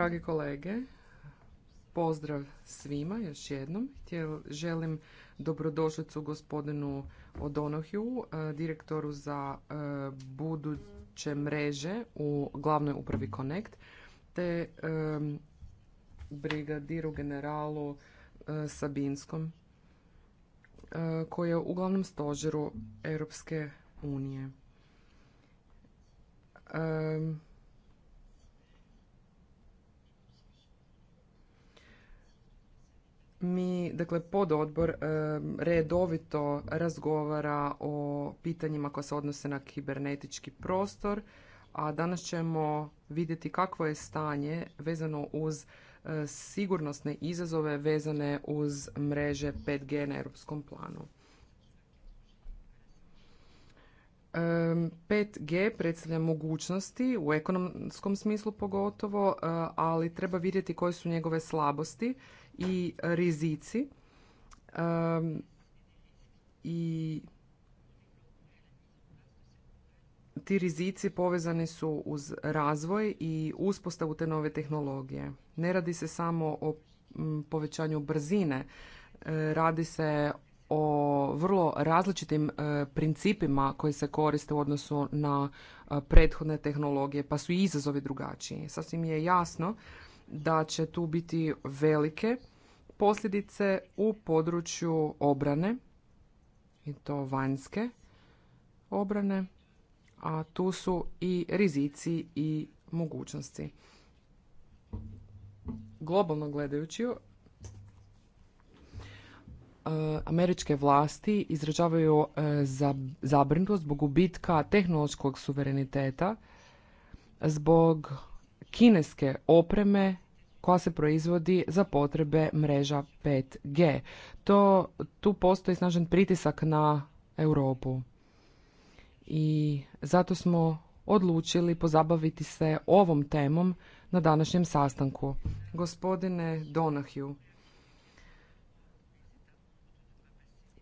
Dragi kolege, pozdrav svima još jednom. Želim dobrodošlicu gospodinu Odonohju, e, direktoru za e, buduće mreže u glavnoj upravi Connect, te e, brigadiru generalu Sabinskom, koji je u glavnom stožeru Europske unije. mi, dakle, pododbor eh, redovito razgovara o pitanjima koja se odnose na kibernetički prostor, a danas ćemo vidjeti kakvo je stanje vezano uz eh, sigurnosne izazove vezane uz mreže 5G na europskom planu. 5G predstavlja mogućnosti u ekonomskom smislu pogotovo, eh, ali treba vidjeti koje su njegove slabosti i rizici um, i ti rizici povezani su uz razvoj i uspostavu te nove tehnologije. Ne radi se samo o mm, povećanju brzine, e, radi se o vrlo različitim e, principima koji se koriste u odnosu na e, prethodne tehnologije, pa su i izazovi drugačiji. Sasvim je jasno da će tu biti velike posljedice u području obrane i to vanjske obrane, a tu su i rizici i mogućnosti. Globalno gledajući, e, američke vlasti izražavaju e, zabrinutost zbog gubitka tehnološkog suvereniteta, zbog kineske opreme koja se proizvodi za potrebe mreža 5G. To, tu postoji snažan pritisak na Europu i zato smo odlučili pozabaviti se ovom temom na današnjem sastanku. Gospodine Donahju,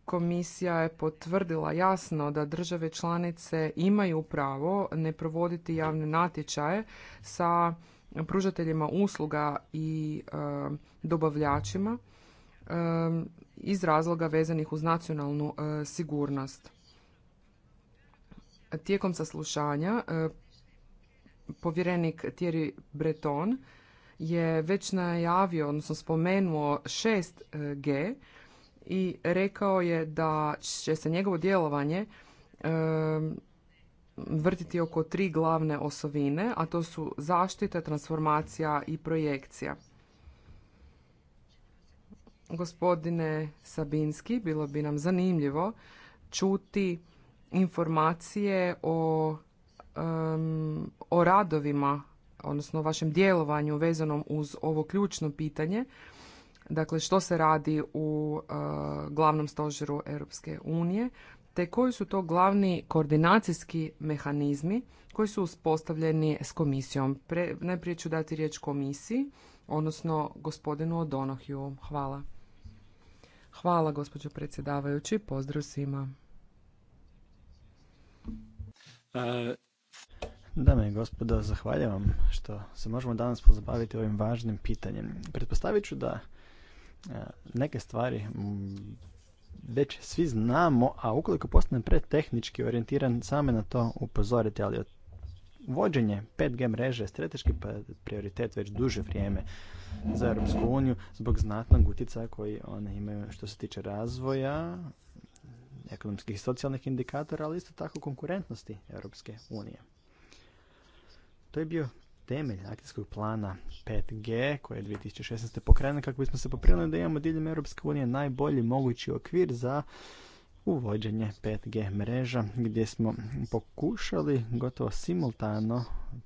komisija je potvrdila jasno da države članice imaju pravo ne provoditi javne natječaje sa pružateljima usluga i e, dobavljačima e, iz razloga vezanih uz nacionalnu e, sigurnost. Tijekom saslušanja povjerenik Thierry Breton je već najavio, odnosno spomenuo 6G i rekao je da će se njegovo djelovanje vrtiti oko tri glavne osovine, a to su zaštita, transformacija i projekcija. Gospodine Sabinski, bilo bi nam zanimljivo čuti informacije o, o radovima, odnosno vašem djelovanju vezanom uz ovo ključno pitanje. Dakle, što se radi u eh, glavnom stožeru Europske unije te koji su to glavni koordinacijski mehanizmi koji su uspostavljeni s komisijom. Pre, najprije ću dati riječ komisiji, odnosno gospodinu Odonohiju. Hvala. Hvala, gospođo predsjedavajući. Pozdrav svima. E, dame i gospodo, zahvaljujem vam što se možemo danas pozabaviti ovim važnim pitanjem. Pretpostavit ću da e, neke stvari već svi znamo, a ukoliko postane pretehnički orijentiran, same na to upozoriti. ali vođenje 5G mreže je strateški pa prioritet već duže vrijeme za Europsku uniju zbog znatnog utjecaja koji one imaju što se tiče razvoja, ekonomskih i socijalnih indikatora, ali isto tako konkurentnosti Europske unije. To je bio temelj akcijskog plana 5G koji je 2016. pokrenut kako bismo se poprinuli da imamo diljem Europske unije najbolji mogući okvir za uvođenje 5G mreža gdje smo pokušali gotovo simultano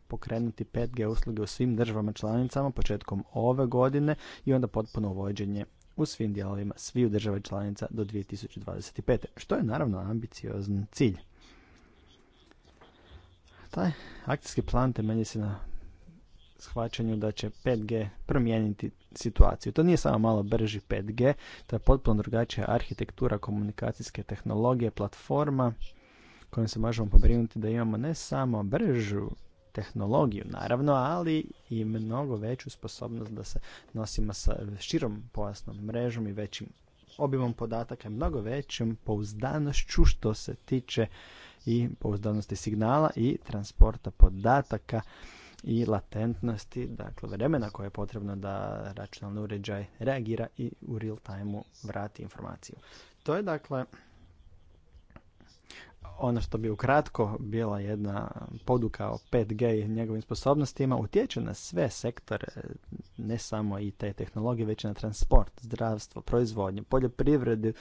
pokrenuti 5G usluge u svim državama članicama početkom ove godine i onda potpuno uvođenje u svim dijelovima svih država članica do 2025. Što je naravno ambiciozan cilj. Taj akcijski plan temelji se na shvaćanju da će 5G promijeniti situaciju. To nije samo malo brži 5G, to je potpuno drugačija arhitektura komunikacijske tehnologije, platforma kojom se možemo pobrinuti da imamo ne samo bržu tehnologiju, naravno, ali i mnogo veću sposobnost da se nosimo sa širom pojasnom mrežom i većim obimom podataka, mnogo većom pouzdanošću što se tiče i pouzdanosti signala i transporta podataka i latentnosti, dakle vremena koje je potrebno da računalni uređaj reagira i u real time vrati informaciju. To je dakle ono što bi ukratko bila jedna poduka o 5G i njegovim sposobnostima utječe na sve sektore, ne samo i te tehnologije, već i na transport, zdravstvo, proizvodnju, poljoprivredu,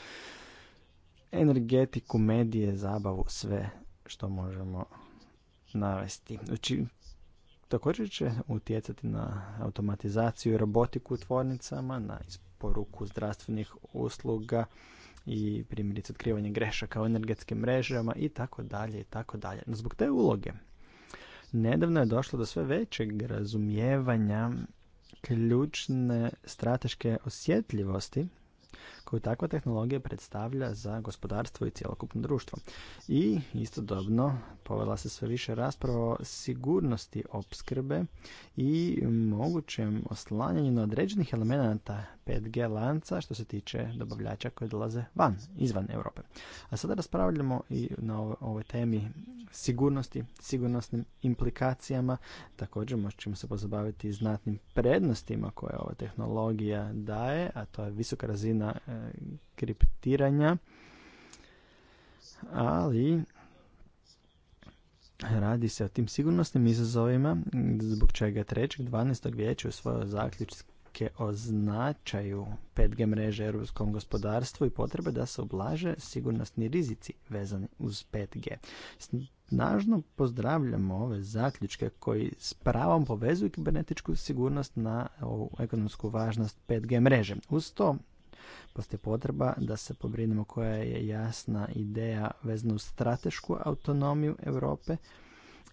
energetiku, medije, zabavu, sve što možemo navesti. Znači, Također će utjecati na automatizaciju i robotiku u tvornicama, na isporuku zdravstvenih usluga i primjerice otkrivanje grešaka u energetskim mrežama i tako dalje i tako dalje. No, zbog te uloge nedavno je došlo do sve većeg razumijevanja ključne strateške osjetljivosti koju takva tehnologija predstavlja za gospodarstvo i cjelokupno društvo. I istodobno povela se sve više rasprava o sigurnosti opskrbe i mogućem oslanjanju na određenih elemenata 5G lanca što se tiče dobavljača koji dolaze van, izvan Europe. A sada raspravljamo i na ovoj temi sigurnosti, sigurnosnim implikacijama, također možemo se pozabaviti znatnim prednostima koje ova tehnologija daje, a to je visoka razina E, kriptiranja, ali radi se o tim sigurnosnim izazovima zbog čega 3.12. vijeće svojoj zaključke označaju 5G mreže europskom gospodarstvu i potrebe da se oblaže sigurnosni rizici vezani uz 5G. Snažno pozdravljamo ove zaključke koji s pravom povezuju kibernetičku sigurnost na ovu ekonomsku važnost 5G mreže. Uz to postoji potreba da se pobrinemo koja je jasna ideja vezana uz stratešku autonomiju Europe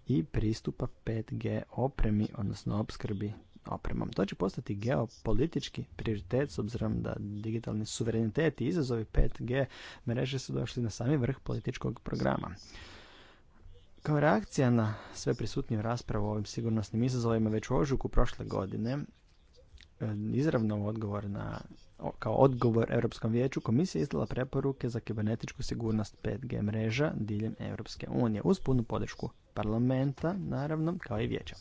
i pristupa 5G opremi, odnosno opskrbi opremom. To će postati geopolitički prioritet s obzirom da digitalni suverenitet i izazovi 5G mreže su došli na sami vrh političkog programa. Kao reakcija na sve prisutniju raspravu o ovim sigurnosnim izazovima već u ožujku prošle godine, e, izravno odgovor na kao odgovor Europskom vijeću komisija izdala preporuke za kibernetičku sigurnost 5G mreža diljem Europske unije uz punu podršku parlamenta, naravno, kao i vijeća.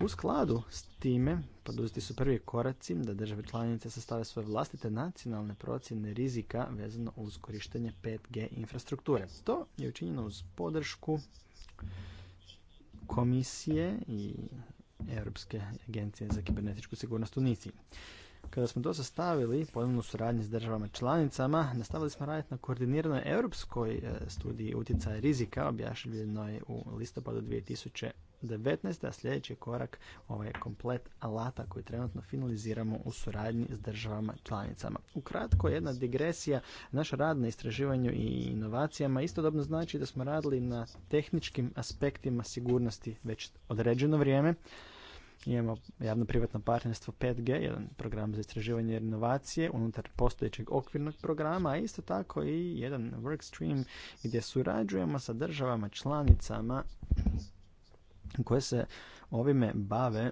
U skladu s time poduzeti su prvi koraci da države članice sastave svoje vlastite nacionalne procjene rizika vezano uz korištenje 5G infrastrukture. To je učinjeno uz podršku komisije i Europske agencije za kibernetičku sigurnost u NICI. Kada smo to sastavili, ponovno suradnji s državama članicama, nastavili smo raditi na koordiniranoj europskoj e, studiji utjecaja rizika, objašnjenoj u listopadu 2019. A sljedeći korak ovaj je komplet alata koji trenutno finaliziramo u suradnji s državama članicama. Ukratko, jedna digresija, naš rad na istraživanju i inovacijama istodobno znači da smo radili na tehničkim aspektima sigurnosti već određeno vrijeme, imamo javno-privatno partnerstvo 5G, jedan program za istraživanje inovacije unutar postojećeg okvirnog programa, a isto tako i jedan workstream gdje surađujemo sa državama članicama koje se ovime bave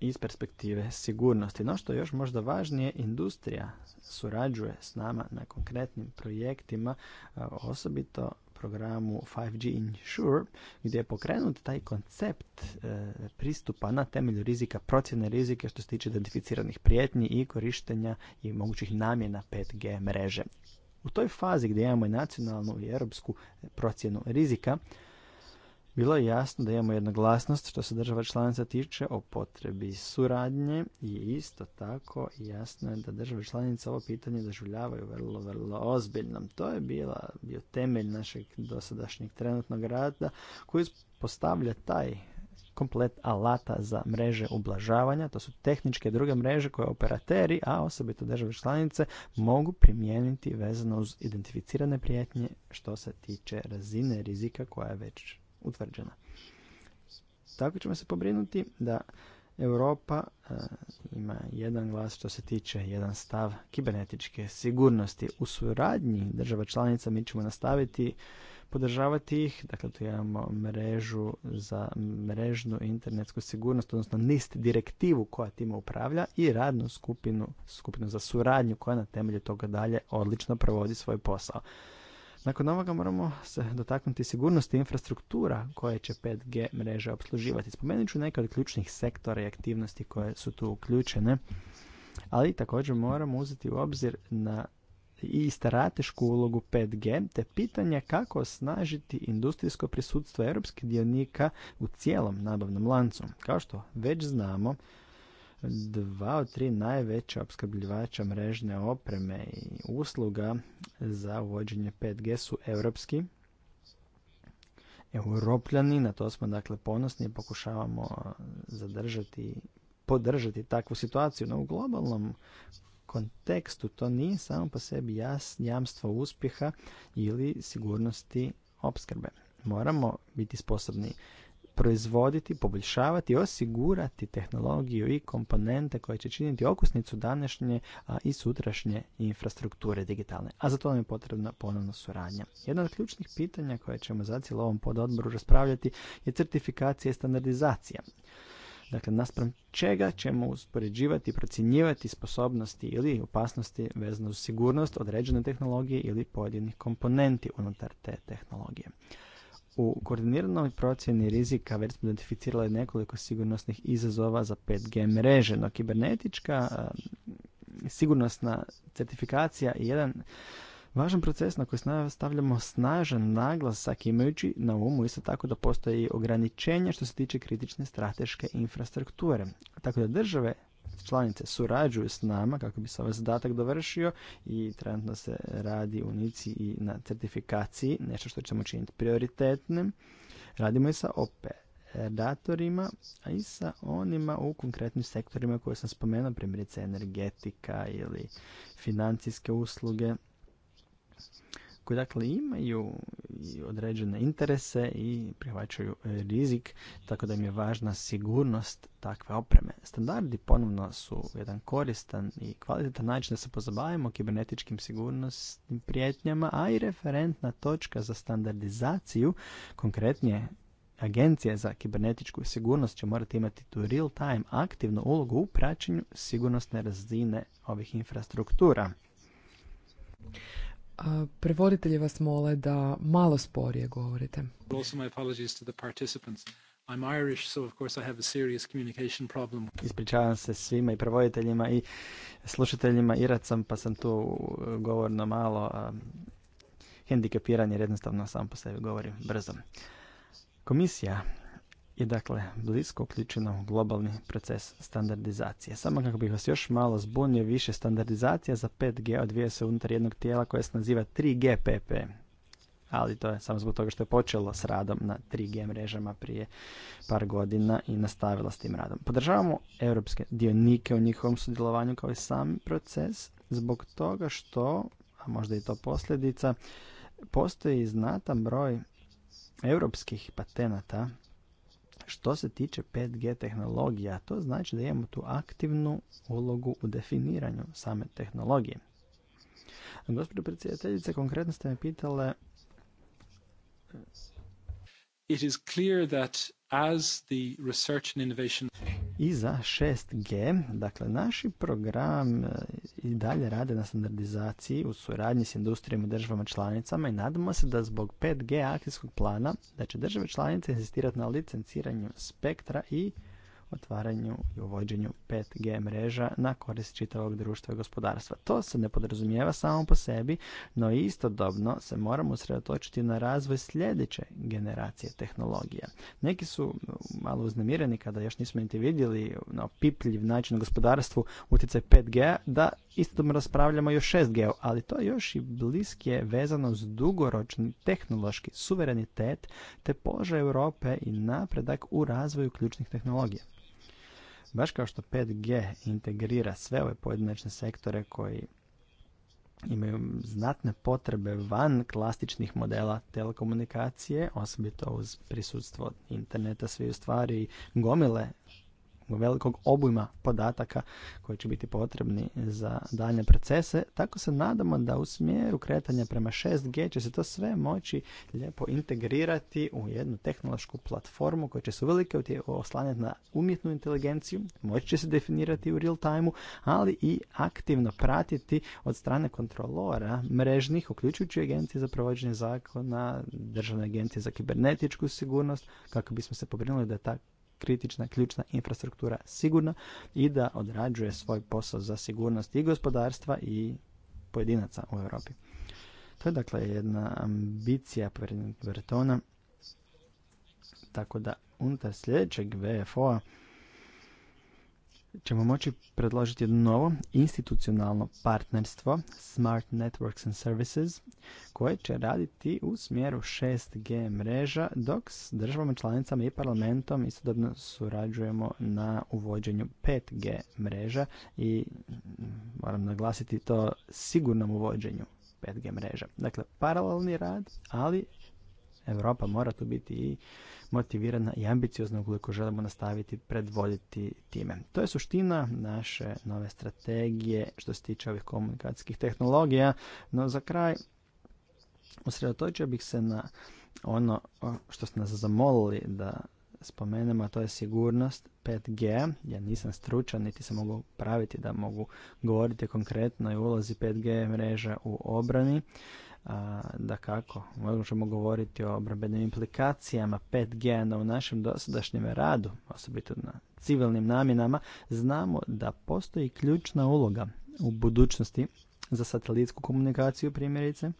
iz perspektive sigurnosti. No što je još možda važnije, industrija surađuje s nama na konkretnim projektima, osobito programu 5G Insure gdje je pokrenut taj koncept e, pristupa na temelju rizika, procjene rizike što se tiče identificiranih prijetnji i korištenja i mogućih namjena 5G mreže. U toj fazi gdje imamo i nacionalnu i europsku procjenu rizika, bilo je jasno da imamo jednoglasnost što se država članica tiče o potrebi suradnje i isto tako jasno je da države članice ovo pitanje doživljavaju vrlo, vrlo ozbiljno. To je bila, bio temelj našeg dosadašnjeg trenutnog rada koji postavlja taj komplet alata za mreže ublažavanja. To su tehničke druge mreže koje operateri, a osobito države članice, mogu primijeniti vezano uz identificirane prijetnje što se tiče razine rizika koja je već utvrđena. Tako ćemo se pobrinuti da Europa e, ima jedan glas što se tiče jedan stav kibernetičke sigurnosti. U suradnji država članica mi ćemo nastaviti podržavati ih. Dakle, tu imamo mrežu za mrežnu internetsku sigurnost, odnosno NIST direktivu koja time upravlja i radnu skupinu, skupinu za suradnju koja na temelju toga dalje odlično provodi svoj posao. Nakon ovoga moramo se dotaknuti sigurnosti infrastruktura koje će 5G mreže obsluživati. Spomenut ću neke od ključnih sektora i aktivnosti koje su tu uključene, ali također moramo uzeti u obzir na i stratešku ulogu 5G, te pitanje kako osnažiti industrijsko prisutstvo europskih dionika u cijelom nabavnom lancu. Kao što već znamo, dva od tri najveća opskrbljivača mrežne opreme i usluga za uvođenje 5G su europski. Europljani, na to smo dakle ponosni pokušavamo zadržati, podržati takvu situaciju, no u globalnom kontekstu to nije samo po sebi jas, jamstvo uspjeha ili sigurnosti opskrbe. Moramo biti sposobni proizvoditi, poboljšavati, osigurati tehnologiju i komponente koje će činiti okusnicu današnje a i sutrašnje infrastrukture digitalne. A za to nam je potrebna ponovna suradnja. Jedno od ključnih pitanja koje ćemo cijelo ovom pododboru raspravljati je certifikacija i standardizacija. Dakle, naspram čega ćemo uspoređivati i procjenjivati sposobnosti ili opasnosti vezano uz sigurnost određene tehnologije ili pojedinih komponenti unutar te tehnologije. U koordiniranoj procjeni rizika već smo identificirali nekoliko sigurnosnih izazova za 5G mreže, no kibernetička e, sigurnosna certifikacija je jedan važan proces na koji stavljamo snažan naglasak imajući na umu isto tako da postoji ograničenja što se tiče kritične strateške infrastrukture. Tako da države članice surađuju s nama kako bi se ovaj zadatak dovršio i trenutno se radi u Nici i na certifikaciji, nešto što ćemo činiti prioritetnim. Radimo i sa operatorima, a i sa onima u konkretnim sektorima koje sam spomenuo, primjerice energetika ili financijske usluge koji dakle imaju određene interese i prihvaćaju rizik, tako da im je važna sigurnost takve opreme. Standardi ponovno su jedan koristan i kvalitetan način da se pozabavimo kibernetičkim sigurnosnim prijetnjama, a i referentna točka za standardizaciju, konkretnije Agencija za kibernetičku sigurnost će morati imati tu real-time aktivnu ulogu u praćenju sigurnosne razine ovih infrastruktura. Prevoditelji vas mole da malo sporije govorite. Also my apologies to the participants. I'm Irish, so of course I have a serious communication problem. Ispričavam se svima i prevoditeljima i slušateljima Iracom, pa sam tu uh, govorno malo um, hendikepiran jer jednostavno sam po sebi govorim brzo. Komisija i dakle blisko uključeno u globalni proces standardizacije. Samo kako bih vas još malo zbunio, više standardizacija za 5G odvija se unutar jednog tijela koje se naziva 3GPP. Ali to je samo zbog toga što je počelo s radom na 3G mrežama prije par godina i nastavila s tim radom. Podržavamo europske dionike u njihovom sudjelovanju kao i sam proces zbog toga što, a možda i to posljedica, postoji znatan broj europskih patenata što se tiče 5G tehnologija, to znači da imamo tu aktivnu ulogu u definiranju same tehnologije. Gospodin predsjedateljice, konkretno ste me pitale... It is clear that as research and innovation i za 6G, dakle naši program e, i dalje rade na standardizaciji u suradnji s industrijama i državama članicama i nadamo se da zbog 5G akcijskog plana da će države članice insistirati na licenciranju spektra i otvaranju i uvođenju 5G mreža na korist čitavog društva i gospodarstva. To se ne podrazumijeva samo po sebi, no istodobno se moramo usredotočiti na razvoj sljedeće generacije tehnologija. Neki su malo uznemireni kada još nismo niti vidjeli na pipljiv način u gospodarstvu utjecaj 5G, da istodobno raspravljamo i 6G, ali to još i je vezano s dugoročni tehnološki suverenitet te položaj Europe i napredak u razvoju ključnih tehnologija. Baš kao što 5G integrira sve ove pojedinačne sektore koji imaju znatne potrebe van klasičnih modela telekomunikacije, osobito uz prisutstvo interneta svi u stvari gomile velikog obujma podataka koji će biti potrebni za dalje procese. Tako se nadamo da u smjeru kretanja prema 6G će se to sve moći lijepo integrirati u jednu tehnološku platformu koja će se uvelike oslanjati na umjetnu inteligenciju, moći će se definirati u real time ali i aktivno pratiti od strane kontrolora mrežnih, uključujući agencije za provođenje zakona, državne agencije za kibernetičku sigurnost, kako bismo se pobrinuli da ta kritična, ključna infrastruktura sigurna i da odrađuje svoj posao za sigurnost i gospodarstva i pojedinaca u Europi. To je dakle jedna ambicija Bretona, tako da unutar sljedećeg VFO-a ćemo moći predložiti jedno novo institucionalno partnerstvo Smart Networks and Services koje će raditi u smjeru 6G mreža dok s državama članicama i parlamentom istodobno surađujemo na uvođenju 5G mreža i moram naglasiti to sigurnom uvođenju 5G mreža. Dakle, paralelni rad, ali Europa mora tu biti i motivirana i ambiciozna ukoliko želimo nastaviti predvoditi time. To je suština naše nove strategije što se tiče ovih komunikacijskih tehnologija, no za kraj usredotočio bih se na ono što ste nas zamolili da spomenemo, a to je sigurnost 5G. Ja nisam stručan, niti se mogu praviti da mogu govoriti konkretno i ulozi 5G mreža u obrani da kako, možemo govoriti o obrambenim implikacijama 5G, na u našem dosadašnjem radu, osobito na civilnim namjenama, znamo da postoji ključna uloga u budućnosti za satelitsku komunikaciju primjerice,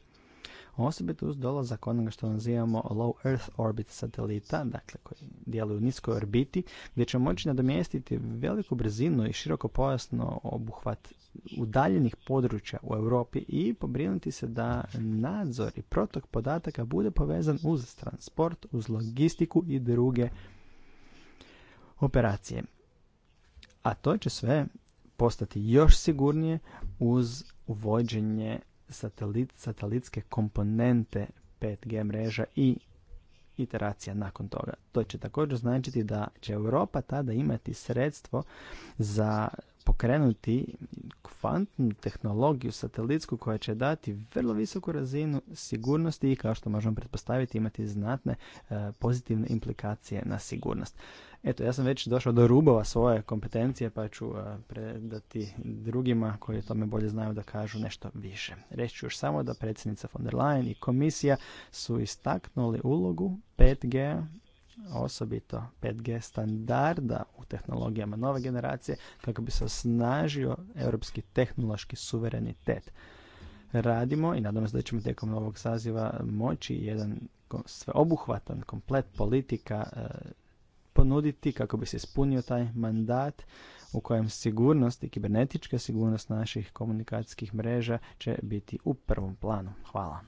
osobito uz dolazak onoga što nazivamo low earth orbit satelita, dakle koji djeluju u niskoj orbiti, gdje će moći nadomjestiti veliku brzinu i široko pojasno obuhvat udaljenih područja u Europi i pobrinuti se da nadzor i protok podataka bude povezan uz transport, uz logistiku i druge operacije. A to će sve postati još sigurnije uz uvođenje satelitske komponente 5G mreža i iteracija nakon toga. To će također značiti da će Europa tada imati sredstvo za pokrenuti kvantnu tehnologiju satelitsku koja će dati vrlo visoku razinu sigurnosti i kao što možemo pretpostaviti imati znatne e, pozitivne implikacije na sigurnost. Eto, ja sam već došao do rubova svoje kompetencije pa ću e, predati drugima koji o tome bolje znaju da kažu nešto više. Reći ću još samo da predsjednica von der Leyen i komisija su istaknuli ulogu 5G osobito 5G standarda u tehnologijama nove generacije kako bi se osnažio europski tehnološki suverenitet. Radimo i nadam se da ćemo tijekom ovog saziva moći jedan sveobuhvatan komplet politika e, ponuditi kako bi se ispunio taj mandat u kojem sigurnost i kibernetička sigurnost naših komunikacijskih mreža će biti u prvom planu. Hvala.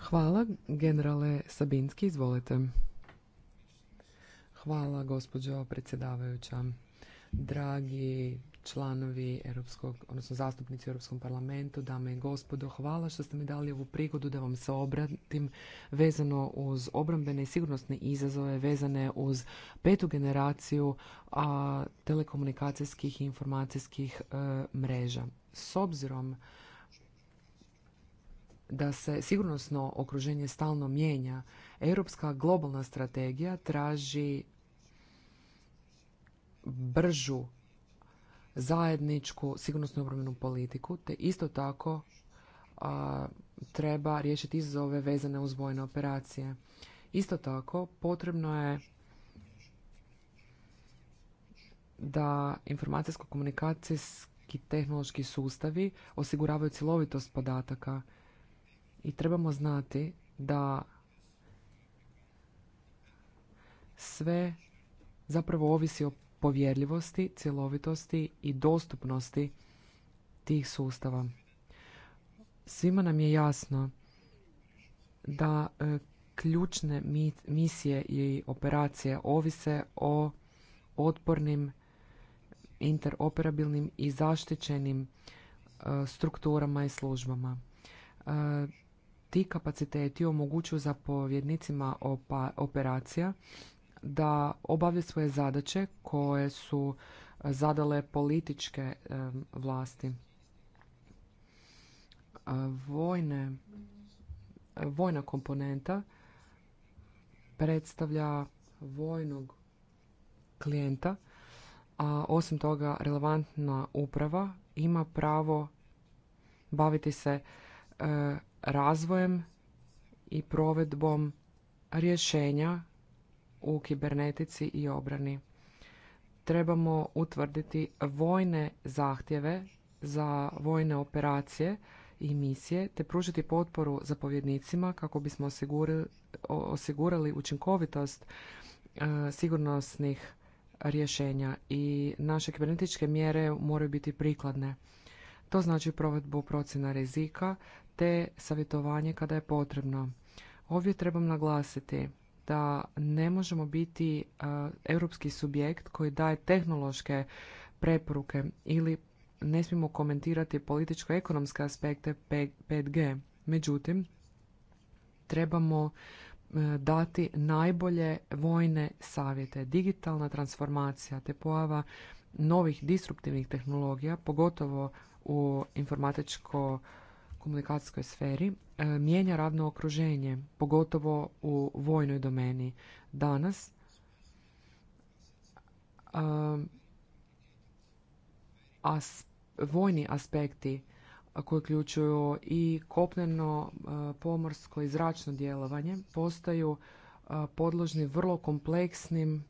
Hvala, generale Sabinski, izvolite. Hvala, gospođo predsjedavajuća. Dragi članovi Europskog, odnosno zastupnici u Europskom parlamentu, dame i gospodo, hvala što ste mi dali ovu prigodu da vam se obratim vezano uz obrambene i sigurnosne izazove, vezane uz petu generaciju a, telekomunikacijskih i informacijskih e, mreža. S obzirom da se sigurnosno okruženje stalno mijenja, europska globalna strategija traži bržu zajedničku sigurnosnu obrambenu politiku, te isto tako a, treba riješiti izazove vezane uz vojne operacije. Isto tako potrebno je da informacijsko-komunikacijski tehnološki sustavi osiguravaju cjelovitost podataka i trebamo znati da sve zapravo ovisi o povjerljivosti, cjelovitosti i dostupnosti tih sustava. Svima nam je jasno da e, ključne misije i operacije ovise o otpornim, interoperabilnim i zaštićenim e, strukturama i službama. E, ti kapaciteti omogućuju zapovjednicima operacija da obave svoje zadaće koje su zadale političke vlasti. Vojne, vojna komponenta predstavlja vojnog klijenta, a osim toga relevantna uprava ima pravo baviti se e, razvojem i provedbom rješenja u kibernetici i obrani. Trebamo utvrditi vojne zahtjeve za vojne operacije i misije te pružiti potporu zapovjednicima kako bismo osigurali, osigurali učinkovitost e, sigurnosnih rješenja i naše kibernetičke mjere moraju biti prikladne. To znači provedbu procjena rizika te savjetovanje kada je potrebno. Ovdje trebam naglasiti da ne možemo biti e, europski subjekt koji daje tehnološke preporuke ili ne smijemo komentirati političko-ekonomske aspekte 5G. Međutim, trebamo e, dati najbolje vojne savjete. Digitalna transformacija te pojava novih disruptivnih tehnologija, pogotovo u informatičko-komunikacijskoj sferi e, mijenja radno okruženje, pogotovo u vojnoj domeni. Danas e, as, vojni aspekti koji uključuju i kopneno, e, pomorsko i zračno djelovanje postaju podložni vrlo kompleksnim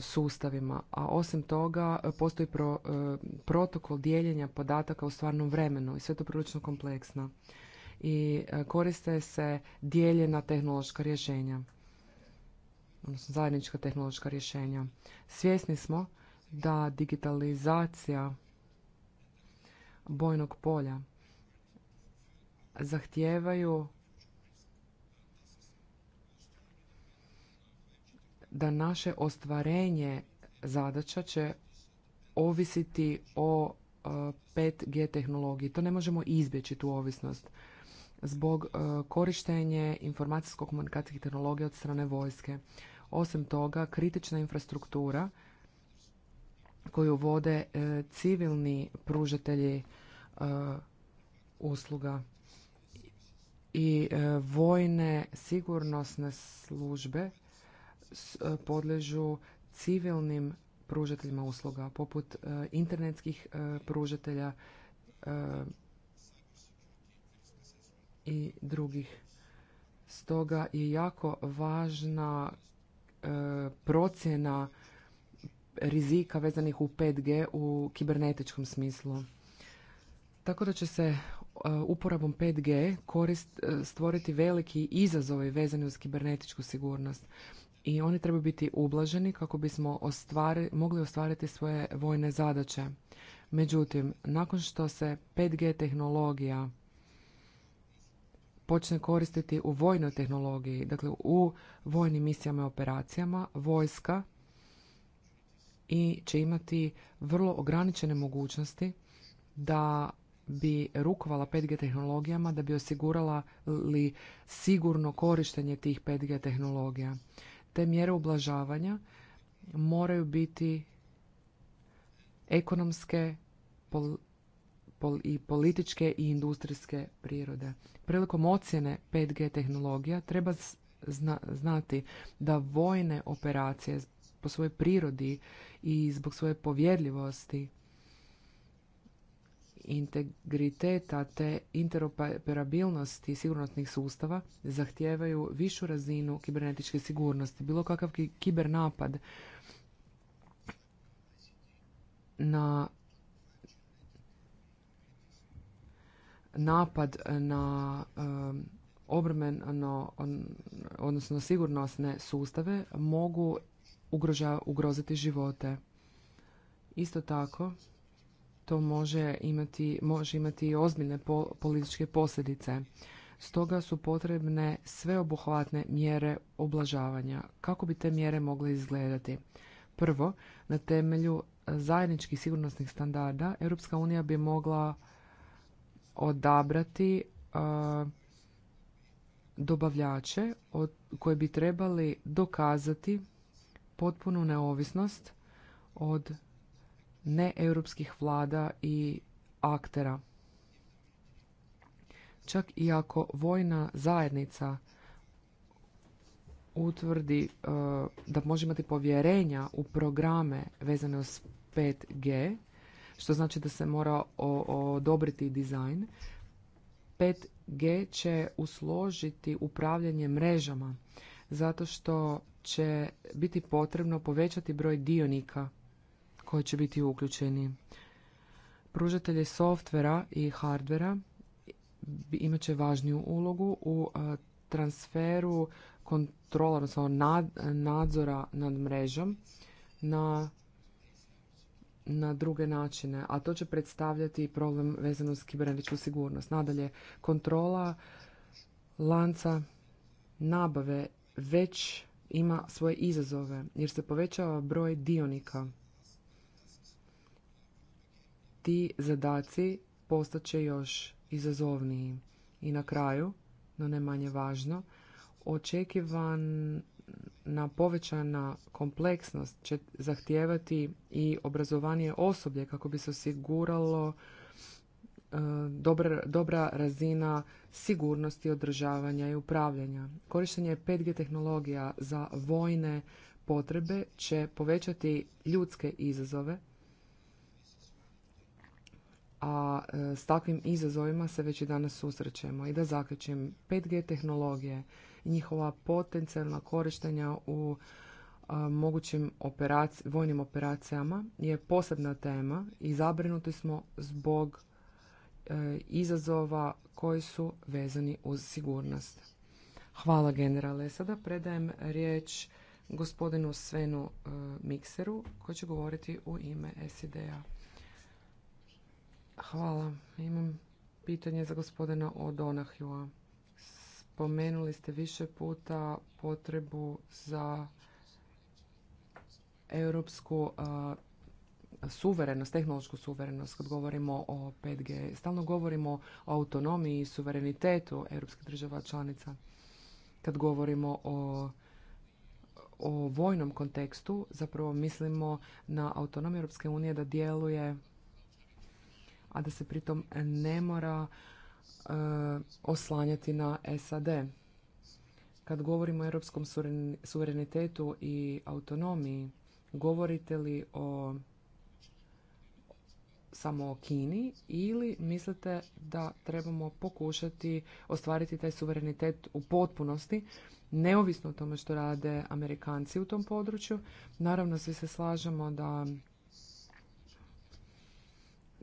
sustavima, a osim toga e, postoji pro, e, protokol dijeljenja podataka u stvarnom vremenu i sve to prilično kompleksno. I e, koriste se dijeljena tehnološka rješenja, odnosno zajednička tehnološka rješenja. Svjesni smo da digitalizacija bojnog polja zahtijevaju da naše ostvarenje zadaća će ovisiti o 5G e, tehnologiji. To ne možemo izbjeći, tu ovisnost, zbog e, korištenje informacijsko-komunikacijskih tehnologija od strane vojske. Osim toga, kritična infrastruktura koju vode e, civilni pružatelji usluga i vojne sigurnosne službe E, podležu civilnim pružateljima usluga poput e, internetskih e, pružatelja i drugih. Stoga je jako važna procjena rizika vezanih u 5G u kibernetičkom smislu. Tako da će se uporabom 5G korist, stvoriti veliki izazovi vezani uz kibernetičku sigurnost i oni trebaju biti ublaženi kako bismo mogli ostvariti svoje vojne zadaće. Međutim, nakon što se 5G tehnologija počne koristiti u vojnoj tehnologiji, dakle u vojnim misijama i operacijama, vojska i će imati vrlo ograničene mogućnosti da bi rukovala 5G tehnologijama, da bi osigurala li sigurno korištenje tih 5G tehnologija te mjere ublažavanja moraju biti ekonomske i političke i industrijske prirode. Prilikom ocjene 5G tehnologija treba znati da vojne operacije po svojoj prirodi i zbog svoje povjerljivosti integriteta te interoperabilnosti sigurnosnih sustava zahtijevaju višu razinu kibernetičke sigurnosti. Bilo kakav napad na napad na um, odnosno sigurnosne sustave mogu ugroziti živote. Isto tako to može imati, može imati i ozbiljne političke posljedice. Stoga su potrebne sveobuhvatne mjere oblažavanja. Kako bi te mjere mogle izgledati? Prvo, na temelju zajedničkih sigurnosnih standarda Europska unija bi mogla odabrati e, dobavljače od, koje bi trebali dokazati potpunu neovisnost od neeuropskih vlada i aktera. Čak i ako vojna zajednica utvrdi e, da može imati povjerenja u programe vezane uz 5G, što znači da se mora odobriti dizajn, 5G će usložiti upravljanje mrežama zato što će biti potrebno povećati broj dionika koji će biti uključeni. Pružatelji softvera i hardvera imat će važniju ulogu u transferu kontrola, odnosno nadzora nad mrežom na, na druge načine, a to će predstavljati problem vezano s kibernetičku sigurnost. Nadalje, kontrola lanca nabave već ima svoje izazove jer se povećava broj dionika ti zadaci postaće još izazovniji. I na kraju, no ne manje važno, očekivan na povećana kompleksnost će zahtijevati i obrazovanje osoblje kako bi se osiguralo e, dobra, dobra razina sigurnosti, održavanja i upravljanja. Korištenje 5G tehnologija za vojne potrebe će povećati ljudske izazove a e, s takvim izazovima se već i danas susrećemo. I da zaključim, 5G tehnologije i njihova potencijalna korištenja u mogućim operac vojnim operacijama je posebna tema i zabrinuti smo zbog e, izazova koji su vezani uz sigurnost. Hvala generale. Sada predajem riječ gospodinu Svenu e, Mikseru koji će govoriti u ime SID-a. Hvala. Imam pitanje za gospodina O'Donohua. Spomenuli ste više puta potrebu za europsku suverenost, tehnološku suverenost kad govorimo o 5G. Stalno govorimo o autonomiji i suverenitetu europskih država članica. Kad govorimo o, o vojnom kontekstu, zapravo mislimo na autonomiju Europske unije da djeluje a da se pritom ne mora e, oslanjati na SAD. Kad govorimo o europskom suverenitetu i autonomiji, govorite li o samo o Kini ili mislite da trebamo pokušati ostvariti taj suverenitet u potpunosti, neovisno o tome što rade Amerikanci u tom području. Naravno, svi se slažemo da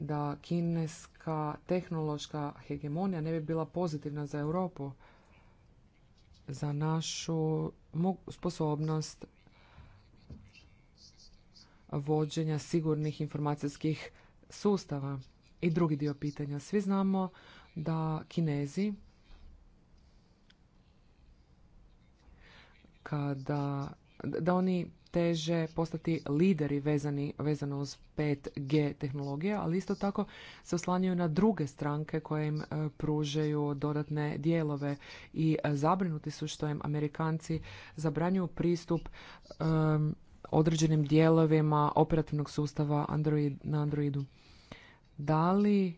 da kineska tehnološka hegemonija ne bi bila pozitivna za Europu, za našu sposobnost vođenja sigurnih informacijskih sustava. I drugi dio pitanja. Svi znamo da kinezi kada da oni teže postati lideri vezani, vezano uz 5G tehnologije, ali isto tako se oslanjaju na druge stranke koje im e, pružaju dodatne dijelove i e, zabrinuti su što im Amerikanci zabranjuju pristup e, određenim dijelovima operativnog sustava Android, na Androidu. Da li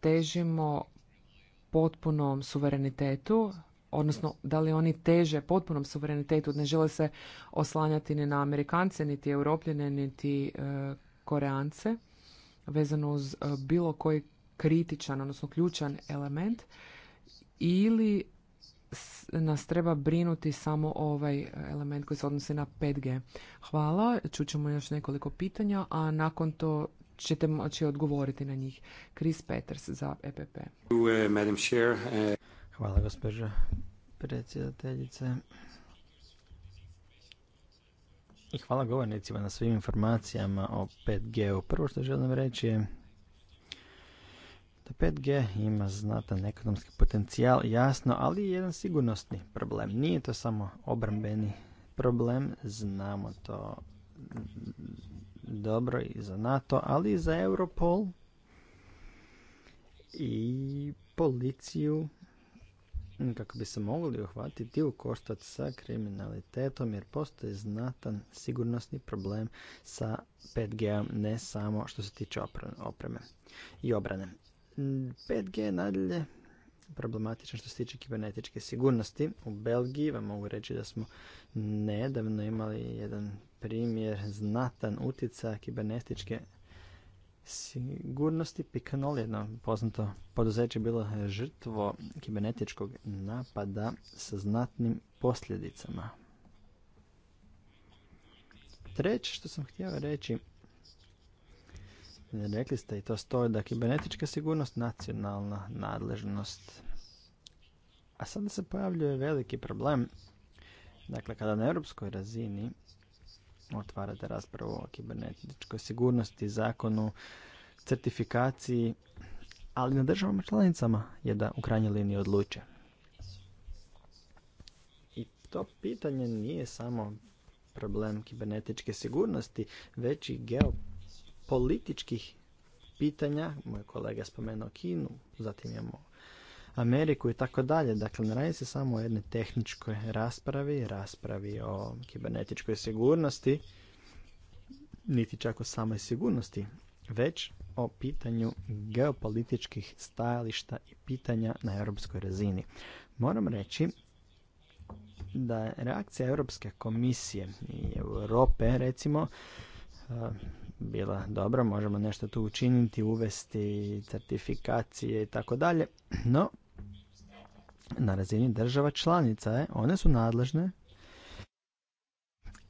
težimo potpunom suverenitetu odnosno da li oni teže potpunom suverenitetu, ne žele se oslanjati ni na Amerikance, niti Europljene, niti e, Koreance, vezano uz e, bilo koji kritičan, odnosno ključan element, ili nas treba brinuti samo ovaj element koji se odnosi na 5G. Hvala, čućemo još nekoliko pitanja, a nakon to ćete moći odgovoriti na njih. Chris Peters za EPP. Hvala gospođo predsjedateljice. I hvala govornicima na svim informacijama o 5G-u. Prvo što želim reći je da 5G ima znatan ekonomski potencijal, jasno, ali i jedan sigurnosni problem. Nije to samo obrambeni problem, znamo to dobro i za NATO, ali i za Europol i policiju Mm, kako bi se mogli uhvatiti u koštac sa kriminalitetom jer postoji znatan sigurnosni problem sa 5G-om ne samo što se tiče opreme i obrane. 5G mm, je nadalje problematičan što se tiče kibernetičke sigurnosti. U Belgiji vam mogu reći da smo nedavno imali jedan primjer znatan utjecaja kibernetičke sigurnosti Picanol, jedno poznato poduzeće, bilo je žrtvo kibernetičkog napada sa znatnim posljedicama. Treće što sam htio reći, rekli ste i to stoji da kibernetička sigurnost nacionalna nadležnost. A sada se pojavljuje veliki problem. Dakle, kada na europskoj razini otvarate raspravu o kibernetičkoj sigurnosti, zakonu, certifikaciji, ali na državama članicama je da u krajnjoj liniji odluče. I to pitanje nije samo problem kibernetičke sigurnosti, već i geopolitičkih pitanja. Moj kolega je spomenuo Kinu, zatim imamo Ameriku i tako dalje. Dakle, ne radi se samo o jednoj tehničkoj raspravi, raspravi o kibernetičkoj sigurnosti, niti čak o samoj sigurnosti, već o pitanju geopolitičkih stajališta i pitanja na europskoj razini. Moram reći da je reakcija Europske komisije i Europe, recimo, eh, bila dobra, možemo nešto tu učiniti, uvesti certifikacije i tako dalje, no na razini država članica je, one su nadležne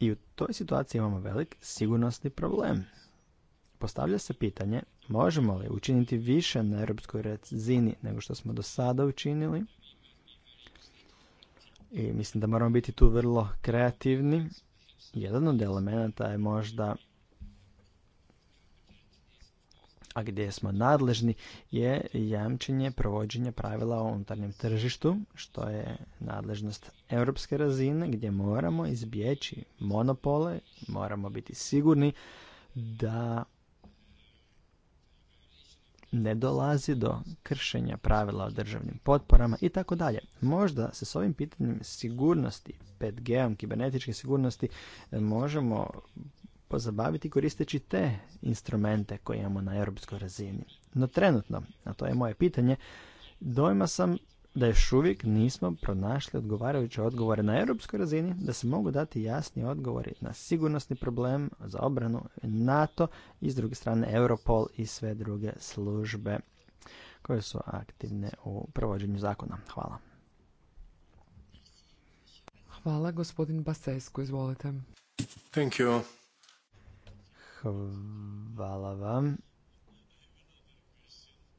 i u toj situaciji imamo velik sigurnosni problem. Postavlja se pitanje možemo li učiniti više na europskoj razini nego što smo do sada učinili i mislim da moramo biti tu vrlo kreativni. Jedan od elemenata je možda a gdje smo nadležni je jamčenje provođenja pravila o unutarnjem tržištu, što je nadležnost europske razine gdje moramo izbjeći monopole, moramo biti sigurni da ne dolazi do kršenja pravila o državnim potporama i tako dalje. Možda se s ovim pitanjem sigurnosti, 5G-om, kibernetičke sigurnosti, možemo pozabaviti koristeći te instrumente koje imamo na europskoj razini. No trenutno, a to je moje pitanje, dojma sam da još uvijek nismo pronašli odgovarajuće odgovore na europskoj razini, da se mogu dati jasni odgovori na sigurnosni problem za obranu NATO i s druge strane Europol i sve druge službe koje su aktivne u provođenju zakona. Hvala. Hvala, gospodin Basescu, izvolite. Thank you. Hvala vam.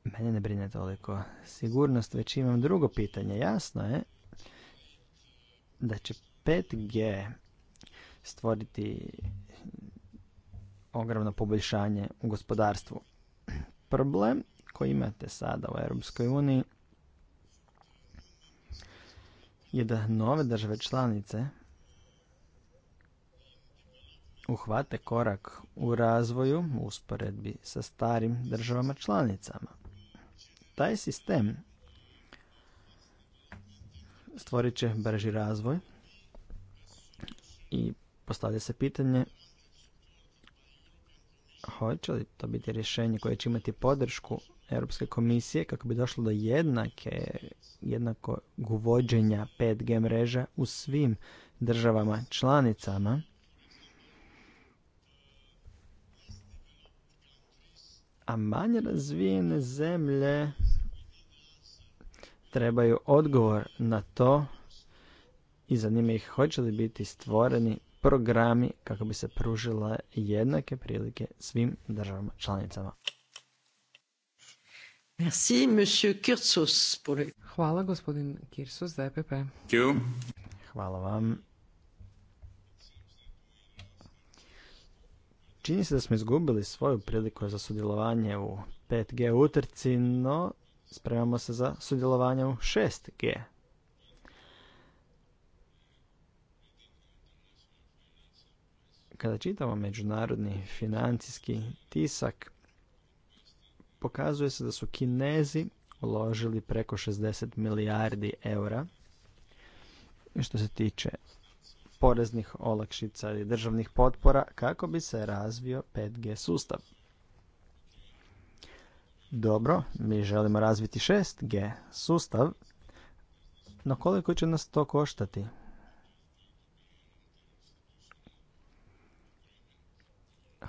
Mene ne brine toliko sigurnost, već imam drugo pitanje. Jasno je da će 5G stvoriti ogromno poboljšanje u gospodarstvu. Problem koji imate sada u Europskoj uniji je da nove države članice uhvate korak u razvoju u usporedbi sa starim državama članicama. Taj sistem stvorit će brži razvoj i postavlja se pitanje hoće li to biti rješenje koje će imati podršku Europske komisije kako bi došlo do jednake, jednako uvođenja 5G mreža u svim državama članicama a manje razvijene zemlje trebaju odgovor na to i zanima ih hoće li biti stvoreni programi kako bi se pružila jednake prilike svim državama članicama. Merci, monsieur Hvala, gospodin Kirsus za EPP. Hvala vam. Čini se da smo izgubili svoju priliku za sudjelovanje u 5G utrci, no spremamo se za sudjelovanje u 6G. Kada čitamo međunarodni financijski tisak, pokazuje se da su Kinezi uložili preko 60 milijardi eura što se tiče poreznih olakšica i državnih potpora kako bi se razvio 5G sustav. Dobro, mi želimo razviti 6G sustav, no koliko će nas to koštati?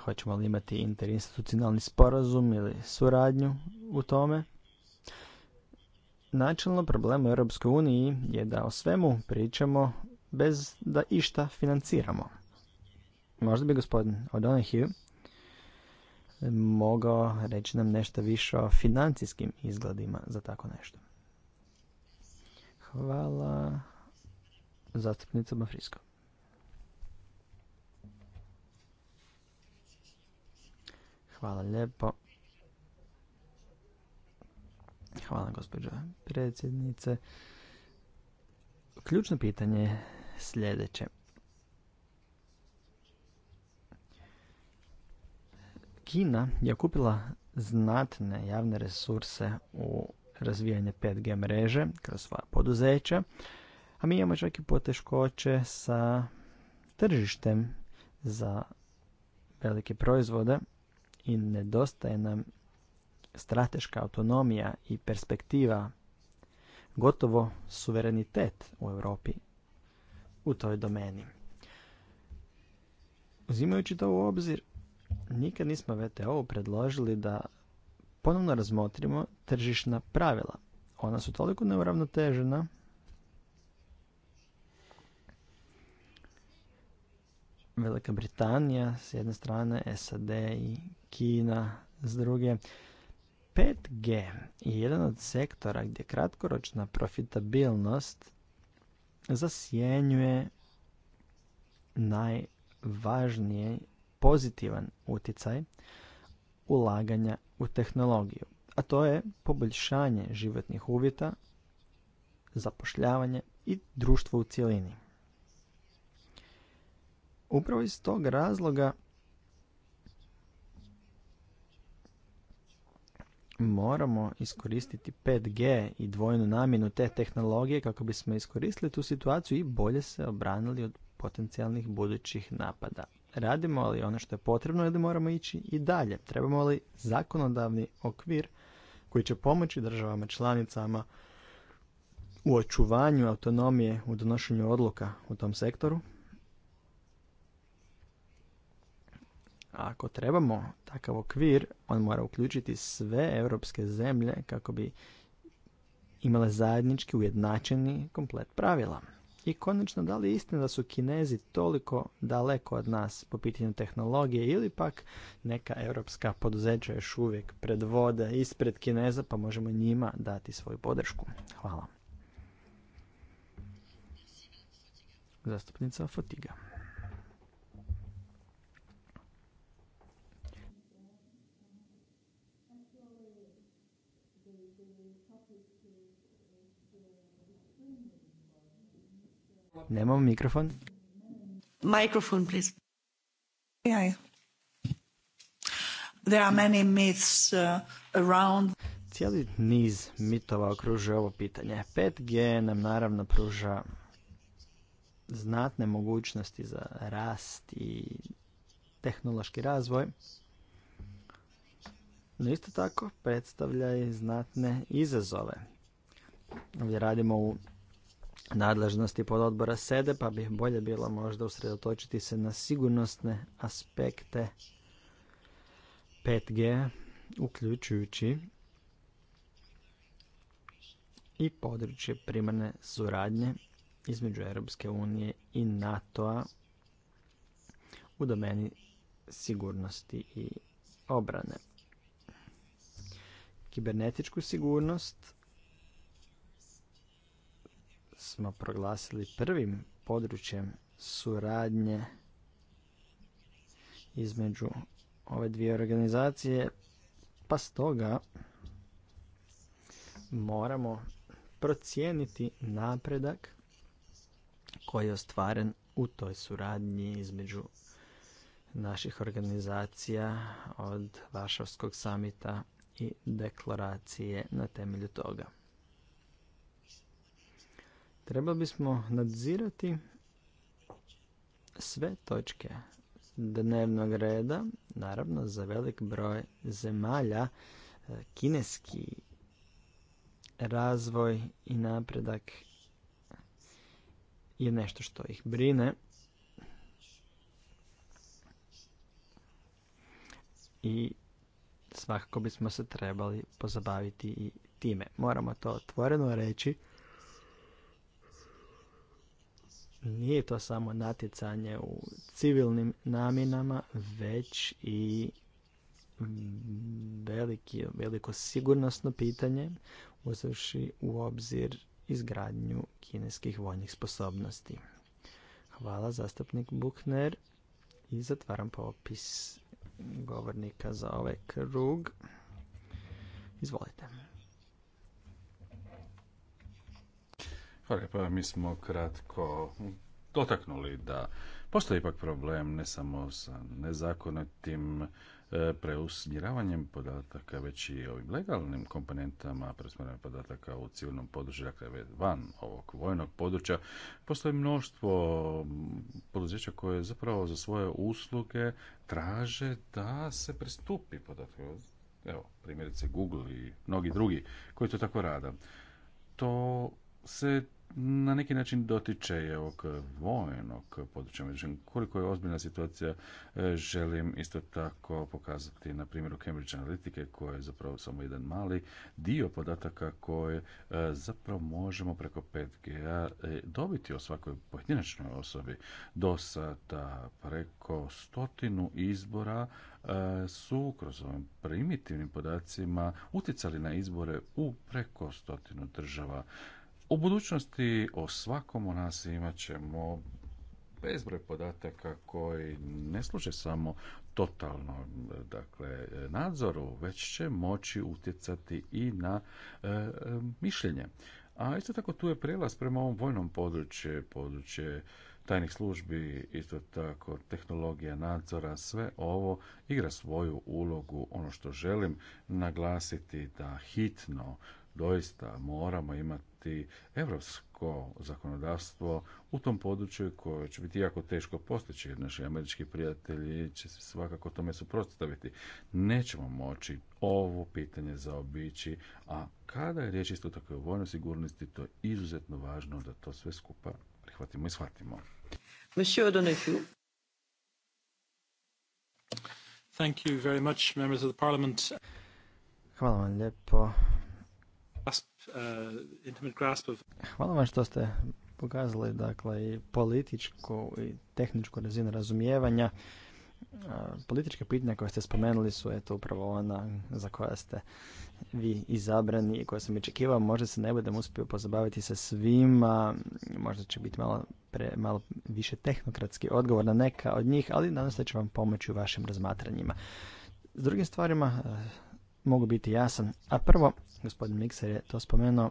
Hoćemo li imati interinstitucionalni sporazum ili suradnju u tome? Načelno problem u Europskoj je da o svemu pričamo bez da išta financiramo. Možda bi gospodin O'Donohue mogao reći nam nešto više o financijskim izgledima za tako nešto. Hvala zastupnicama frisko. Hvala lijepo. Hvala gospođo predsjednice. Ključno pitanje sljedeće. Kina je kupila znatne javne resurse u razvijanje 5G mreže kroz svoja poduzeća, a mi imamo čak i poteškoće sa tržištem za velike proizvode i nedostaje nam strateška autonomija i perspektiva, gotovo suverenitet u Europi u toj domeni. Uzimajući to u obzir, nikad nismo VTO predložili da ponovno razmotrimo tržišna pravila. Ona su toliko neuravnotežena Velika Britanija s jedne strane, SAD i Kina s druge. 5G je jedan od sektora gdje kratkoročna profitabilnost zasjenjuje najvažniji pozitivan utjecaj ulaganja u tehnologiju, a to je poboljšanje životnih uvjeta, zapošljavanje i društvo u cjelini. Upravo iz tog razloga moramo iskoristiti 5G i dvojnu namjenu te tehnologije kako bismo iskoristili tu situaciju i bolje se obranili od potencijalnih budućih napada. Radimo li ono što je potrebno ili moramo ići i dalje? Trebamo li zakonodavni okvir koji će pomoći državama članicama u očuvanju autonomije u donošenju odluka u tom sektoru? A ako trebamo takav okvir, on mora uključiti sve europske zemlje kako bi imale zajednički ujednačeni komplet pravila. I konačno, da li je istina da su Kinezi toliko daleko od nas po pitanju tehnologije ili pak neka europska poduzeća još uvijek predvode ispred Kineza pa možemo njima dati svoju podršku? Hvala. Zastupnica Fotiga. Nemamo mikrofon. Mikrofon, please. Yeah. There are many myths uh, around cijeli niz mitova okružuje ovo pitanje. 5G nam naravno pruža znatne mogućnosti za rast i tehnološki razvoj. No isto tako predstavlja i znatne izazove. Ovdje radimo u nadležnosti pod odbora sede, pa bi bolje bilo možda usredotočiti se na sigurnosne aspekte 5G, uključujući i područje primarne suradnje između Europske unije i NATO-a u domeni sigurnosti i obrane. Kibernetičku sigurnost smo proglasili prvim područjem suradnje između ove dvije organizacije, pa stoga moramo procijeniti napredak koji je ostvaren u toj suradnji između naših organizacija od Varšavskog samita i deklaracije na temelju toga. Trebali bismo nadzirati sve točke dnevnog reda, naravno za velik broj zemalja, kineski razvoj i napredak je nešto što ih brine. I svakako bismo se trebali pozabaviti i time. Moramo to otvoreno reći nije to samo natjecanje u civilnim namjenama, već i veliki, veliko sigurnosno pitanje uzevši u obzir izgradnju kineskih vojnih sposobnosti. Hvala zastupnik Bukner i zatvaram popis govornika za ovaj krug. Izvolite. Hvala pa pa mi smo kratko dotaknuli da postoji ipak problem ne samo sa nezakonitim e, preusmjeravanjem podataka, već i ovim legalnim komponentama preusmjeravanja podataka u civilnom području, dakle van ovog vojnog područja, postoji mnoštvo poduzeća koje zapravo za svoje usluge traže da se pristupi podatku. Evo, primjerice Google i mnogi drugi koji to tako rada. To se na neki način dotiče je ovog vojnog područja. Međutim, koliko je ozbiljna situacija, e, želim isto tako pokazati na primjeru Cambridge Analytica, koja je zapravo samo jedan mali dio podataka koje e, zapravo možemo preko 5G e, dobiti o svakoj pojedinačnoj osobi. Do sada preko stotinu izbora su kroz ovim primitivnim podacima utjecali na izbore u preko stotinu država u budućnosti o svakom u nas imat ćemo bezbroj podataka koji ne služe samo totalno dakle, nadzoru, već će moći utjecati i na e, e, mišljenje. A isto tako tu je prelaz prema ovom vojnom području, područje tajnih službi, isto tako tehnologija nadzora, sve ovo igra svoju ulogu. Ono što želim naglasiti da hitno doista moramo imati europsko zakonodavstvo u tom području koje će biti jako teško postići jer naši američki prijatelji će se svakako tome suprotstaviti. Nećemo moći ovo pitanje zaobići, a kada je riječ isto tako o vojnoj sigurnosti, to je izuzetno važno da to sve skupa prihvatimo i shvatimo. Thank you very much, members of the parliament. Hvala vam lijepo, Uh, Hvala vam što ste pokazali dakle, i političku i tehničku razinu razumijevanja. Uh, politička pitanja koja ste spomenuli su eto upravo ona za koja ste vi izabrani i koja sam očekivao. Možda se ne budem uspio pozabaviti sa svima, možda će biti malo, pre, malo više tehnokratski odgovor na neka od njih, ali nadam se da će vam pomoći u vašim razmatranjima. S drugim stvarima mogu biti jasan. A prvo, gospodin Mikser je to spomenuo,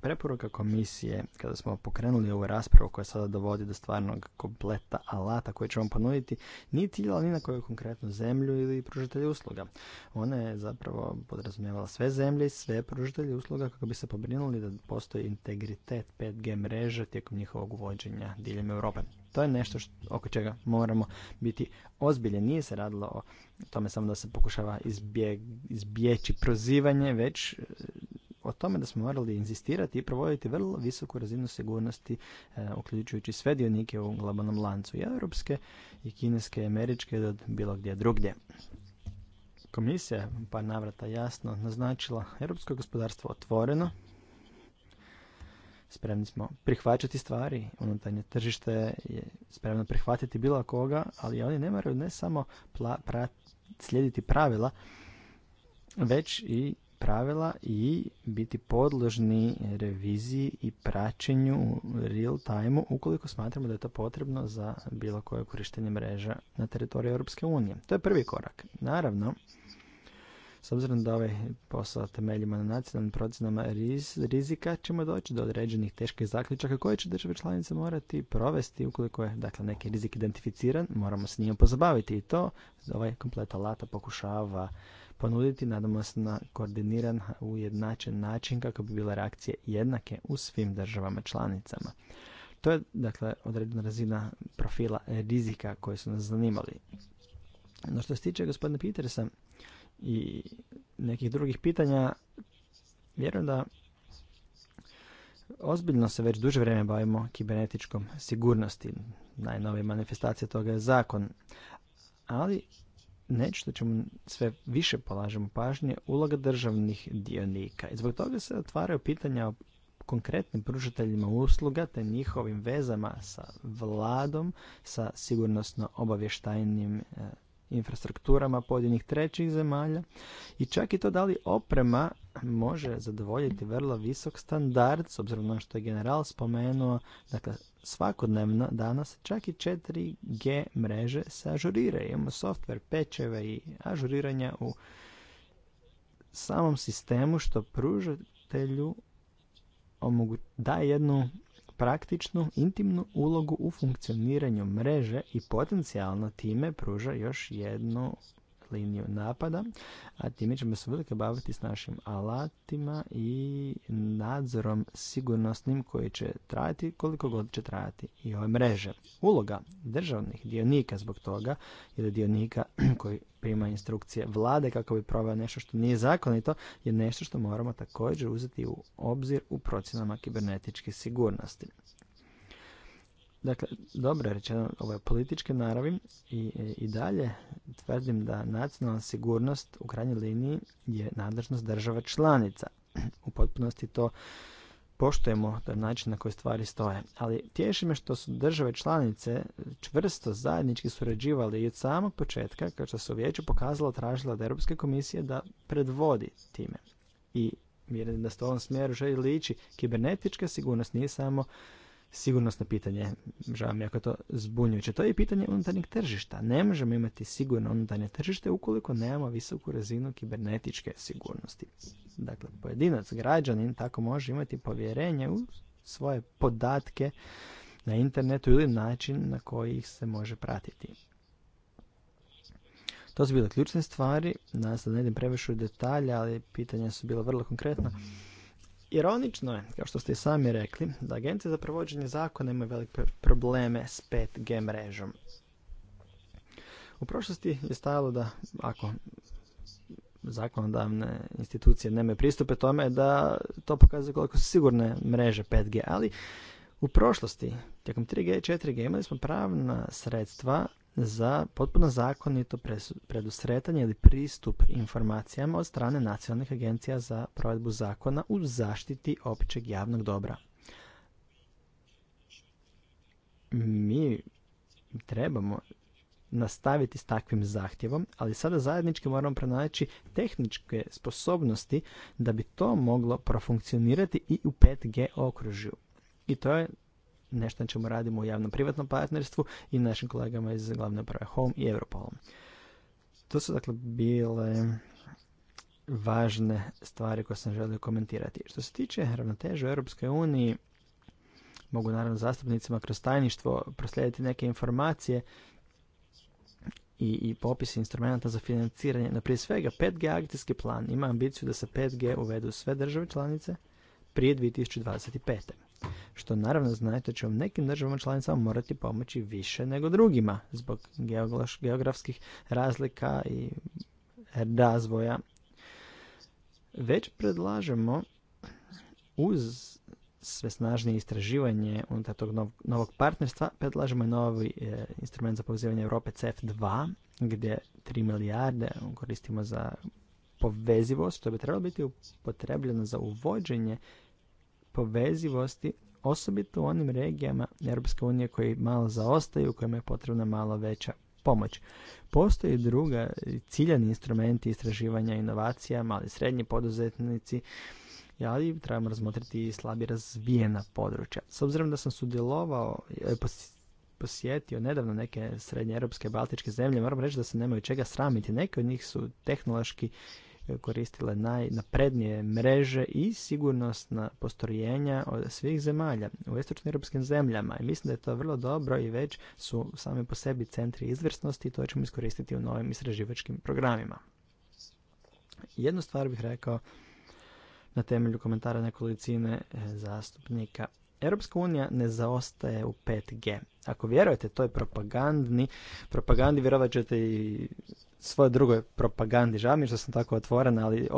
preporuka komisije, kada smo pokrenuli ovu raspravu koja sada dovodi do stvarnog kompleta alata koje ćemo ponuditi, nije ciljala ni na koju konkretnu zemlju ili pružitelju usluga. Ona je zapravo podrazumijevala sve zemlje i sve pružatelje usluga kako bi se pobrinuli da postoji integritet 5G mreže tijekom njihovog uvođenja diljem Europe. To je nešto što, oko čega moramo biti ozbiljni. Nije se radilo o tome samo da se pokušava izbjeg, izbjeći prozivanje, već e, o tome da smo morali inzistirati i provoditi vrlo visoku razinu sigurnosti, e, uključujući sve dionike u globalnom lancu, i europske, i kineske, i američke, i bilo gdje drugdje. Komisija par navrata jasno naznačila europsko gospodarstvo otvoreno, Spremni smo prihvaćati stvari, unutarnje tržište je spremno prihvatiti bilo koga, ali oni ne moraju ne samo pla, slijediti pravila, već i pravila i biti podložni reviziji i praćenju real time ukoliko smatramo da je to potrebno za bilo koje korištenje mreža na teritoriju Europske unije. To je prvi korak. Naravno, s obzirom da ovaj posao temeljimo na nacionalnim procenama rizika, ćemo doći do određenih teških zaključaka koje će države članice morati provesti ukoliko je dakle, neki rizik identificiran, moramo s njim pozabaviti i to ovaj komplet alata pokušava ponuditi, nadamo se na koordiniran, ujednačen način kako bi bile reakcije jednake u svim državama članicama. To je dakle određena razina profila rizika koji su nas zanimali. No što se tiče gospodina Petersa, i nekih drugih pitanja, vjerujem da ozbiljno se već duže vrijeme bavimo kibernetičkom sigurnosti. Najnovija manifestacije toga je zakon. Ali nešto čemu sve više polažemo pažnje, uloga državnih dionika. I zbog toga se otvaraju pitanja o konkretnim pružateljima usluga te njihovim vezama sa vladom, sa sigurnosno obavještajnim e, infrastrukturama pojedinih trećih zemalja i čak i to da li oprema može zadovoljiti vrlo visok standard, s obzirom na ono što je general spomenuo, dakle svakodnevno danas čak i 4G mreže se ažuriraju. Imamo software, pečeve i ažuriranja u samom sistemu što pružatelju daje jednu praktičnu, intimnu ulogu u funkcioniranju mreže i potencijalno time pruža još jednu liniju napada, a time ćemo se velike baviti s našim alatima i nadzorom sigurnosnim koji će trajati koliko god će trajati i ove mreže. Uloga državnih dionika zbog toga ili dionika koji prima instrukcije vlade kako bi proveo nešto što nije zakonito je nešto što moramo također uzeti u obzir u procjenama kibernetičke sigurnosti. Dakle, dobro je rečeno, ovo je političke naravi i, e, i dalje tvrdim da nacionalna sigurnost u krajnjoj liniji je nadležnost država članica. U potpunosti to poštujemo na način na koji stvari stoje. Ali tješi me što su države članice čvrsto zajednički surađivali i od samog početka, kao što se u vijeću pokazalo, tražila od Europske komisije da predvodi time. I vjerujem da ste u ovom smjeru želi ići. Kibernetička sigurnost nije samo sigurnosno pitanje. Žao mi ako to zbunjujuće. To je pitanje unutarnjeg tržišta. Ne možemo imati sigurno unutarnje tržište ukoliko nemamo visoku razinu kibernetičke sigurnosti. Dakle, pojedinac, građanin tako može imati povjerenje u svoje podatke na internetu ili način na koji ih se može pratiti. To su bile ključne stvari, se da ne idem previše detalje, ali pitanja su bila vrlo konkretna. Ironično je, kao što ste i sami rekli, da agencije za provođenje zakona imaju velike probleme s 5G mrežom. U prošlosti je stajalo da ako zakonodavne institucije nemaju pristupe tome, da to pokazuje koliko su sigurne mreže 5G, ali u prošlosti, tijekom 3G i 4G imali smo pravna sredstva za potpuno zakonito predusretanje ili pristup informacijama od strane nacionalnih agencija za provedbu zakona u zaštiti općeg javnog dobra. Mi trebamo nastaviti s takvim zahtjevom, ali sada zajednički moramo pronaći tehničke sposobnosti da bi to moglo profunkcionirati i u 5G okružju. I to je nešto na čemu radimo u javnom privatnom partnerstvu i našim kolegama iz glavne uprave Home i Europolom. To su dakle bile važne stvari koje sam želio komentirati. Što se tiče ravnoteže u Europskoj uniji, mogu naravno zastupnicima kroz tajništvo proslijediti neke informacije i, i popis instrumenta za financiranje. na prije svega 5G akcijski plan ima ambiciju da se 5G uvedu sve države članice prije 2025 što naravno znate da će u nekim državama članicama morati pomoći više nego drugima zbog geografskih razlika i razvoja. Već predlažemo uz sve snažnije istraživanje unutar tog novog partnerstva predlažemo novi e, instrument za povezivanje Europe CF2 e gdje 3 milijarde koristimo za povezivost, To bi trebalo biti upotrebljeno za uvođenje povezivosti osobito u onim regijama Europske unije koji malo zaostaju, u kojima je potrebna malo veća pomoć. Postoje druga ciljani instrumenti istraživanja inovacija, mali srednji poduzetnici, ali trebamo razmotriti i slabi razvijena područja. S obzirom da sam sudjelovao, e, posjetio nedavno neke srednje europske baltičke zemlje, moram reći da se nemaju čega sramiti. Neke od njih su tehnološki Eh, koristile najnaprednije mreže i sigurnosna postrojenja od svih zemalja u istočnim europskim zemljama. I mislim da je to vrlo dobro i već su same po sebi centri izvrsnosti i to ćemo iskoristiti u novim istraživačkim programima. Jednu stvar bih rekao na temelju komentara nekolicine eh, zastupnika. Europska unija ne zaostaje u 5G. Ako vjerujete toj propagandni, propagandi vjerovat ćete i svoje drugoj propagandi. Žao mi što sam tako otvoren, ali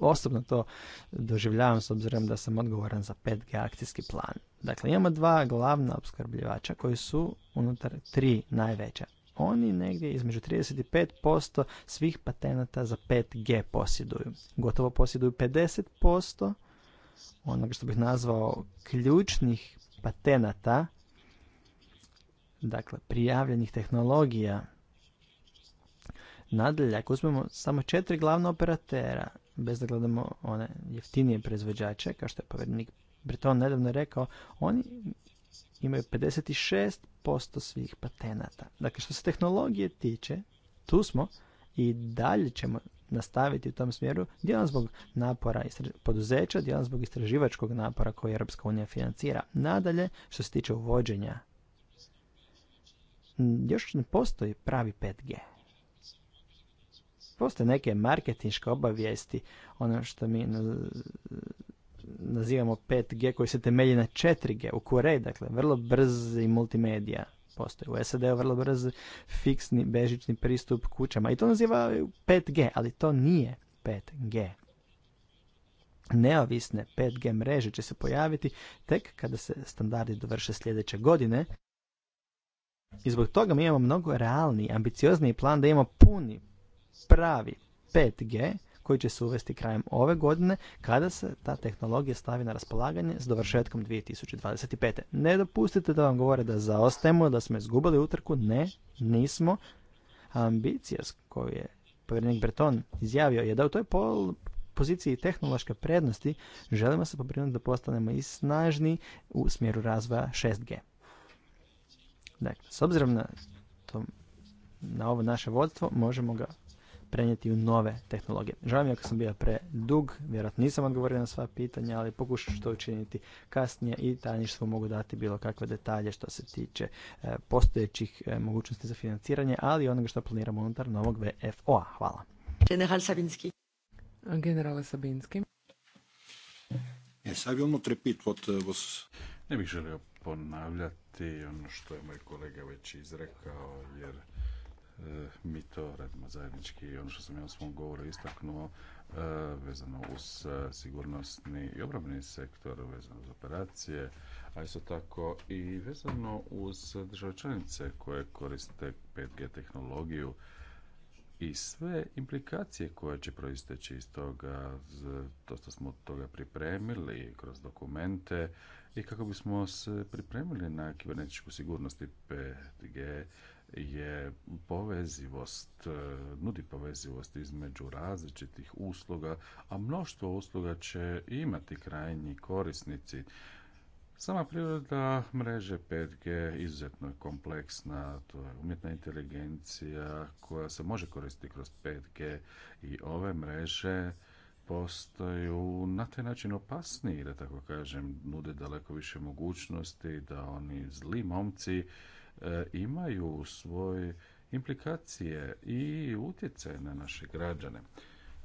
osobno to doživljavam s obzirom da sam odgovoran za 5G akcijski plan. Dakle, imamo dva glavna opskrbljivača koji su unutar tri najveća. Oni negdje između 35% svih patenata za 5G posjeduju. Gotovo posjeduju 50% onoga što bih nazvao ključnih patenata, dakle prijavljenih tehnologija. Nadalje, ako uzmemo samo četiri glavna operatera, bez da gledamo one jeftinije proizvođače, kao što je povjerenik Breton nedavno rekao, oni imaju 56% svih patenata. Dakle, što se tehnologije tiče, tu smo i dalje ćemo nastaviti u tom smjeru, dijelom zbog napora poduzeća, dijelom zbog istraživačkog napora koji Europska unija financira. Nadalje, što se tiče uvođenja, još ne postoji pravi 5G. Postoje neke marketinške obavijesti, ono što mi nazivamo 5G koji se temelji na 4G u Koreji, dakle vrlo brzi multimedija. Postoji u SAD-u vrlo brz fiksni bežični pristup kućama i to naziva 5G, ali to nije 5G. Neovisne 5G mreže će se pojaviti tek kada se standardi dovrše sljedeće godine. I zbog toga mi imamo mnogo realni, ambiciozniji plan da imamo puni, pravi 5G koji će se uvesti krajem ove godine kada se ta tehnologija stavi na raspolaganje s dovršetkom 2025. Ne dopustite da vam govore da zaostajemo, da smo izgubili utrku. Ne, nismo. Ambicija koju je povjerenik Breton izjavio je da u toj pol poziciji tehnološke prednosti želimo se pobrinuti da postanemo i snažni u smjeru razvoja 6G. Dakle, s obzirom na, to, na ovo naše vodstvo, možemo ga prenijeti u nove tehnologije. Žao mi ako sam bio predug, vjerojatno nisam odgovorio na sva pitanja, ali pokušat ću to učiniti kasnije i tajništvo mogu dati bilo kakve detalje što se tiče e, postojećih e, mogućnosti za financiranje, ali i onoga što planiramo unutar novog VFO-a. Hvala. General Sabinski. General Sabinski. E, ne bih želio ponavljati ono što je moj kolega već izrekao, jer Eh, mi to radimo zajednički i ono što sam ja u svom govoru istaknuo eh, vezano uz eh, sigurnosni i obrambeni sektor, vezano uz operacije, a isto tako i vezano uz države članice koje koriste 5G tehnologiju i sve implikacije koje će proisteći iz toga, što smo toga pripremili kroz dokumente i kako bismo se pripremili na kibernetičku sigurnost i 5G je povezivost, e, nudi povezivost između različitih usluga, a mnoštvo usluga će imati krajnji korisnici. Sama priroda mreže 5G izuzetno je kompleksna, to je umjetna inteligencija koja se može koristiti kroz 5G i ove mreže postaju na taj način opasniji, da tako kažem, nude daleko više mogućnosti da oni zli momci E, imaju svoje implikacije i utjecaj na naše građane.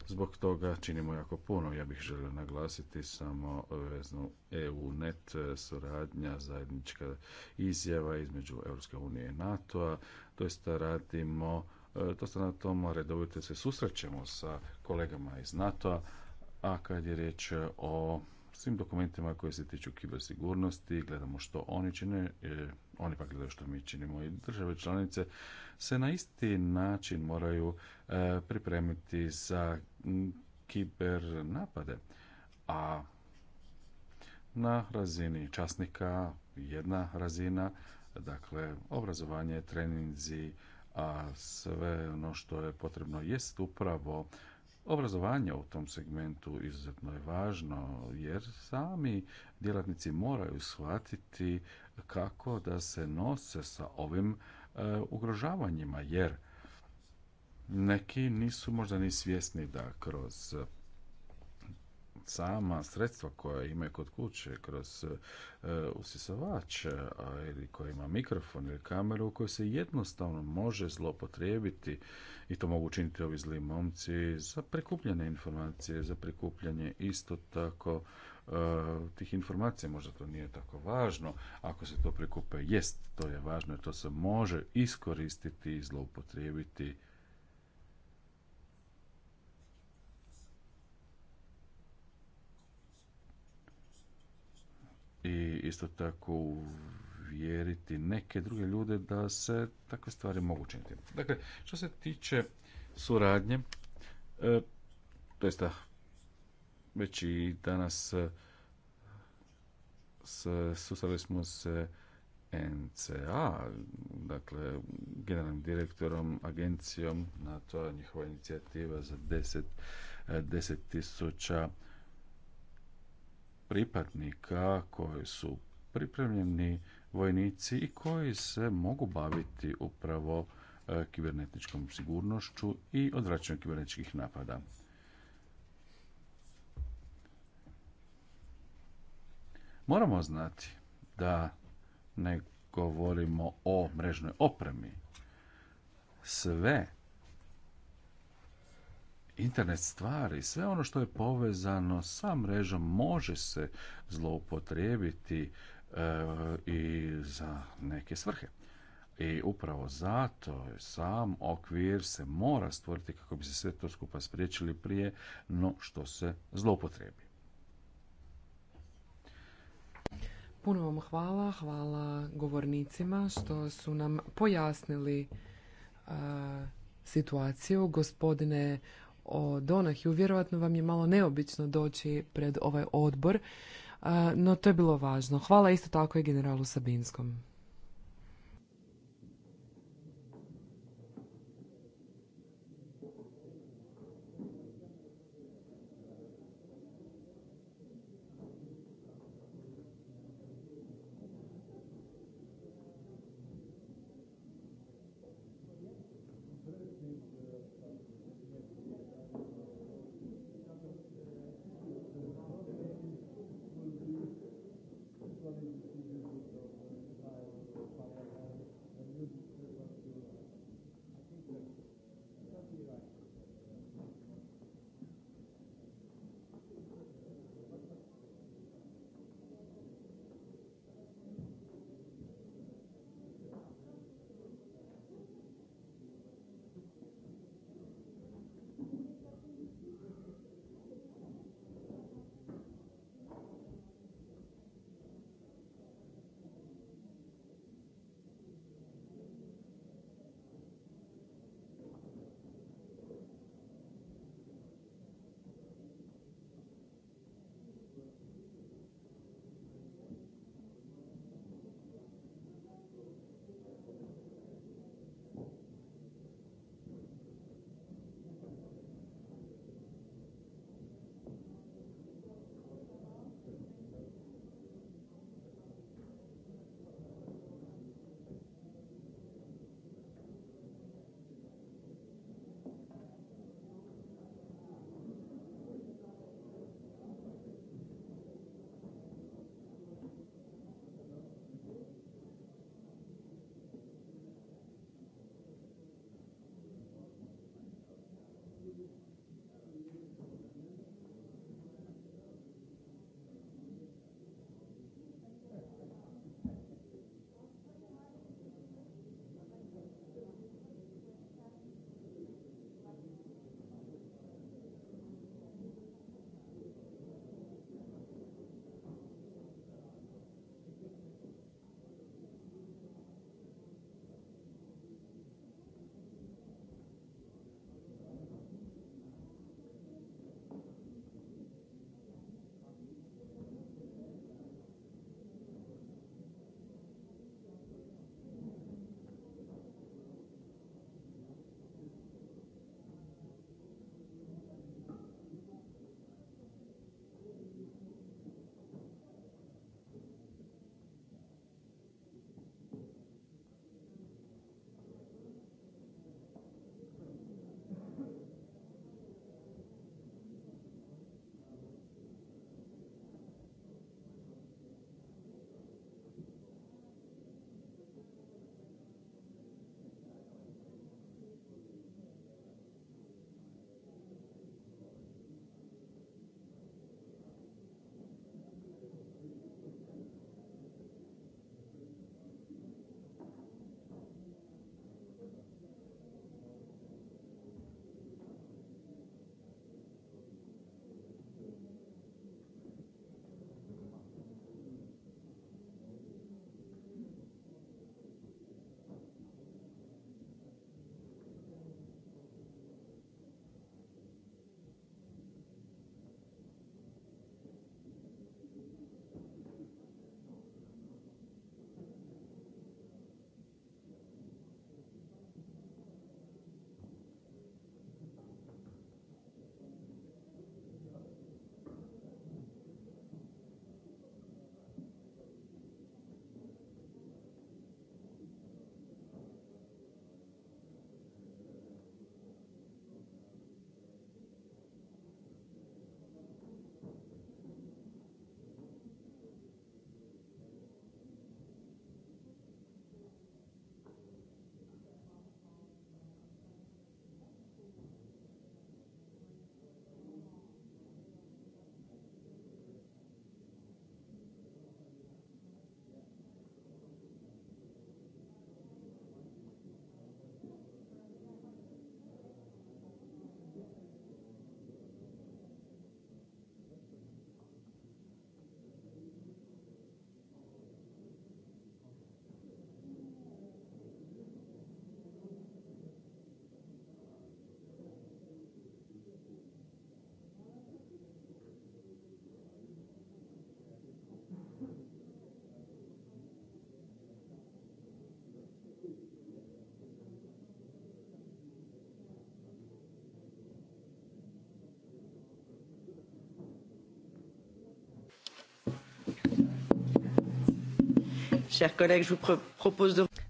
Zbog toga činimo jako puno. Ja bih želio naglasiti samo veznu e EU-net e, suradnja, zajednička izjava između Europske unije i NATO-a. Doista radimo, dosta na tom redovito se susrećemo sa kolegama iz NATO-a, a kad je riječ o svim dokumentima koji se tiču kibersigurnosti, gledamo što oni čine, oni pa gledaju što mi činimo i države članice se na isti način moraju e, pripremiti za kiber napade. A na razini časnika jedna razina, dakle obrazovanje, treninzi, a sve ono što je potrebno jest upravo Obrazovanje u tom segmentu izuzetno je važno jer sami djelatnici moraju shvatiti kako da se nose sa ovim e, ugrožavanjima, jer neki nisu možda ni svjesni da kroz sama sredstva koja imaju kod kuće, kroz e, usisavač e, ili koji ima mikrofon ili kameru kojoj se jednostavno može zlopotrijebiti i to mogu učiniti ovi zli momci za prikupljene informacije, za prikupljanje isto tako E, tih informacija, možda to nije tako važno, ako se to prikupe, jest, to je važno, jer to se može iskoristiti i zloupotrijebiti i isto tako uvjeriti neke druge ljude da se takve stvari mogu činiti. Dakle, što se tiče suradnje, e, to je već i danas susreli smo se NCA, dakle generalnim direktorom, agencijom Na je njihova inicijativa za 10, pripadnika koji su pripremljeni vojnici i koji se mogu baviti upravo e, kibernetičkom sigurnošću i odvraćanjem kibernetičkih napada. Moramo znati da ne govorimo o mrežnoj opremi. Sve internet stvari, sve ono što je povezano sa mrežom može se zloupotrijebiti e, i za neke svrhe. I upravo zato sam okvir se mora stvoriti kako bi se sve to skupa spriječili prije no što se zloupotrijebi. Puno vam hvala, hvala govornicima što su nam pojasnili e, situaciju. Gospodine Donahju, vjerojatno vam je malo neobično doći pred ovaj odbor, e, no to je bilo važno. Hvala isto tako i generalu Sabinskom.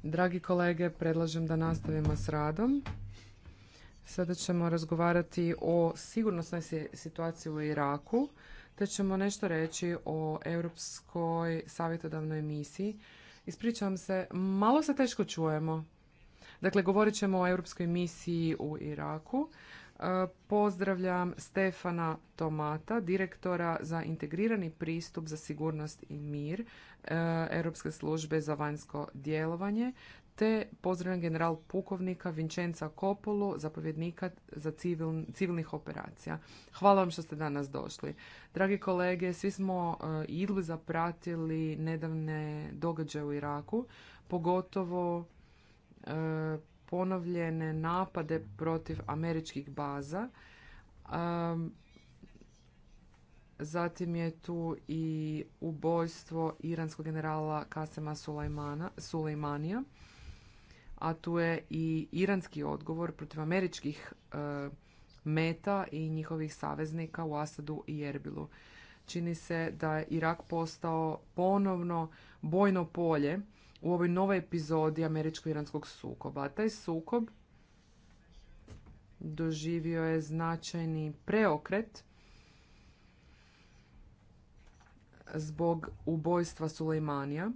Dragi kolege, predlažem da nastavimo s radom. Sada ćemo razgovarati o sigurnosnoj situaciji u Iraku, te ćemo nešto reći o Europskoj savjetodavnoj misiji. Ispričavam se, malo se teško čujemo. Dakle, govorit ćemo o Europskoj misiji u Iraku. E, pozdravljam Stefana Tomata, direktora za integrirani pristup za sigurnost i mir e, Europske službe za vanjsko djelovanje, te pozdravljam general pukovnika Vinčenca Kopolu, zapovjednika za civilnih operacija. Hvala vam što ste danas došli. Dragi kolege, svi smo e, idlu zapratili nedavne događaje u Iraku, pogotovo ponovljene napade protiv američkih baza. Zatim je tu i ubojstvo iranskog generala Kasema Sulejmanija, a tu je i iranski odgovor protiv američkih e, meta i njihovih saveznika u Asadu i Erbilu. Čini se da je Irak postao ponovno bojno polje u ovoj novoj epizodi američko-iranskog sukoba. Taj sukob doživio je značajni preokret zbog ubojstva Sulejmanija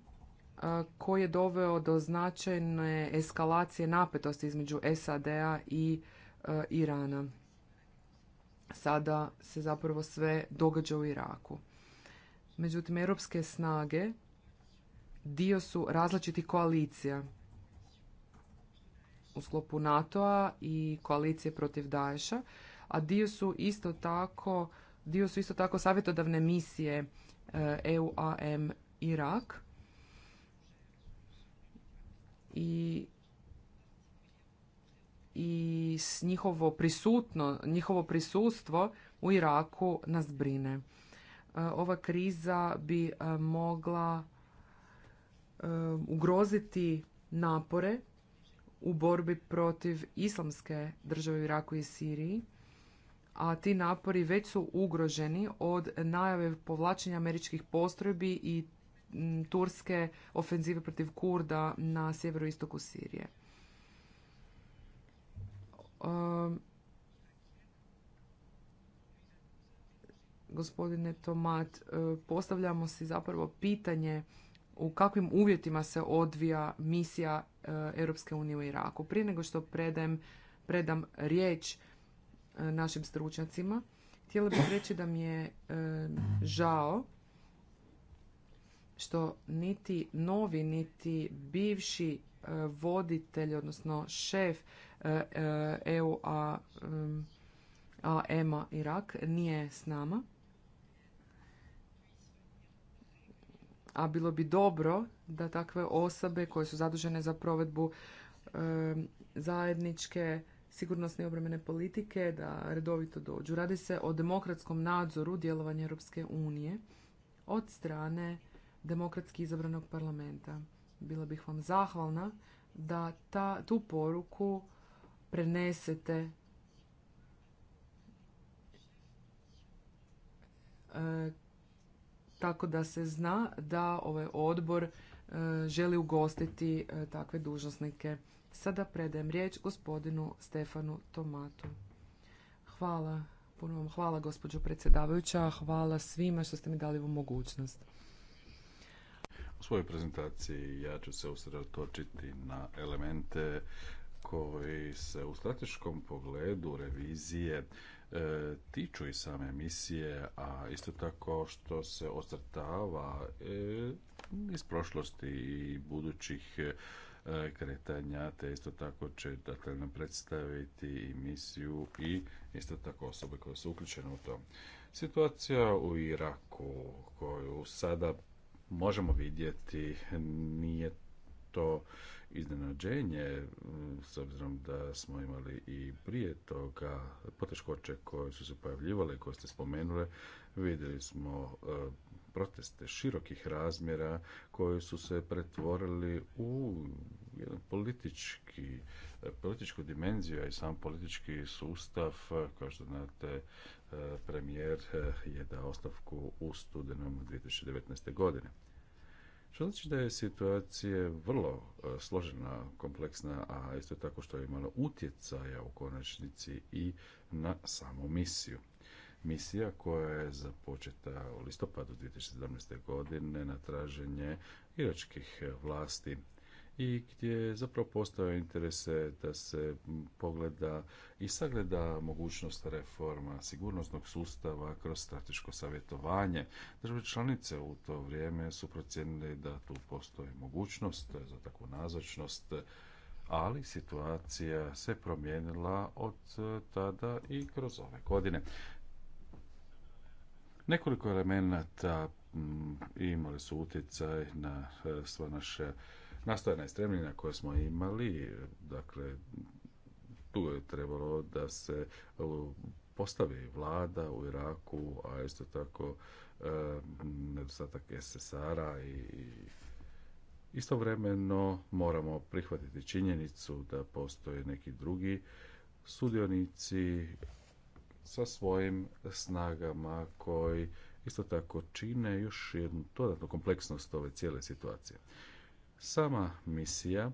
koji je doveo do značajne eskalacije napetosti između SAD-a i Irana. Sada se zapravo sve događa u Iraku. Međutim, europske snage dio su različitih koalicija u sklopu NATO-a i koalicije protiv Daesha, a dio su isto tako dio su isto tako savjetodavne misije EUAM e Irak i i njihovo prisutno, njihovo prisustvo u Iraku nas brine. E, ova kriza bi e, mogla Eh, ugroziti napore u borbi protiv islamske države u Iraku i Siriji, a ti napori već su ugroženi od najave povlačenja američkih postrojbi i mm, turske ofenzive protiv Kurda na sjeveroistoku Sirije. Ehm, gospodine Tomat, eh, postavljamo si zapravo pitanje u kakvim uvjetima se odvija misija e, Europske unije u Iraku. Prije nego što predajem, predam riječ e, našim stručnjacima, htjela bih reći da mi je e, žao što niti novi, niti bivši voditelj, odnosno šef eu Ama EMA Irak nije s nama. a bilo bi dobro da takve osobe koje su zadužene za provedbu zajedničke sigurnosne i obrambene politike da redovito dođu. Radi se o demokratskom nadzoru djelovanja Europske unije od strane demokratski izabranog parlamenta. Bila bih vam zahvalna da ta, tu poruku prenesete tako da se zna da ovaj odbor e, želi ugostiti e, takve dužnosnike. Sada predajem riječ gospodinu Stefanu Tomatu. Hvala, puno vam hvala gospođo predsjedavajuća, hvala svima što ste mi dali ovu mogućnost. U svojoj prezentaciji ja ću se usredotočiti na elemente koji se u strateškom pogledu revizije E, tiču i same emisije, a isto tako što se ocrtava e, iz prošlosti i budućih e, kretanja, te isto tako će dakle, nam predstaviti misiju i isto tako osobe koje su uključene u to. Situacija u Iraku koju sada možemo vidjeti nije to iznenađenje, mm, s obzirom da smo imali i prije toga poteškoće koje su se pojavljivale, koje ste spomenule, vidjeli smo e, proteste širokih razmjera koji su se pretvorili u jedan e, političku dimenziju, a i sam politički sustav, e, kao što znate, premijer je dao ostavku u studenom 2019. godine. Što znači da je situacija vrlo e, složena, kompleksna, a isto tako što je imala utjecaja u konačnici i na samu misiju. Misija koja je započeta u listopadu 2017. godine na traženje iračkih vlasti i gdje je zapravo postao interese da se pogleda i sagleda mogućnost reforma sigurnosnog sustava kroz strateško savjetovanje. Države članice u to vrijeme su procijenili da tu postoji mogućnost za takvu nazočnost, ali situacija se promijenila od tada i kroz ove godine. Nekoliko elemenata mm, imali su utjecaj na e, sva naše Nastojena je koje smo imali, dakle, tu je trebalo da se e, postavi vlada u Iraku, a isto tako e, nedostatak SSR-a i istovremeno moramo prihvatiti činjenicu da postoje neki drugi sudionici sa svojim snagama koji isto tako čine još jednu dodatnu kompleksnost ove cijele situacije. Sama misija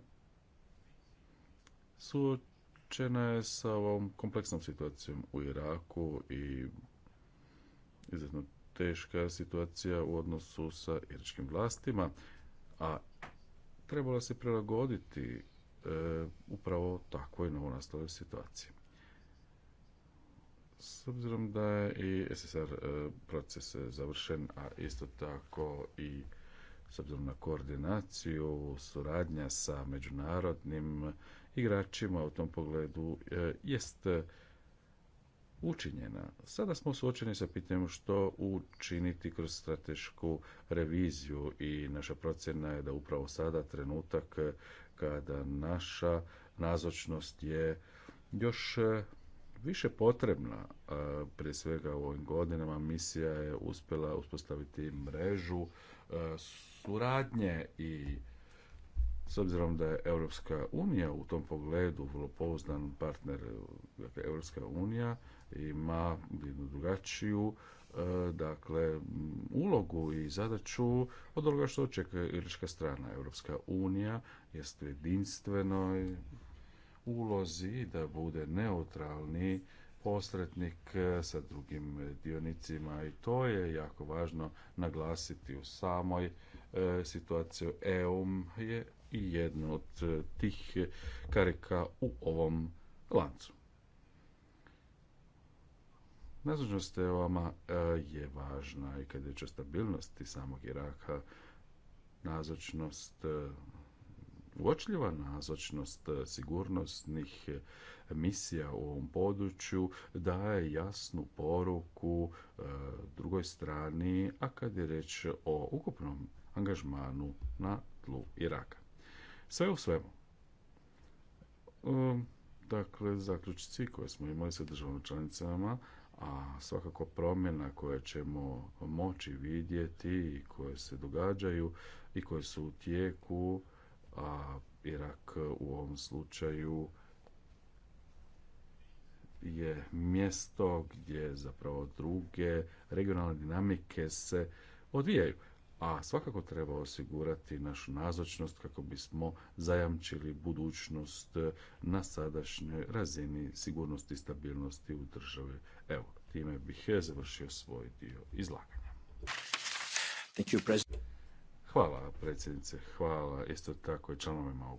suočena je sa ovom kompleksnom situacijom u Iraku i izuzetno teška situacija u odnosu sa iračkim vlastima, a trebala se prilagoditi e, upravo takvoj novonastaloj situaciji. S obzirom da je i SSR e, proces e, završen, a isto tako i s obzirom na koordinaciju, suradnja sa međunarodnim igračima u tom pogledu e, jest učinjena. Sada smo suočeni sa pitanjem što učiniti kroz stratešku reviziju i naša procjena je da upravo sada trenutak kada naša nazočnost je još više potrebna. E, prije svega u ovim godinama misija je uspjela uspostaviti mrežu E, suradnje i s obzirom da je Europska unija u tom pogledu vrlo pouzdan partner, dakle Europska unija ima jednu drugačiju e, dakle ulogu i zadaću od onoga što očekuje irska strana. Europska unija jest u jedinstvenoj ulozi da bude neutralni posrednik e, sa drugim dionicima i to je jako važno naglasiti u samoj e, situaciji. EUM je i jedna od e, tih karika u ovom lancu. Nazočnost eum a je važna i kad je o stabilnosti samog Iraka, nazočnost uočljiva nazočnost sigurnosnih misija u ovom području daje jasnu poruku e, drugoj strani, a kad je reč o ukupnom angažmanu na tlu Iraka. Sve u svemu, e, dakle, zaključci koje smo imali sa državnim članicama, a svakako promjena koje ćemo moći vidjeti i koje se događaju i koje su u tijeku, a Irak u ovom slučaju je mjesto gdje zapravo druge regionalne dinamike se odvijaju. A svakako treba osigurati našu nazočnost kako bismo zajamčili budućnost na sadašnjoj razini sigurnosti i stabilnosti u državi. Evo, time bih završio svoj dio izlaganja. Hvala predsjednice, hvala isto tako i članovima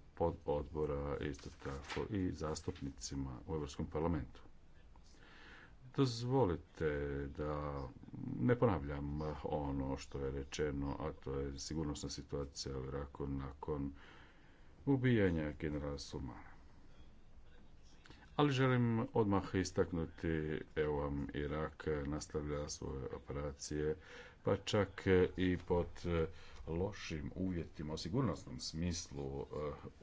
odbora, isto tako i zastupnicima u Europskom parlamentu. Dozvolite da ne ponavljam ono što je rečeno, a to je sigurnosna situacija u Iraku nakon ubijanja generala Sulmana. Ali želim odmah istaknuti, evo vam Irak nastavlja svoje operacije, pa čak i pod lošim uvjetima u sigurnosnom smislu e,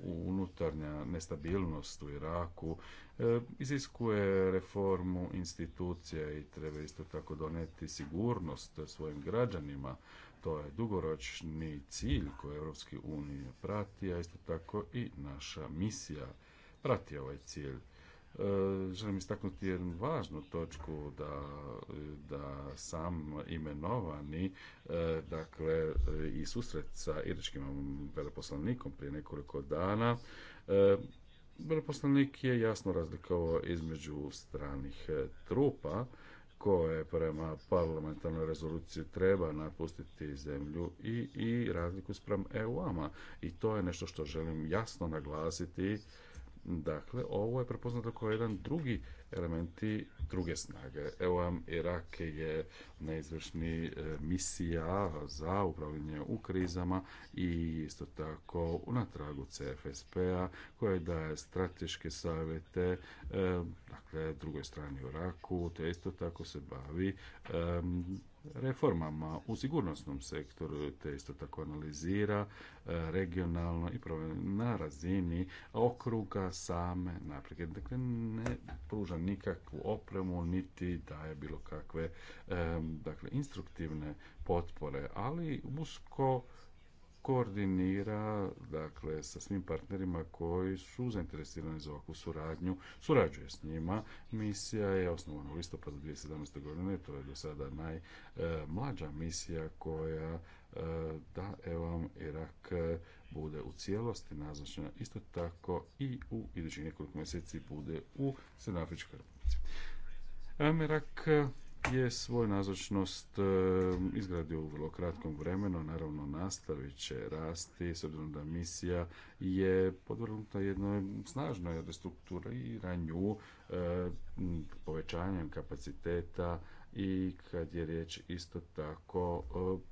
unutarnja nestabilnost u Iraku E, iziskuje reformu institucija i treba isto tako doneti sigurnost svojim građanima. To je dugoročni cilj koji Europske unije prati, a isto tako i naša misija prati ovaj cilj. E, želim istaknuti jednu važnu točku da, da sam imenovani e, dakle i susret sa iričkim veleposlanikom prije nekoliko dana Veleposlanik je jasno razlikovao između stranih e, trupa koje prema parlamentarnoj rezoluciji treba napustiti zemlju i, i razliku sprem EU-ama. I to je nešto što želim jasno naglasiti Dakle, ovo je prepoznato kao jedan drugi elementi druge snage. Evo vam, Irak je neizvršni e, misija za upravljanje u krizama i isto tako na tragu CFSP-a koje daje strateške savjete e, dakle, drugoj strani u Iraku, te isto tako se bavi reformama u sigurnosnom sektoru, te isto tako analizira e, regionalno i na razini okruga same naprijed. Dakle, ne pruža nikakvu opremu, niti daje bilo kakve e, dakle, instruktivne potpore, ali usko koordinira dakle sa svim partnerima koji su zainteresirani za ovakvu suradnju, surađuje s njima. Misija je osnovana u listopadu 2017. godine, to je do sada najmlađa e, misija koja e, da evam Irak e, bude u cijelosti naznačena isto tako i u idućih nekoliko mjeseci bude u Senafičkoj Republici. Irak je svoju nazočnost e, izgradio u vrlo kratkom vremenu, naravno nastavit će rasti, s obzirom da misija je podvrgnuta jednoj snažnoj restrukturiranju e, povećanjem kapaciteta i kad je riječ isto tako e,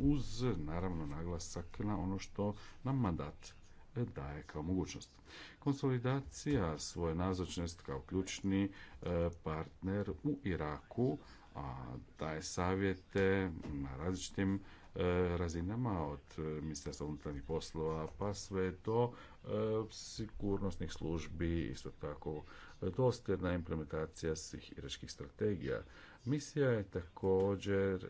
uz naravno naglasak na ono što nam mandat daje kao mogućnost. Konsolidacija svoje nazočnost kao ključni e, partner u Iraku a daje savjete na različitim e, razinama od e, Ministarstva unutarnjih poslova pa sve do sigurnosnih službi, isto tako dosljedna implementacija svih iračkih strategija. Misija je također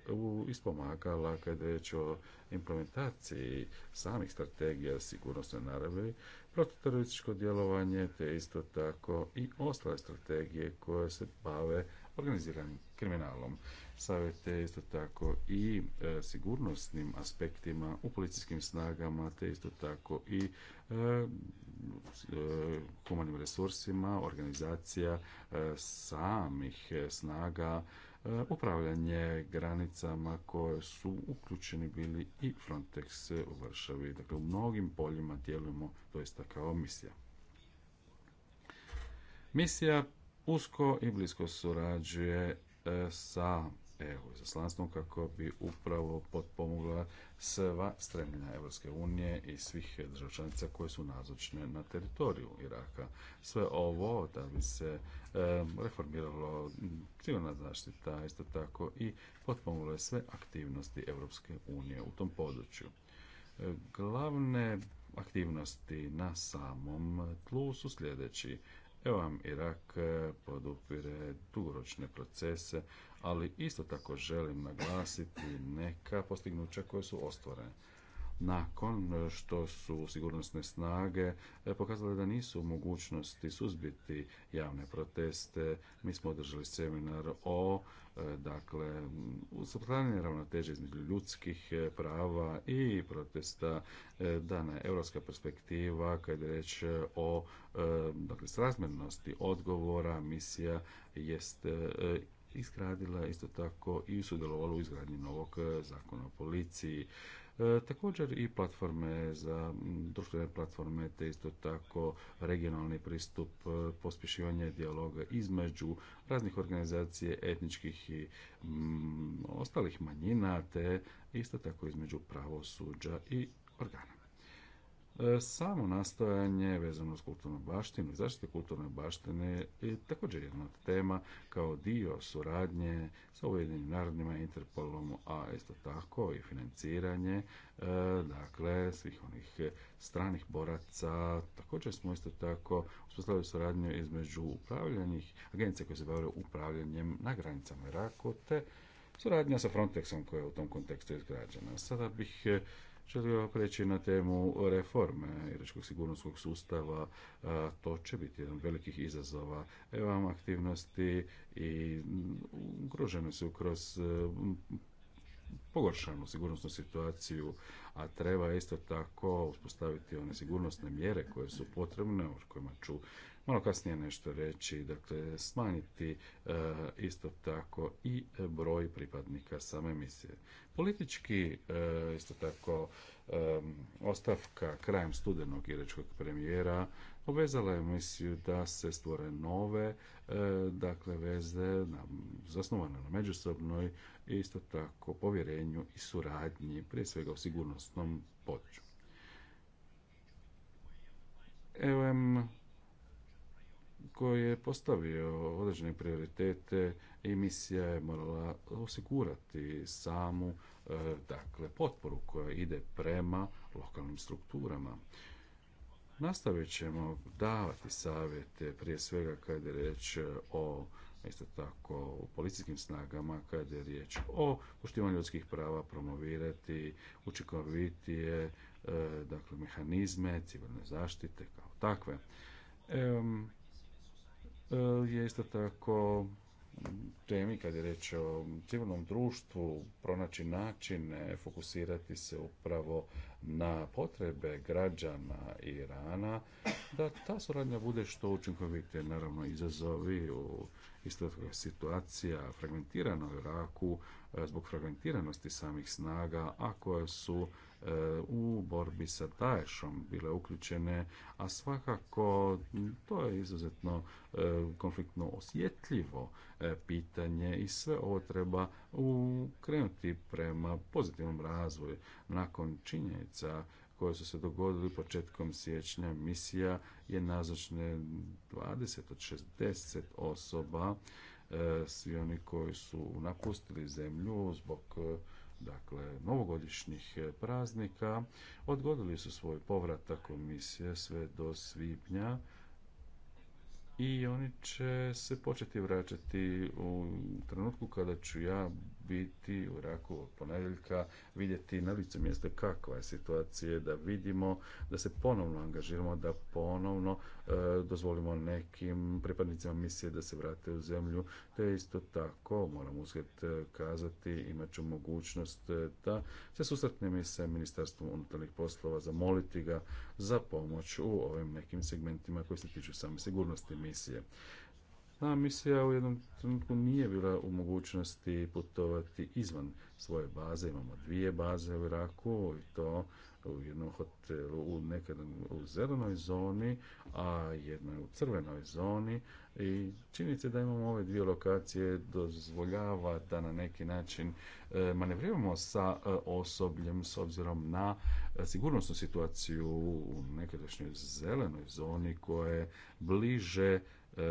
ispomagala kada je riječ o implementaciji samih strategija sigurnosne naravi, protiterorističko djelovanje, te isto tako i ostale strategije koje se bave organiziranim kriminalom. Savjet isto tako i e, sigurnosnim aspektima u policijskim snagama, te isto tako i e, e, humanim resursima, organizacija samih snaga, upravljanje granicama koje su uključeni bili i Frontex u Vršavi. Dakle, u mnogim poljima djelujemo doista kao misija. Misija usko i blisko surađuje E, sa EU izaslanstvom kako bi upravo potpomogla sva stremljenja Evropske unije i svih državčanica koje su nazočne na teritoriju Iraka. Sve ovo da bi se e, reformiralo civilna zaštita, isto tako i potpomoglo sve aktivnosti Evropske unije u tom području. E, glavne aktivnosti na samom tlu su sljedeći Evo vam Irak eh, podupire dugoročne procese, ali isto tako želim naglasiti neka postignuća koja su ostvorene nakon e, što su sigurnosne snage e, pokazale da nisu u mogućnosti suzbiti javne proteste. Mi smo održali seminar o e, dakle uspostavljanje ravnoteže između ljudskih prava i protesta dana europska perspektiva kad je reč o dakle srazmjernosti odgovora misija jest izgradila isto tako i sudjelovala u izgradnji novog zakona o policiji. E, također i platforme za društvene platforme, te isto tako regionalni pristup, e, pospješivanje dijaloga između raznih organizacije etničkih i ostalih manjina, te isto tako između pravosuđa i organa. E, samo nastojanje vezano uz kulturnu baštinu i zaštite kulturne baštine je također jedna od tema kao dio suradnje sa Ujedinim narodima Interpolom, a isto tako i financiranje e, dakle svih onih stranih boraca. Također smo isto tako uspostavili suradnju između upravljanih agencija koje se bave upravljanjem na granicama Iraku suradnja sa Frontexom koja je u tom kontekstu izgrađena. Sada bih e, Želio preći na temu reforme iračkog sigurnosnog sustava. To će biti jedan od velikih izazova. Evo vam aktivnosti i mm, ugrožene su kroz e, pogoršanu sigurnosnu situaciju, a treba isto tako uspostaviti one sigurnosne mjere koje su potrebne, o kojima ću Malo kasnije nešto reći, dakle smanjiti e, isto tako i broj pripadnika same misije. Politički e, isto tako e, ostavka krajem studenog iračkog premijera obvezala je misiju da se stvore nove dakle veze na, zasnovane na međusobnoj isto tako povjerenju i suradnji prije svega u sigurnosnom području. EOM koji je postavio određene prioritete i misija je morala osigurati samu e, dakle, potporu koja ide prema lokalnim strukturama. Nastavit ćemo davati savjete prije svega kad je riječ e, o isto tako u policijskim snagama kad je riječ o poštivanju ljudskih prava promovirati učinkovitije e, dakle mehanizme civilne zaštite kao takve. E, je isto tako temi kad je reč o civilnom društvu pronaći načine, fokusirati se upravo na potrebe građana Irana, da ta suradnja bude što učinkovitije. Naravno, izazovi u isto situacija fragmentirano u Iraku e, zbog fragmentiranosti samih snaga, a koje su u borbi sa Daeshom bile uključene, a svakako to je izuzetno e, konfliktno osjetljivo e, pitanje i sve ovo treba ukrenuti prema pozitivnom razvoju. Nakon činjenica koje su se dogodili početkom siječnja. Misija je nazočne 20 od 60 osoba, e, svi oni koji su napustili zemlju zbog dakle novogodišnjih eh, praznika odgodili su svoj povratak komisije sve do svibnja i oni će se početi vraćati u trenutku kada ću ja biti u Raku od ponedjeljka, vidjeti na licu mjesta kakva je situacija, da vidimo, da se ponovno angažiramo, da ponovno e, dozvolimo nekim pripadnicima misije da se vrate u zemlju, te isto tako, moram uzgled e, kazati, imat ću mogućnost e, da se susretnem i sa Ministarstvom unutarnjih poslova, zamoliti ga za pomoć u ovim nekim segmentima koji se tiču same sigurnosti misije. Ta misija u jednom trenutku nije bila u mogućnosti putovati izvan svoje baze. Imamo dvije baze u Iraku i to u jednom hotelu u nekad u zelenoj zoni, a jedna u crvenoj zoni i čini se da imamo ove dvije lokacije dozvoljava da na neki način e, manevriramo sa e, osobljem s obzirom na e, sigurnosnu situaciju u nekadašnjoj zelenoj zoni koja je bliže E,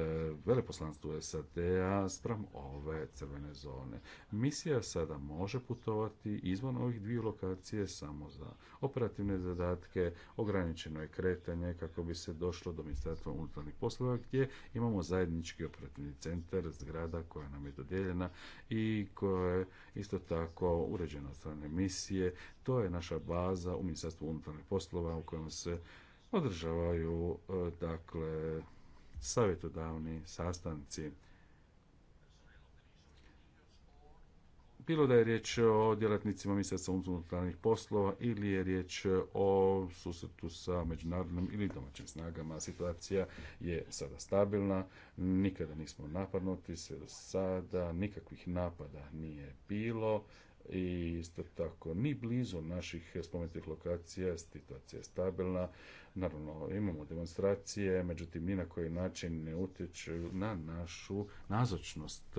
veleposlanstvu SAD-a spram ove crvene zone. Misija sada može putovati izvan ovih dviju lokacije samo za operativne zadatke, ograničeno je kretanje kako bi se došlo do ministarstva unutarnjih poslova gdje imamo zajednički operativni centar, zgrada koja nam je dodijeljena i koja je isto tako uređena od strane misije. To je naša baza u ministarstvu unutarnjih poslova u kojem se održavaju e, dakle savjetodavni sastanci. Bilo da je riječ o djelatnicima ministarstva unutarnjih poslova ili je riječ o susretu sa međunarodnim ili domaćim snagama, situacija je sada stabilna, nikada nismo napadnuti se do sada, nikakvih napada nije bilo, i isto tako ni blizu naših spomenutih lokacija situacija je stabilna. Naravno, imamo demonstracije, međutim ni na koji način ne utječu na našu nazočnost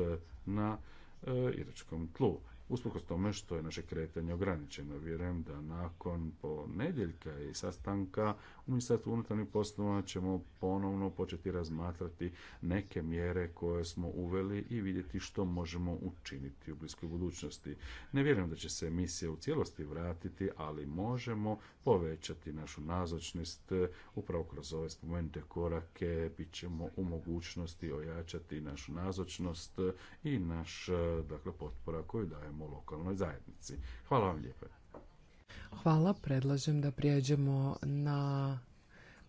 na e, iračkom tlu usprkos tome što je naše kretanje ograničeno. Vjerujem da nakon ponedjeljka i sastanka u Ministarstvu unutarnjih poslova ćemo ponovno početi razmatrati neke mjere koje smo uveli i vidjeti što možemo učiniti u bliskoj budućnosti. Ne vjerujem da će se misija u cijelosti vratiti, ali možemo povećati našu nazočnost upravo kroz ove spomenute korake, bit ćemo u mogućnosti ojačati našu nazočnost i naš dakle, potpora koju dajemo u lokalnoj zajednici. Hvala vam lijepo. Hvala, predlažem da prijeđemo na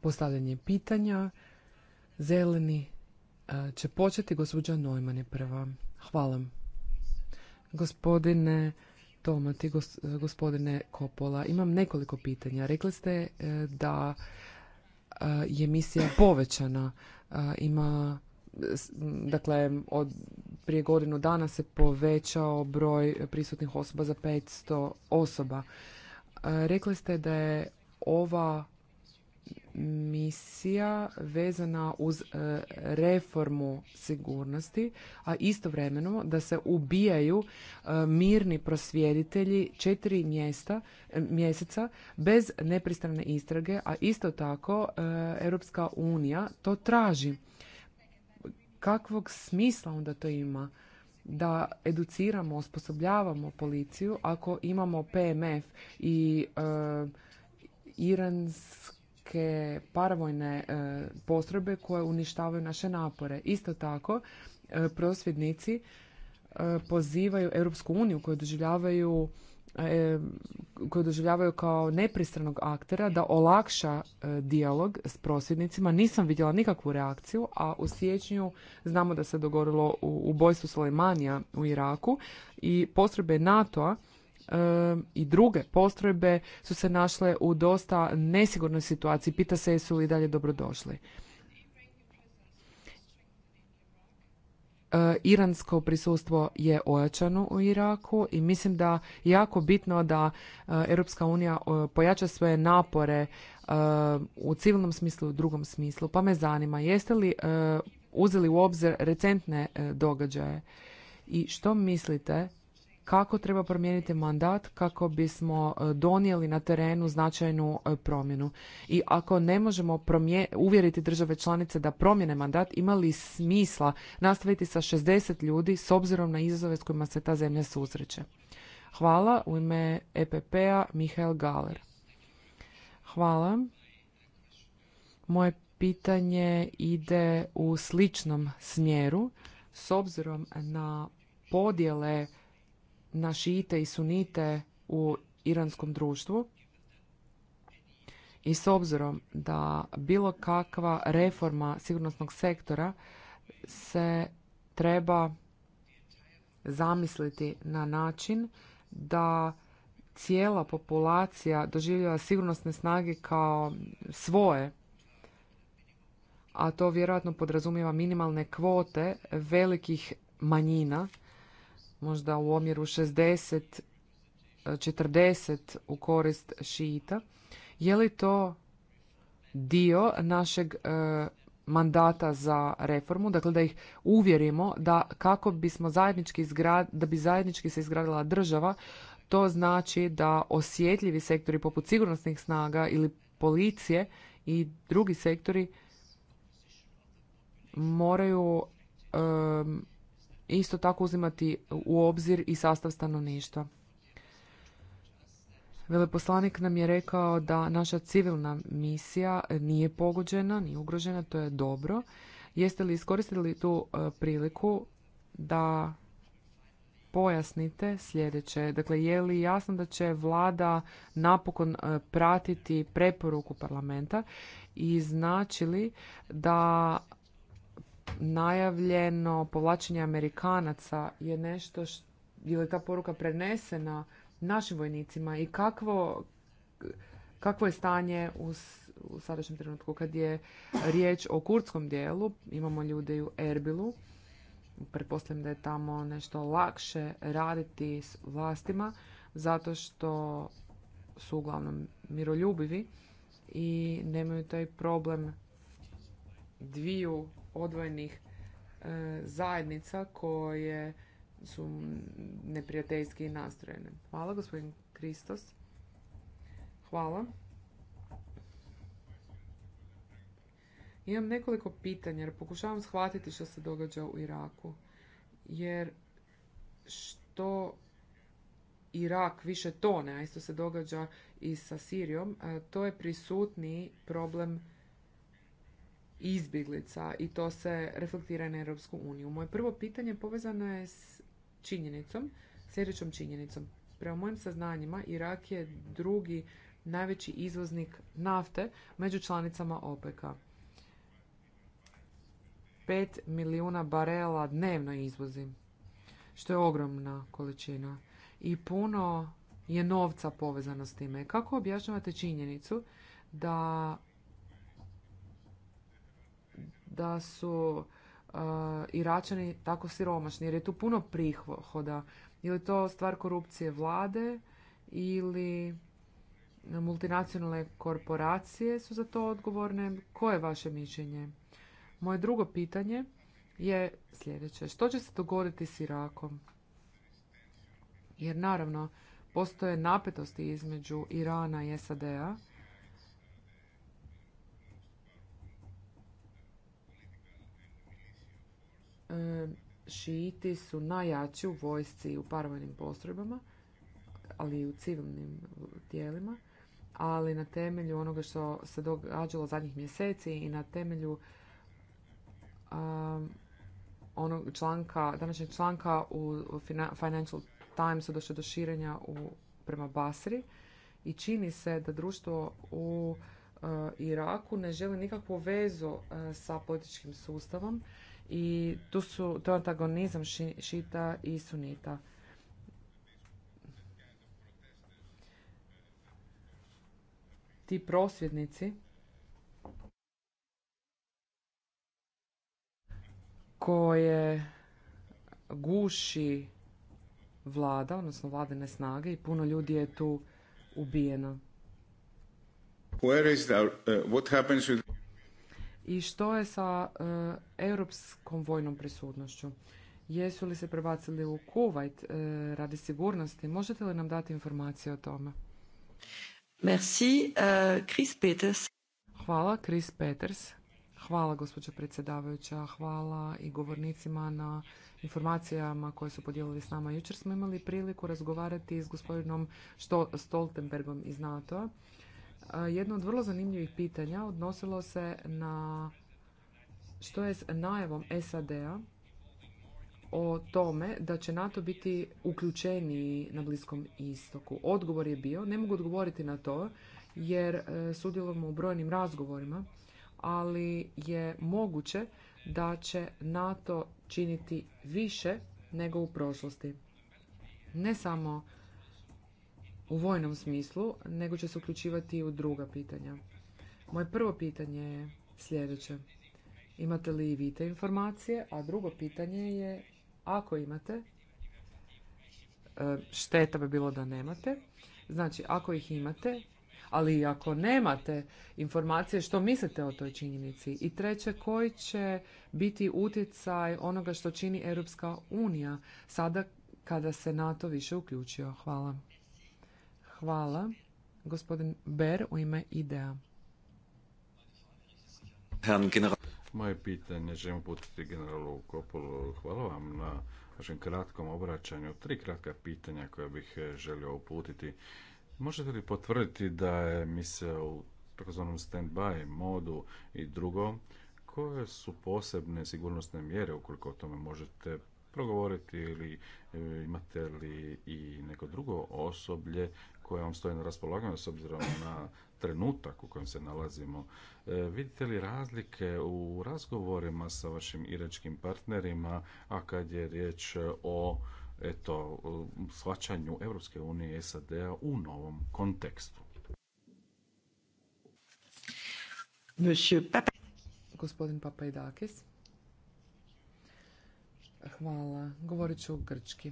postavljanje pitanja. Zeleni e, će početi, gospođa Nojman je prva. Hvala. Gospodine Tomati, e, gospodine Kopola, imam nekoliko pitanja. Rekli ste e, da je misija povećana, ima dakle od prije godinu dana se povećao broj prisutnih osoba za 500 osoba. E, rekli ste da je ova misija vezana uz e, reformu sigurnosti, a istovremeno da se ubijaju e, mirni prosvjeditelji četiri mjesta, mjeseca bez nepristrane istrage, a isto tako Europska unija to traži kakvog smisla onda to ima da educiramo, osposobljavamo policiju ako imamo PMF i e, iranske paravojne e, postrojbe koje uništavaju naše napore. Isto tako, e, prosvjednici e, pozivaju Europsku uniju koju doživljavaju E, koju doživljavaju kao nepristranog aktera da olakša e, dijalog s prosvjednicima. Nisam vidjela nikakvu reakciju, a u siječnju znamo da se dogorilo u ubojstvu Soleimanija u Iraku i postrojbe NATO-a e, i druge postrojbe su se našle u dosta nesigurnoj situaciji. Pita se jesu li dalje dobrodošli. E, iransko prisustvo je ojačano u Iraku i mislim da je jako bitno da e, Europska unija e, pojača svoje napore u civilnom smislu i u drugom smislu. Pa me zanima, jeste li uzeli u obzir recentne događaje i što mislite kako treba promijeniti mandat kako bismo e, donijeli na terenu značajnu e, promjenu. I ako ne možemo uvjeriti države članice da promjene mandat, ima li smisla nastaviti sa 60 ljudi s obzirom na izazove s kojima se ta zemlja susreće? Hvala u ime EPP-a Mihael Galer. Hvala. Moje pitanje ide u sličnom smjeru s obzirom na podjele na šite i sunite u iranskom društvu i s obzirom da bilo kakva reforma sigurnosnog sektora se treba zamisliti na način da cijela populacija doživljava sigurnosne snage kao svoje, a to vjerojatno podrazumijeva minimalne kvote velikih manjina možda u omjeru 60 40 u korist šita. Je li to dio našeg e, mandata za reformu, dakle da ih uvjerimo da kako bismo zajednički izgrad, da bi zajednički se izgradila država, to znači da osjetljivi sektori poput sigurnosnih snaga ili policije i drugi sektori moraju isto tako uzimati u obzir i sastav stanovništva. Veleposlanik nam je rekao da naša civilna misija nije pogođena, nije ugrožena, to je dobro. Jeste li iskoristili tu e, priliku da pojasnite sljedeće. Dakle, je li jasno da će vlada napokon e, pratiti preporuku parlamenta i znači li da najavljeno povlačenje Amerikanaca je nešto što je ta poruka prenesena našim vojnicima i kakvo, kakvo je stanje u, u sadašnjem trenutku kad je riječ o kurdskom dijelu, imamo ljude u Erbilu, pretpostavljam da je tamo nešto lakše raditi s vlastima zato što su uglavnom miroljubivi i nemaju taj problem dviju odvojenih e, zajednica koje su neprijateljski nastrojene. Hvala, gospodin Kristos. Hvala. Imam nekoliko pitanja jer pokušavam shvatiti što se događa u Iraku. Jer što Irak više tone, a isto se događa i sa Sirijom, e, to je prisutni problem izbjeglica i to se reflektira na Europsku uniju. Moje prvo pitanje povezano je s činjenicom, sljedećom činjenicom. Prema mojim saznanjima, Irak je drugi najveći izvoznik nafte među članicama OPEC-a. 5 milijuna barela dnevno izvozi, što je ogromna količina. I puno je novca povezano s time. Kako objašnjavate činjenicu da da su Iračani tako siromašni jer je tu puno prihoda. Je li to stvar korupcije vlade ili multinacionalne korporacije su za to odgovorne? Koje je vaše mišljenje? Moje drugo pitanje je sljedeće. Što će se dogoditi s Irakom? Jer naravno, postoje napetosti između Irana i SAD-a E, šiiti su najjači u vojsci i u paravojnim postrojbama, ali i u civilnim tijelima, ali na temelju onoga što se događalo zadnjih mjeseci i na temelju um, onog članka, današnjeg članka u Financial Timesu došlo do širenja u, prema Basri i čini se da društvo u uh, Iraku ne želi nikakvu vezu uh, sa političkim sustavom i tu su to antagonizam šita i sunita. Ti prosvjednici koje guši vlada, odnosno Vladine snage i puno ljudi je tu ubijeno. Where is uh, what i što je sa e, europskom vojnom prisutnošću? Jesu li se prebacili u Kuvajt e, radi sigurnosti? Možete li nam dati informacije o tome? Merci, e, Chris Peters. Hvala, Chris Peters. Hvala, gospođo predsjedavajuća. Hvala i govornicima na informacijama koje su podijelili s nama. Jučer smo imali priliku razgovarati s gospodinom Stoltenbergom iz NATO-a jedno od vrlo zanimljivih pitanja odnosilo se na što je s najavom SAD-a o tome da će NATO biti uključeniji na Bliskom istoku. Odgovor je bio, ne mogu odgovoriti na to jer e, sudjelujemo u brojnim razgovorima, ali je moguće da će NATO činiti više nego u prošlosti. Ne samo u vojnom smislu, nego će se uključivati u druga pitanja. Moje prvo pitanje je sljedeće. Imate li i vi te informacije? A drugo pitanje je, ako imate, e, šteta bi bilo da nemate. Znači, ako ih imate, ali i ako nemate informacije, što mislite o toj činjenici? I treće, koji će biti utjecaj onoga što čini Europska unija sada kada se NATO više uključio? Hvala. Hvala. Gospodin Ber u ime IDEA. Moje pitanje želim uputiti generalu Kopolu. Hvala vam na vašem kratkom obraćanju. Tri kratka pitanja koja bih eh, želio uputiti. Možete li potvrditi da je se u takozvanom stand-by modu i drugo, koje su posebne sigurnosne mjere ukoliko o tome možete progovoriti ili eh, imate li i neko drugo osoblje koja vam stoji na raspolaganju s obzirom na trenutak u kojem se nalazimo. E, vidite li razlike u razgovorima sa vašim iračkim partnerima, a kad je riječ o eto, shvaćanju Europske unije i SAD-a u novom kontekstu? Gospodin Papajdakis. Hvala. Govorit ću grčki.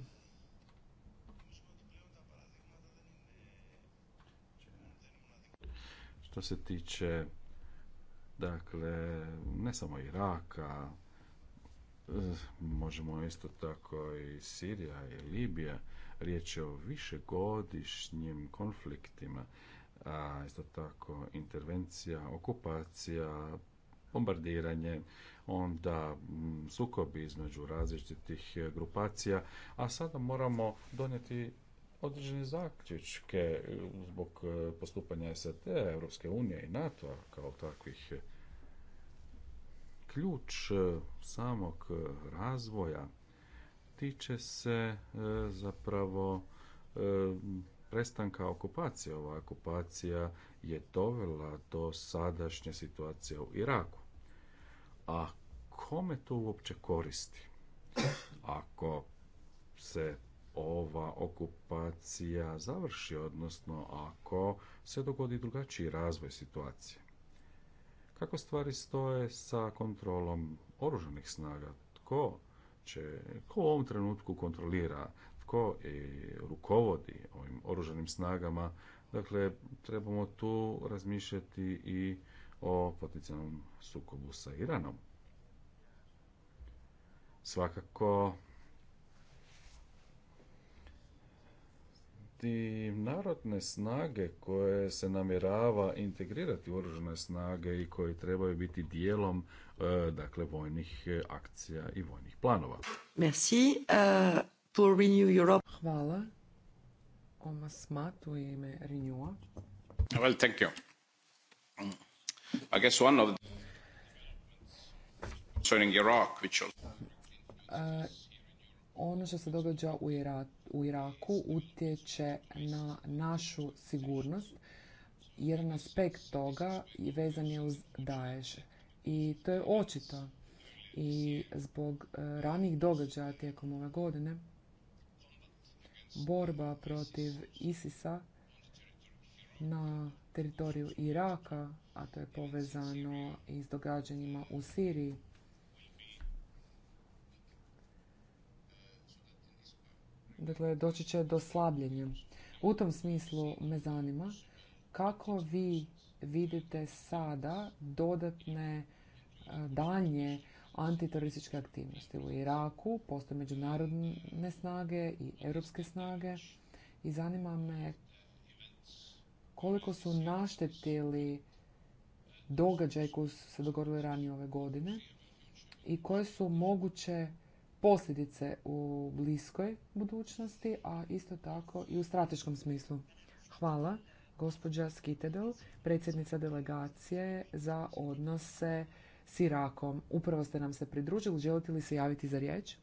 Što se tiče dakle ne samo Iraka, e, možemo isto tako i Sirija i Libija, riječ je o višegodišnjim konfliktima, a isto tako intervencija, okupacija, bombardiranje, onda sukobi između različitih grupacija, a sada moramo donijeti određene zaključke e, zbog e, postupanja SAD, Europske unije i NATO kao takvih e, ključ samog razvoja tiče se zapravo prestanka okupacije. Ova okupacija je dovela do sadašnje situacije u Iraku. A kome to uopće koristi? Ako se ova okupacija završi, odnosno ako se dogodi drugačiji razvoj situacije. Kako stvari stoje sa kontrolom oružanih snaga? Tko će, tko u ovom trenutku kontrolira, tko i rukovodi ovim oružanim snagama? Dakle, trebamo tu razmišljati i o potencijalnom sukobu sa Iranom. Svakako spomenuti narodne snage koje se namjerava integrirati u oružane snage i koje trebaju biti dijelom e, dakle vojnih e, akcija i vojnih planova. Merci e, pour Renew Europe. Hvala. Oma Smat u ime Renewa. Well, thank you. Mm. I guess one of concerning Iraq, which was... Uh, ono što se događa u, Iraku utječe na našu sigurnost. Jedan aspekt toga vezan je uz Daesh. I to je očito. I zbog e, ranih događaja tijekom ove godine, borba protiv ISIS-a na teritoriju Iraka, a to je povezano i s događanjima u Siriji, Dakle, doći će do slabljenja. U tom smislu me zanima kako vi vidite sada dodatne e, danje antiterorističke aktivnosti u Iraku, postoje međunarodne snage i europske snage i zanima me koliko su naštetili događaj koji su se dogodili ranije ove godine i koje su moguće posljedice u bliskoj budućnosti, a isto tako i u strateškom smislu. Hvala, gospođa Skitedel, predsjednica delegacije za odnose s Irakom. Upravo ste nam se pridružili. Želite li se javiti za riječ?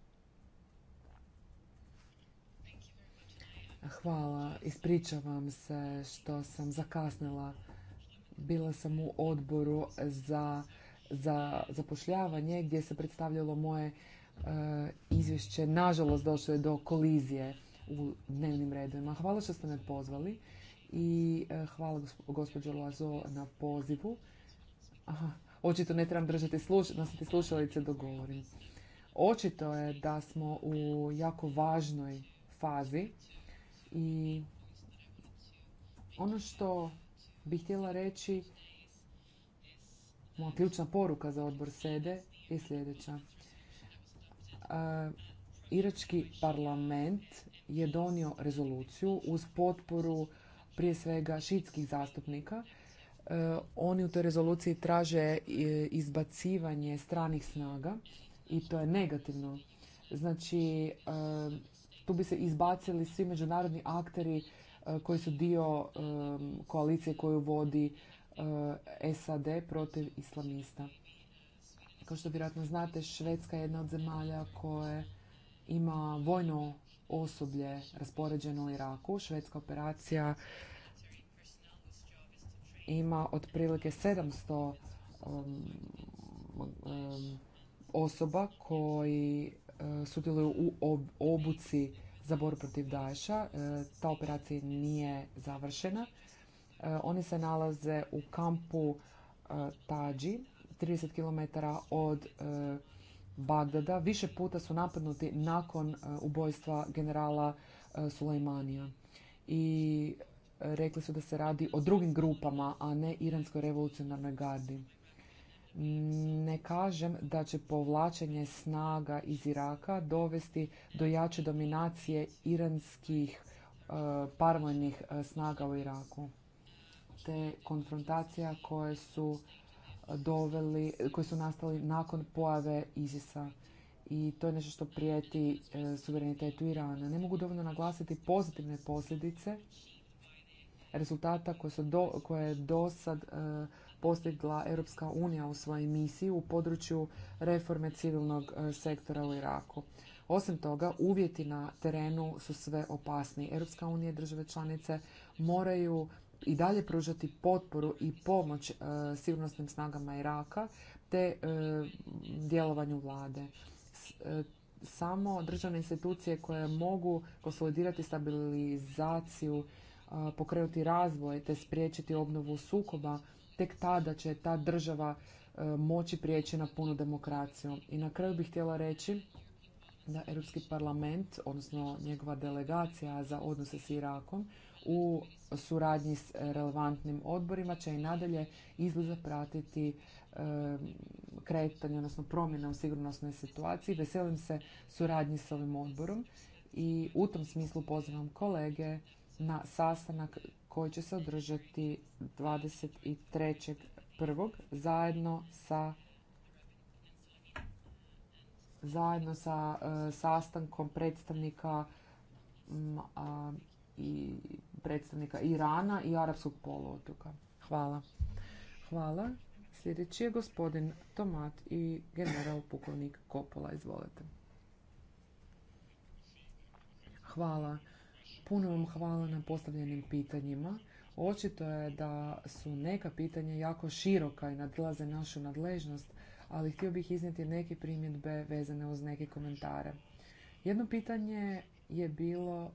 Hvala. Ispričavam se što sam zakasnila. Bila sam u odboru za, za zapošljavanje gdje se predstavljalo moje E, izvješće. Nažalost, došlo je do kolizije u dnevnim redovima. Hvala što ste me pozvali i e, hvala gospođo Loazo na pozivu. očito ne trebam držati slušalice dok govorim. Očito je da smo u jako važnoj fazi i ono što bih htjela reći, moja ključna poruka za odbor sede je sljedeća. Eh, irački parlament je donio rezoluciju uz potporu prije svega šitskih zastupnika. Eh, oni u toj rezoluciji traže eh, izbacivanje stranih snaga i to je negativno. Znači, tu bi se izbacili svi međunarodni akteri koji su dio koalicije koju vodi SAD protiv islamista. Kao što vjerojatno znate, Švedska je jedna od zemalja koje ima vojno osoblje raspoređeno u Iraku. Švedska operacija ima otprilike 700 um, um, osoba koji uh, sudjeluju u obuci za borbu protiv Daesha. Uh, ta operacija nije završena. Uh, oni se nalaze u kampu Tađi 30 km od e, Bagdada, više puta su napadnuti nakon e, ubojstva generala e, Sulejmanija. I rekli su da se radi o drugim grupama, a ne Iranskoj revolucionarnoj gardi. Ne kažem da će povlačenje snaga iz Iraka dovesti do jače dominacije iranskih paravojnih snaga u Iraku. Te konfrontacija koje su doveli, koji su nastali nakon pojave ISIS-a i to je nešto što prijeti e, suverenitetu Irana. Ne mogu dovoljno naglasiti pozitivne posljedice rezultata koje, su koje je do sad e, postigla Europska unija u svojoj misiji u području reforme civilnog e, sektora u Iraku. Osim toga, uvjeti na terenu su sve opasni. Europska unija i države članice moraju i dalje pružati potporu i pomoć e, sigurnosnim snagama Iraka te e, djelovanju vlade. E, samo državne institucije koje mogu konsolidirati stabilizaciju, pokrenuti razvoj te spriječiti obnovu sukoba, tek tada će ta država moći prijeći na punu demokraciju. I na kraju bih htjela reći da Europski parlament, odnosno njegova delegacija za odnose s Irakom, u suradnji s relevantnim odborima će i nadalje izbliza pratiti kretanje, odnosno promjene u sigurnosnoj situaciji. Veselim se suradnji s ovim odborom i u tom smislu pozivam kolege na sastanak koji će se održati 23.1. zajedno sa zajedno sa e, sastankom predstavnika i predstavnika Irana i Arapskog poluotoka. Hvala. Hvala. Sljedeći je gospodin Tomat i general pukovnik Kopola. Izvolite. Hvala. Puno vam hvala na postavljenim pitanjima. Očito je da su neka pitanja jako široka i nadlaze našu nadležnost, ali htio bih iznijeti neke primjedbe vezane uz neke komentare. Jedno pitanje je bilo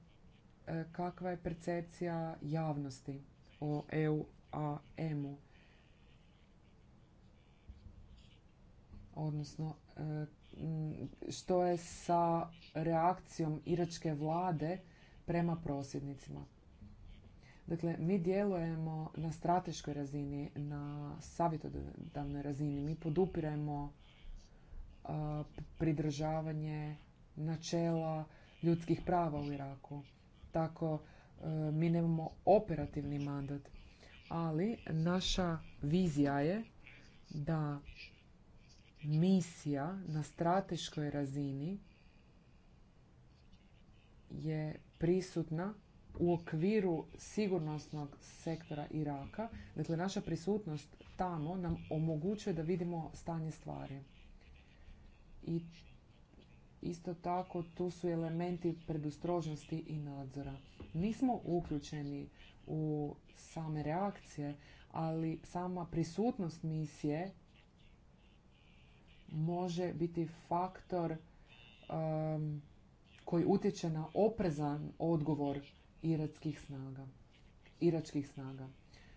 E, kakva je percepcija javnosti o EUAM-u, e odnosno e, što je sa reakcijom iračke vlade prema prosvjednicima. Dakle, mi djelujemo na strateškoj razini, na savjetodavnoj razini. Mi podupiremo pridržavanje načela ljudskih prava u Iraku tako e, mi nemamo operativni mandat, ali naša vizija je da misija na strateškoj razini je prisutna u okviru sigurnosnog sektora Iraka. Dakle, naša prisutnost tamo nam omogućuje da vidimo stanje stvari. I Isto tako, tu su elementi predustrožnosti i nadzora. Nismo uključeni u same reakcije, ali sama prisutnost misije može biti faktor um, koji utječe na oprezan odgovor iračkih snaga, iračkih snaga.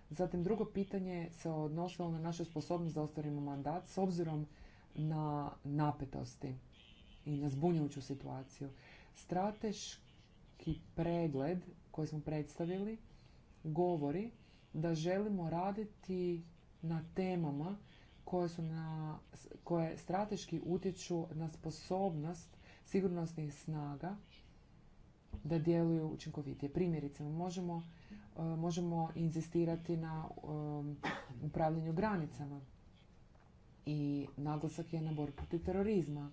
Zatim drugo pitanje se odnosilo na našu sposobnost da ostvarimo mandat s obzirom na napetosti i na zbunjujuću situaciju. Strateški pregled koji smo predstavili govori da želimo raditi na temama koje, su na, koje strateški utječu na sposobnost sigurnosnih snaga da djeluju učinkovitije. Primjerice, možemo, e, možemo inzistirati na um, upravljanju granicama i naglasak je na borbu protiv terorizma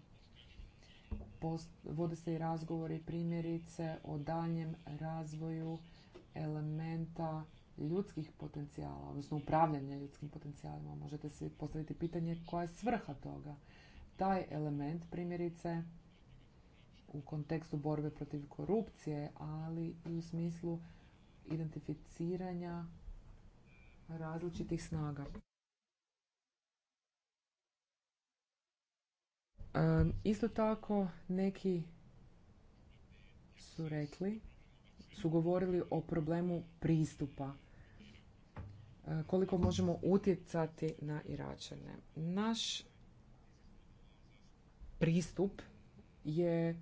vode se i razgovori primjerice o daljem razvoju elementa ljudskih potencijala, odnosno upravljanja ljudskim potencijalima. Možete si postaviti pitanje koja je svrha toga. Taj element primjerice u kontekstu borbe protiv korupcije, ali i u smislu identificiranja različitih snaga. E, isto tako neki su rekli, su govorili o problemu pristupa e, koliko možemo utjecati na Iračane. Naš pristup je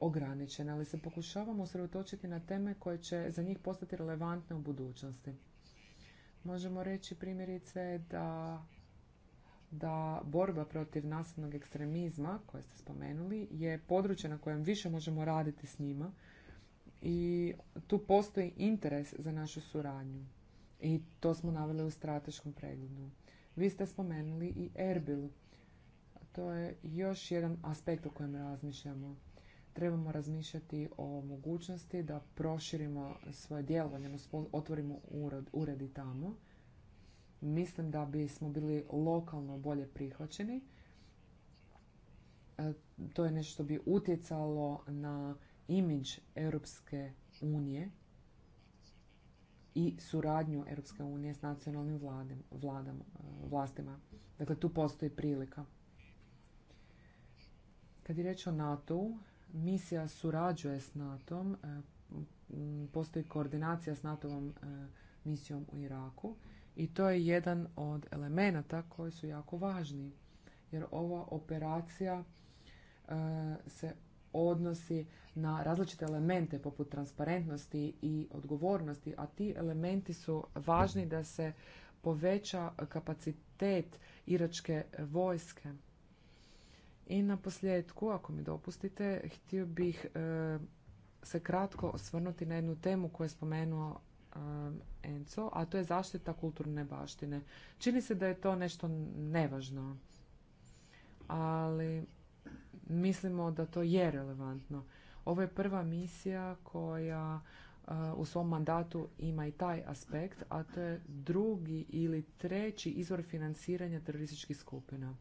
ograničen, ali se pokušavamo sredotočiti na teme koje će za njih postati relevantne u budućnosti. Možemo reći primjerice da da borba protiv nasilnog ekstremizma, koje ste spomenuli, je područje na kojem više možemo raditi s njima i tu postoji interes za našu suradnju. I to smo naveli u strateškom pregledu. Vi ste spomenuli i Erbil. To je još jedan aspekt o kojem razmišljamo. Trebamo razmišljati o mogućnosti da proširimo svoje djelovanje, otvorimo ured, uredi tamo Mislim da bismo bili lokalno bolje prihvaćeni. E, to je nešto što bi utjecalo na imidž Europske unije i suradnju Europske unije s nacionalnim vladam e, vlastima. Dakle, tu postoji prilika. Kad je reč o nato misija surađuje s nato e, postoji koordinacija s nato misijom u Iraku i to je jedan od elemenata koji su jako važni, jer ova operacija e, se odnosi na različite elemente poput transparentnosti i odgovornosti, a ti elementi su važni da se poveća kapacitet iračke vojske. I na posljedku, ako mi dopustite, htio bih e, se kratko osvrnuti na jednu temu koju je spomenuo Um, ENCO, a to je zaštita kulturne baštine. Čini se da je to nešto nevažno, ali mislimo da to je relevantno. Ovo je prva misija koja uh, u svom mandatu ima i taj aspekt, a to je drugi ili treći izvor financiranja terorističkih skupina.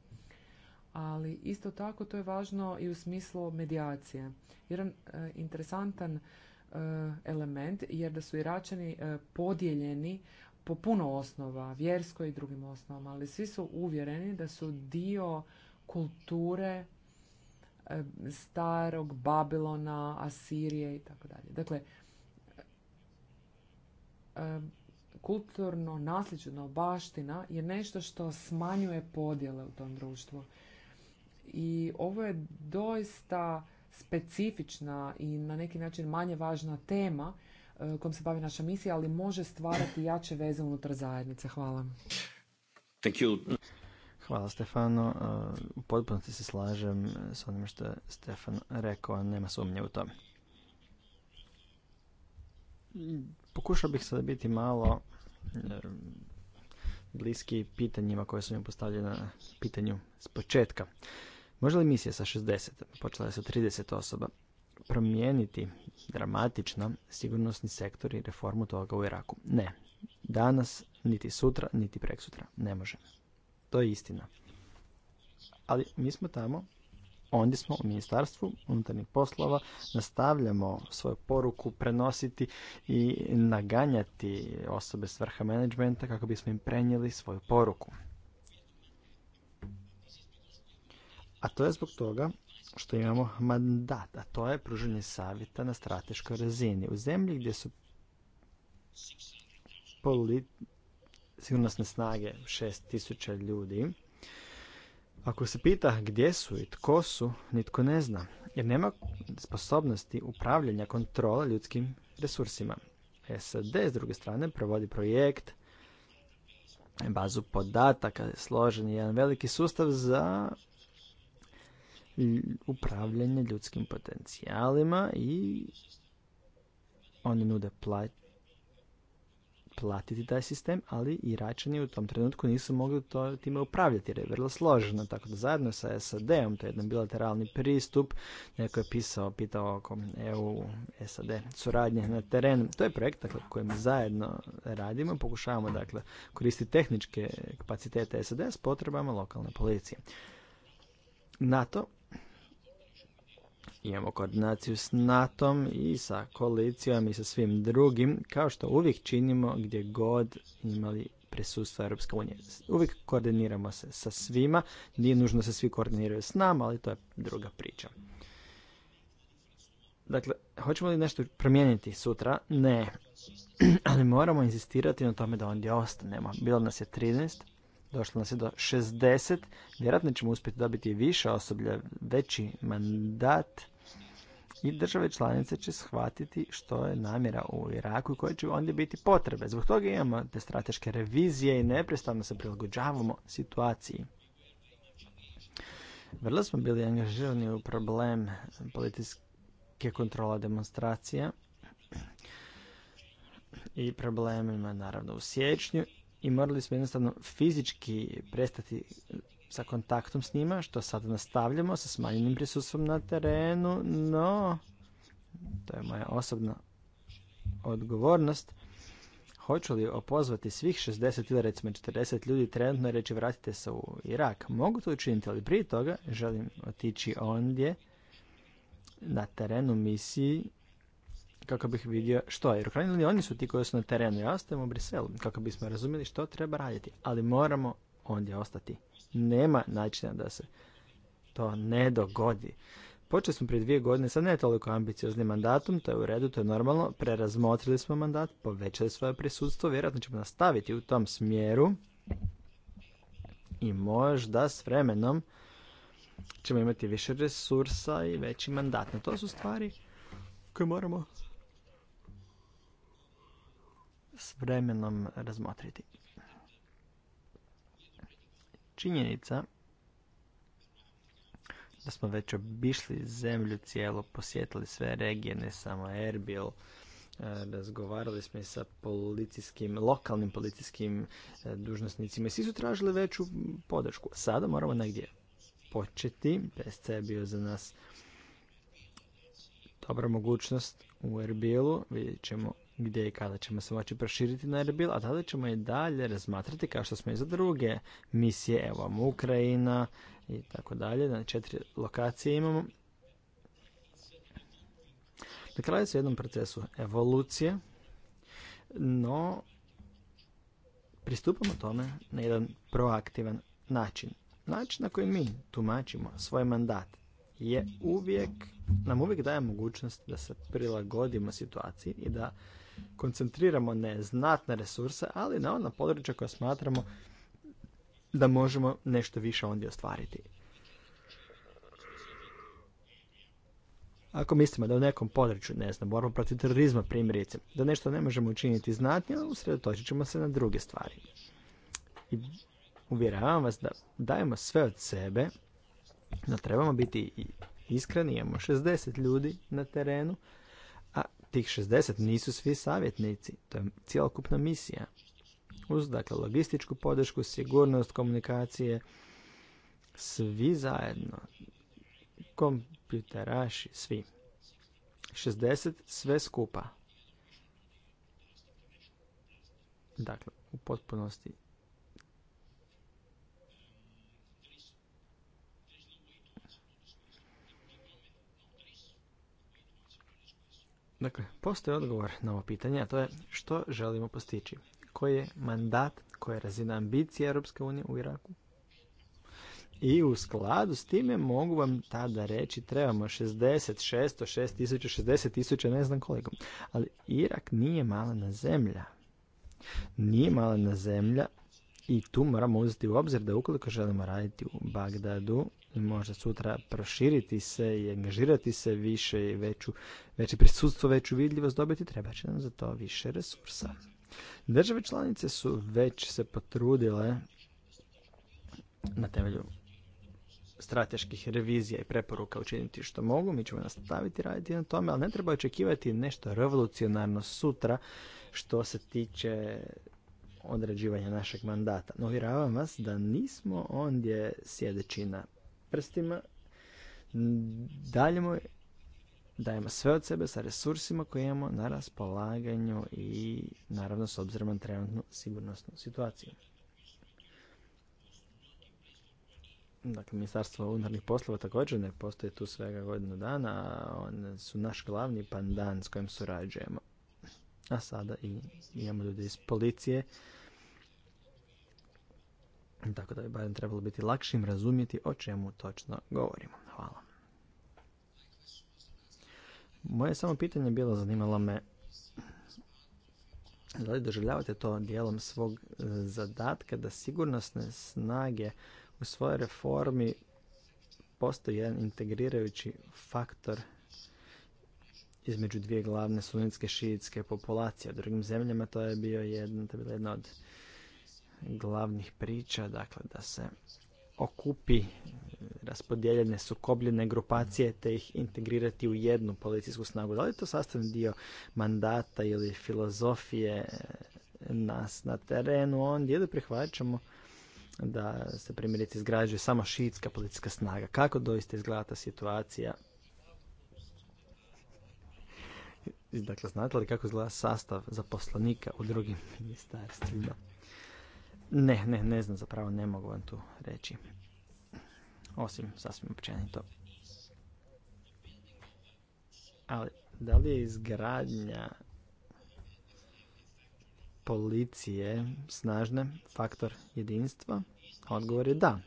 Ali isto tako to je važno i u smislu medijacije. Jedan uh, interesantan Eh, element jer da su Iračani eh, podijeljeni po puno osnova, vjerskoj i drugim osnovama, ali svi su uvjereni da su dio kulture eh, starog Babilona, Asirije i tako dalje. Dakle, kulturno nasljeđena baština je nešto što smanjuje podjele u tom društvu. I ovo je doista specifična i na neki način manje važna tema e, kojom se bavi naša misija, ali može stvarati jače veze unutar zajednice. Hvala. Thank you. Hvala Stefano. E, u potpunosti se slažem s onim što je Stefan rekao, nema sumnje u tome. Pokušao bih sada biti malo e, bliski pitanjima koje su mi na pitanju s početka. Može li misija sa 60, počela je sa 30 osoba, promijeniti dramatično sigurnosni sektor i reformu toga u Iraku? Ne. Danas, niti sutra, niti preksutra. Ne može. To je istina. Ali mi smo tamo, ondje smo u Ministarstvu unutarnjih poslova, nastavljamo svoju poruku prenositi i naganjati osobe s vrha menadžmenta kako bismo im prenijeli svoju poruku. A to je zbog toga što imamo mandat, a to je pružanje savjeta na strateškoj razini. U zemlji gdje su sigurnosne snage 6000 ljudi, ako se pita gdje su i tko su, nitko ne zna, jer nema sposobnosti upravljanja kontrola ljudskim resursima. SAD s druge strane provodi projekt, bazu podataka, složen je jedan veliki sustav za upravljanje ljudskim potencijalima i oni nude platiti taj sistem, ali i račani u tom trenutku nisu mogli to, time upravljati jer je vrlo složeno. Tako da zajedno sa SAD-om, to je jedan bilateralni pristup, neko je pisao, pitao oko EU, SAD, suradnje na terenu. To je projekt dakle, kojem zajedno radimo, pokušavamo dakle, koristiti tehničke kapacitete SAD s potrebama lokalne policije. NATO Imamo koordinaciju s NATO-om i sa koalicijom i sa svim drugim, kao što uvijek činimo gdje god imali presustva Europske unije. Uvijek koordiniramo se sa svima, nije nužno se svi koordiniraju s nama, ali to je druga priča. Dakle, hoćemo li nešto promijeniti sutra? Ne. Ali moramo insistirati na tome da ondje ostanemo. Bilo nas je 13, Došlo nas je do 60. Vjerojatno ćemo uspjeti dobiti više osoblja, veći mandat i države članice će shvatiti što je namjera u Iraku i koje će ondje biti potrebe. Zbog toga imamo te strateške revizije i neprestano se prilagođavamo situaciji. Vrlo smo bili angažirani u problem politiske kontrola demonstracija i problemima naravno u siječnju i morali smo jednostavno fizički prestati sa kontaktom s njima, što sad nastavljamo sa smanjenim prisustvom na terenu, no to je moja osobna odgovornost. Hoću li opozvati svih 60 ili recimo 40 ljudi trenutno i reći vratite se u Irak? Mogu to učiniti, ali prije toga želim otići ondje na terenu misiji kako bih vidio što je. Jer u oni su ti koji su na terenu. i ostajem u Briselu kako bismo razumjeli što treba raditi. Ali moramo ondje ostati. Nema načina da se to ne dogodi. Počeli smo prije dvije godine sa ne toliko ambicioznim mandatom, to je u redu, to je normalno. Prerazmotrili smo mandat, povećali svoje prisutstvo, vjerojatno ćemo nastaviti u tom smjeru. I možda s vremenom ćemo imati više resursa i veći mandat. na to su stvari koje moramo s vremenom razmotriti. Činjenica da smo već obišli zemlju cijelo, posjetili sve regije, ne samo Erbil, e, razgovarali smo i sa policijskim, lokalnim policijskim e, dužnosnicima i svi su tražili veću podršku. Sada moramo negdje početi. PSC je bio za nas dobra mogućnost u Erbilu. Vidjet ćemo gdje i kada ćemo se moći proširiti na Erbil, a tada ćemo i dalje razmatrati kao što smo i za druge misije, evo vam Ukrajina i tako dalje, na četiri lokacije imamo. Na kraju se u jednom procesu evolucije, no pristupamo tome na jedan proaktivan način. Način na koji mi tumačimo svoj mandat je uvijek, nam uvijek daje mogućnost da se prilagodimo situaciji i da koncentriramo ne znatne resurse, ali na ona područja koja smatramo da možemo nešto više ondje ostvariti. Ako mislimo da u nekom području, ne znam, borba protiv terorizma primjerice, da nešto ne možemo učiniti znatnije, usredotočit ćemo se na druge stvari. I uvjeravam vas da dajemo sve od sebe, da trebamo biti iskreni, imamo 60 ljudi na terenu, tih 60 nisu svi savjetnici, to je cijelokupna misija. Uz dakle logističku podršku, sigurnost, komunikacije, svi zajedno, kompjuteraši, svi. 60 sve skupa. Dakle, u potpunosti Dakle, postoji odgovor na ovo pitanje, a to je što želimo postići. Koji je mandat, koja je razina ambicije Europske unije u Iraku? I u skladu s time mogu vam tada reći trebamo 60, 600, 6000, 60.000, ne znam koliko. Ali Irak nije na zemlja. Nije na zemlja i tu moramo uzeti u obzir da ukoliko želimo raditi u Bagdadu, i možda sutra proširiti se i angažirati se više i veću, veće prisutstvo, veću vidljivost dobiti, treba će nam za to više resursa. Države članice su već se potrudile na temelju strateških revizija i preporuka učiniti što mogu. Mi ćemo nastaviti raditi na tome, ali ne treba očekivati nešto revolucionarno sutra što se tiče određivanja našeg mandata. No, uvjeravam vas da nismo ondje sjedeći na prstima, daljemo, dajemo sve od sebe sa resursima koje imamo na raspolaganju i naravno s obzirom na trenutnu sigurnosnu situaciju. Dakle, Ministarstvo unutarnjih poslova također ne postoji tu svega godinu dana, a one su naš glavni pandan s kojim surađujemo. A sada imamo ljudi iz policije tako da bi barem trebalo biti lakšim razumjeti o čemu točno govorimo. Hvala. Moje samo pitanje bilo zanimalo me da li doživljavate to dijelom svog e, zadatka da sigurnosne snage u svojoj reformi postoji jedan integrirajući faktor između dvije glavne sunitske šiitske populacije. U drugim zemljama to je bio jedno to je bila jedna od glavnih priča, dakle da se okupi e, raspodijeljene sukobljene grupacije te ih integrirati u jednu policijsku snagu. Da li je to sastavni dio mandata ili filozofije e, nas na terenu ondje ili prihvaćamo da se primjerice izgrađuje samo šiitska policijska snaga. Kako doista izgleda ta situacija? Dakle, znate li kako izgleda sastav zaposlenika u drugim ministarstvima? Ne, ne, ne znam zapravo, ne mogu vam tu reći. Osim sasvim općenito. Ali, da li je izgradnja policije snažne faktor jedinstva? Odgovor je da.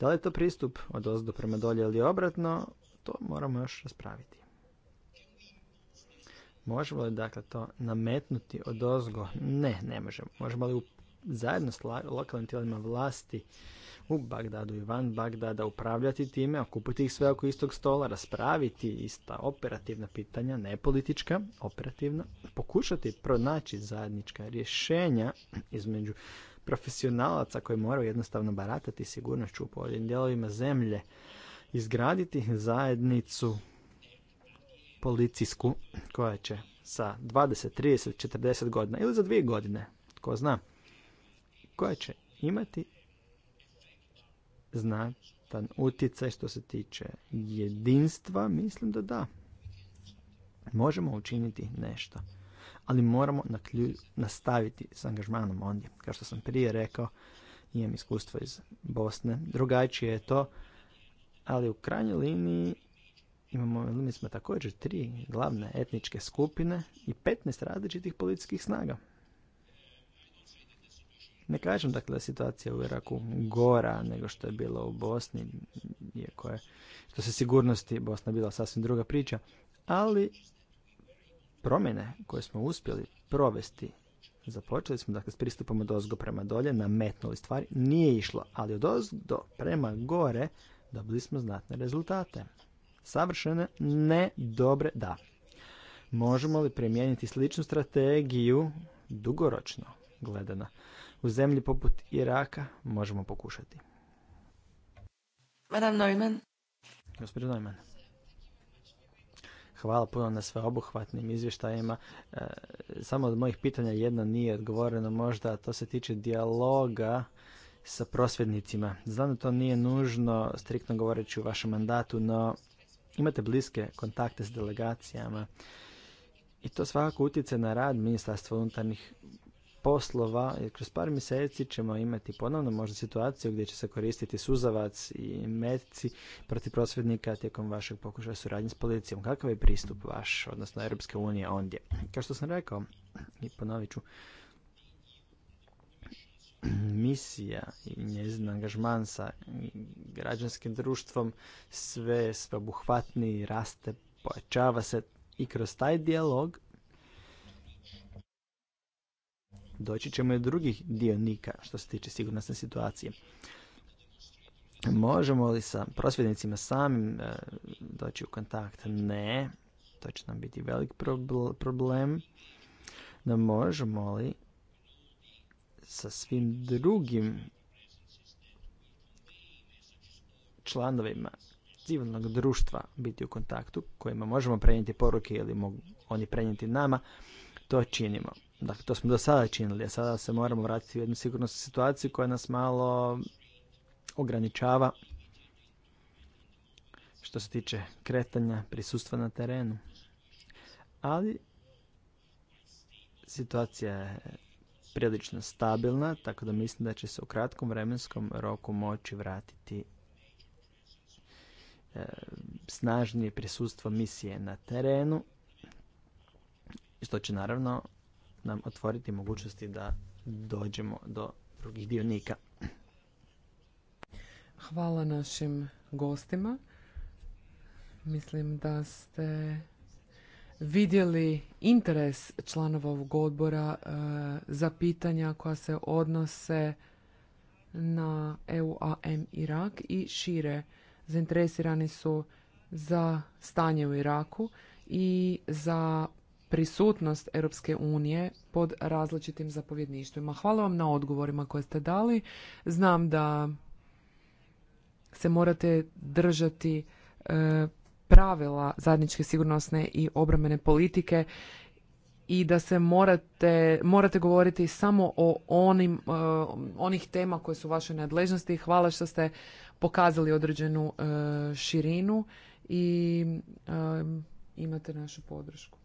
Da li je to pristup od ozdu prema dolje ili obratno? To moramo još raspraviti. Možemo li dakle to nametnuti od ozgo? Ne, ne možemo. Možemo li zajedno s lokalnim tijelima vlasti u Bagdadu i van Bagdada upravljati time, okupiti ih sve oko istog stola, raspraviti ista operativna pitanja, ne politička, operativna, pokušati pronaći zajednička rješenja između profesionalaca koji moraju jednostavno baratati sigurnošću u pojedinim dijelovima zemlje, izgraditi zajednicu policijsku koja će sa 20, 30, 40 godina ili za dvije godine, tko zna, koja će imati znatan utjecaj što se tiče jedinstva, mislim da da. Možemo učiniti nešto, ali moramo nastaviti s angažmanom ondje. Kao što sam prije rekao, imam iskustvo iz Bosne, drugačije je to, ali u krajnjoj liniji imamo, mi smo također tri glavne etničke skupine i 15 različitih političkih snaga. Ne kažem dakle da situacija u Iraku gora nego što je bila u Bosni, iako je što se sigurnosti Bosna bila sasvim druga priča, ali promjene koje smo uspjeli provesti započeli smo dakle s pristupom od prema dolje, nametnuli stvari, nije išlo, ali od ozgo prema gore dobili smo znatne rezultate. Savršene, ne dobre, da. Možemo li primijeniti sličnu strategiju dugoročno gledana? u zemlji poput Iraka možemo pokušati. Madame Neumann. Gospodin Neumann. Hvala puno na sveobuhvatnim izvještajima. E, samo od mojih pitanja jedno nije odgovoreno možda, a to se tiče dijaloga sa prosvjednicima. Znam da to nije nužno, striktno govoreći u vašem mandatu, no imate bliske kontakte s delegacijama i to svakako utjece na rad Ministarstva unutarnjih poslova jer kroz par mjeseci ćemo imati ponovno možda situaciju gdje će se koristiti suzavac i medici protiv prosvjednika tijekom vašeg pokušaja suradnje s policijom. Kakav je pristup vaš, odnosno Europske unije ondje? Kao što sam rekao, i ponovit ću, misija i njezin angažman sa građanskim društvom sve sveobuhvatniji raste, pojačava se i kroz taj dijalog doći ćemo i drugih dionika što se tiče sigurnosne situacije. Možemo li sa prosvjednicima samim e, doći u kontakt? Ne, to će nam biti velik problem. Da možemo li sa svim drugim članovima civilnog društva biti u kontaktu, kojima možemo prenijeti poruke ili mogu oni prenijeti nama, to činimo. Dakle, to smo do sada činili, a sada se moramo vratiti u jednu sigurnosnu situaciju koja nas malo ograničava što se tiče kretanja, prisustva na terenu. Ali situacija je prilično stabilna, tako da mislim da će se u kratkom vremenskom roku moći vratiti e, snažnije prisustvo misije na terenu što će naravno nam otvoriti mogućnosti da dođemo do drugih dionika. Hvala našim gostima. Mislim da ste vidjeli interes članova ovog odbora e, za pitanja koja se odnose na EUAM Irak i šire. Zainteresirani su za stanje u Iraku i za prisutnost Europske unije pod različitim zapovjedništvima. Hvala vam na odgovorima koje ste dali. Znam da se morate držati e, pravila zajedničke sigurnosne i obrambene politike i da se morate, morate govoriti samo o onim, e, onih tema koje su vaše vašoj nadležnosti. Hvala što ste pokazali određenu e, širinu i imate našu podršku.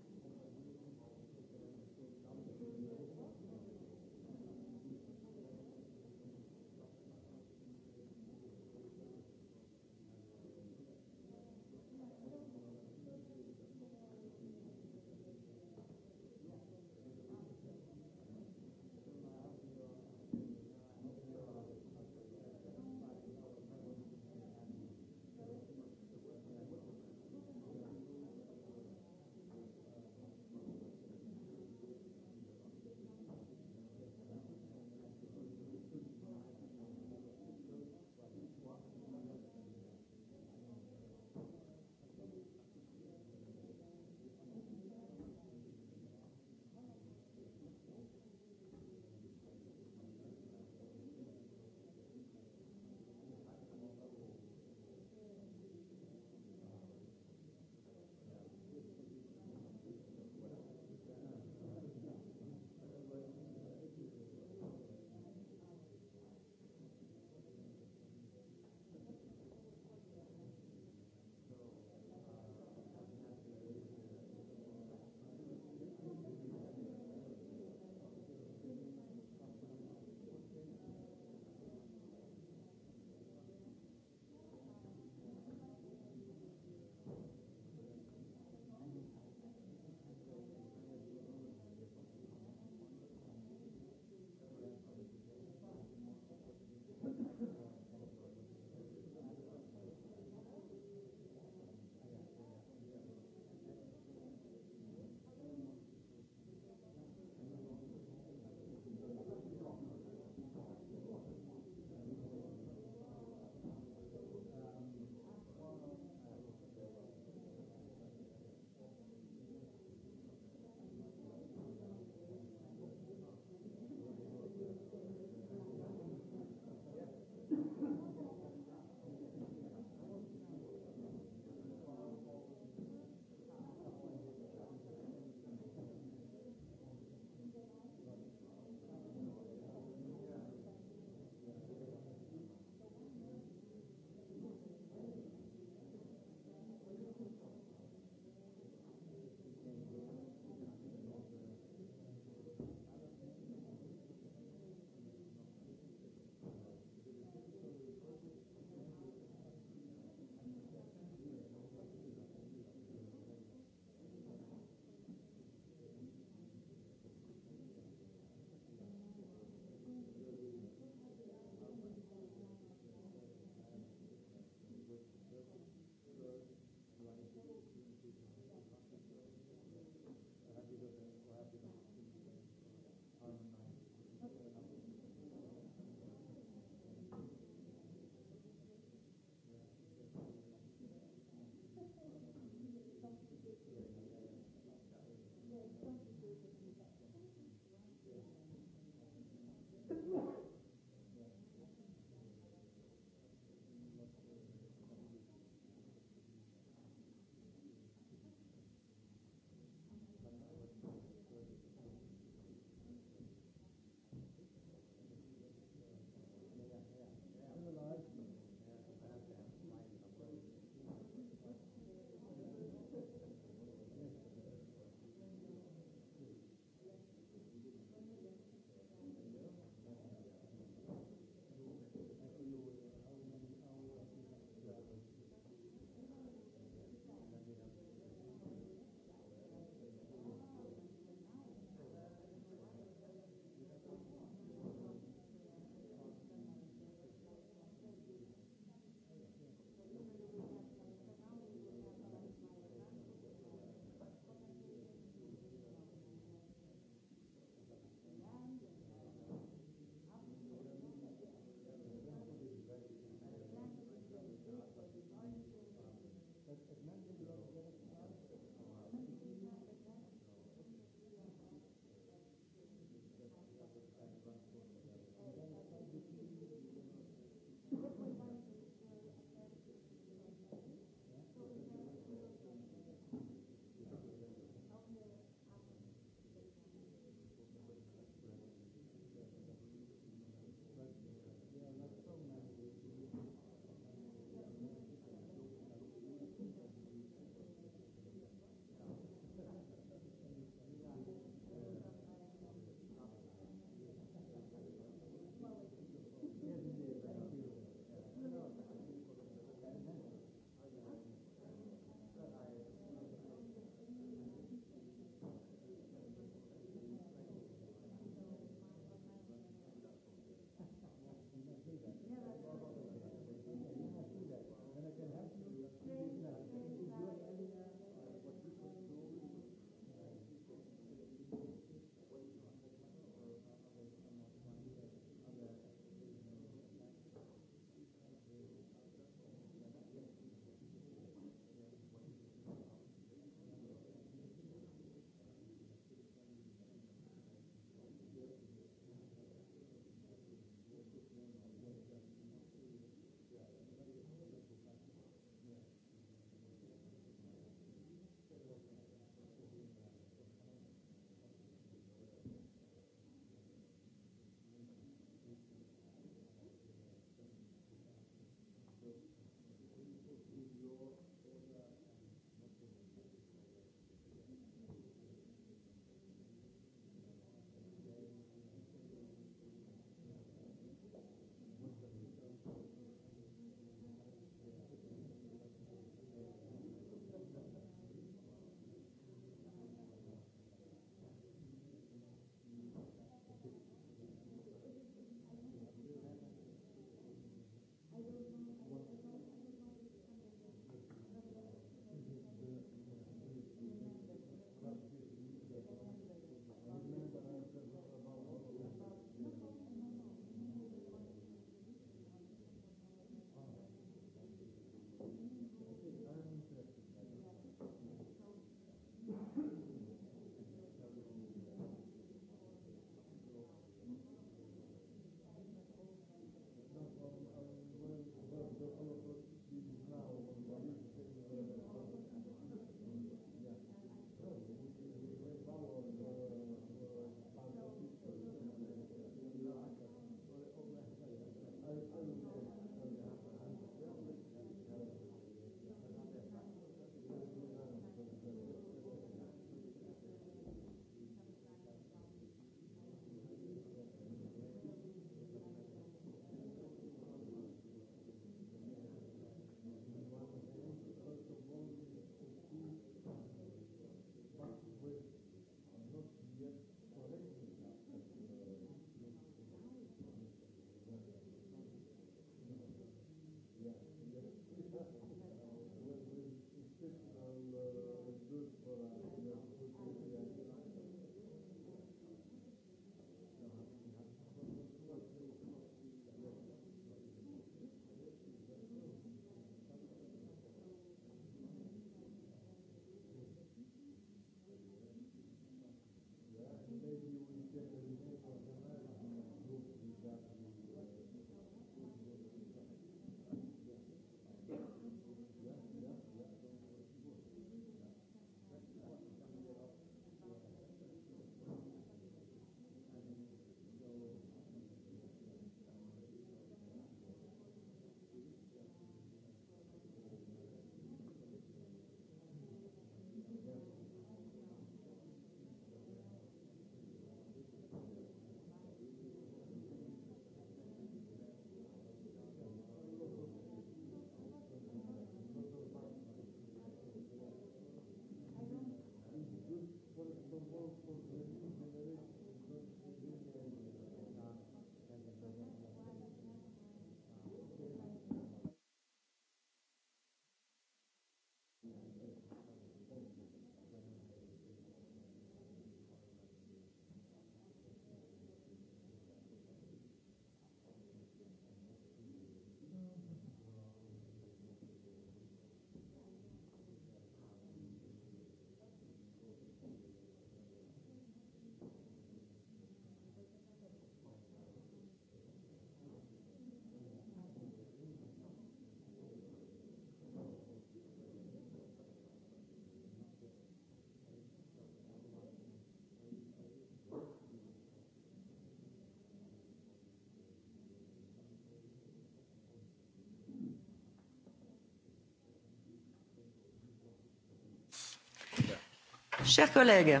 Cher kolege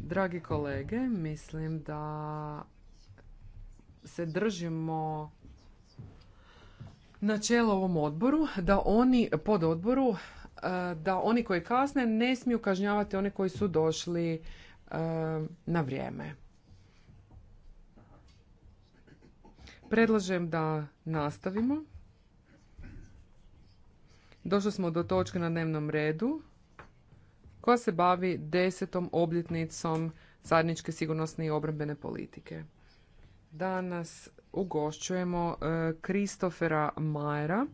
Dragi kolege, mislim da se držimo načela ovom odboru, da oni pod odboru, eh, da oni koji kasne ne smiju kažnjavati one koji su došli eh, na vrijeme. Predlažem da nastavimo. Došli smo do točke na dnevnom redu koja se bavi desetom obljetnicom zajedničke sigurnosne i obrambene politike. Danas ugošćujemo e, Kristofera Majera.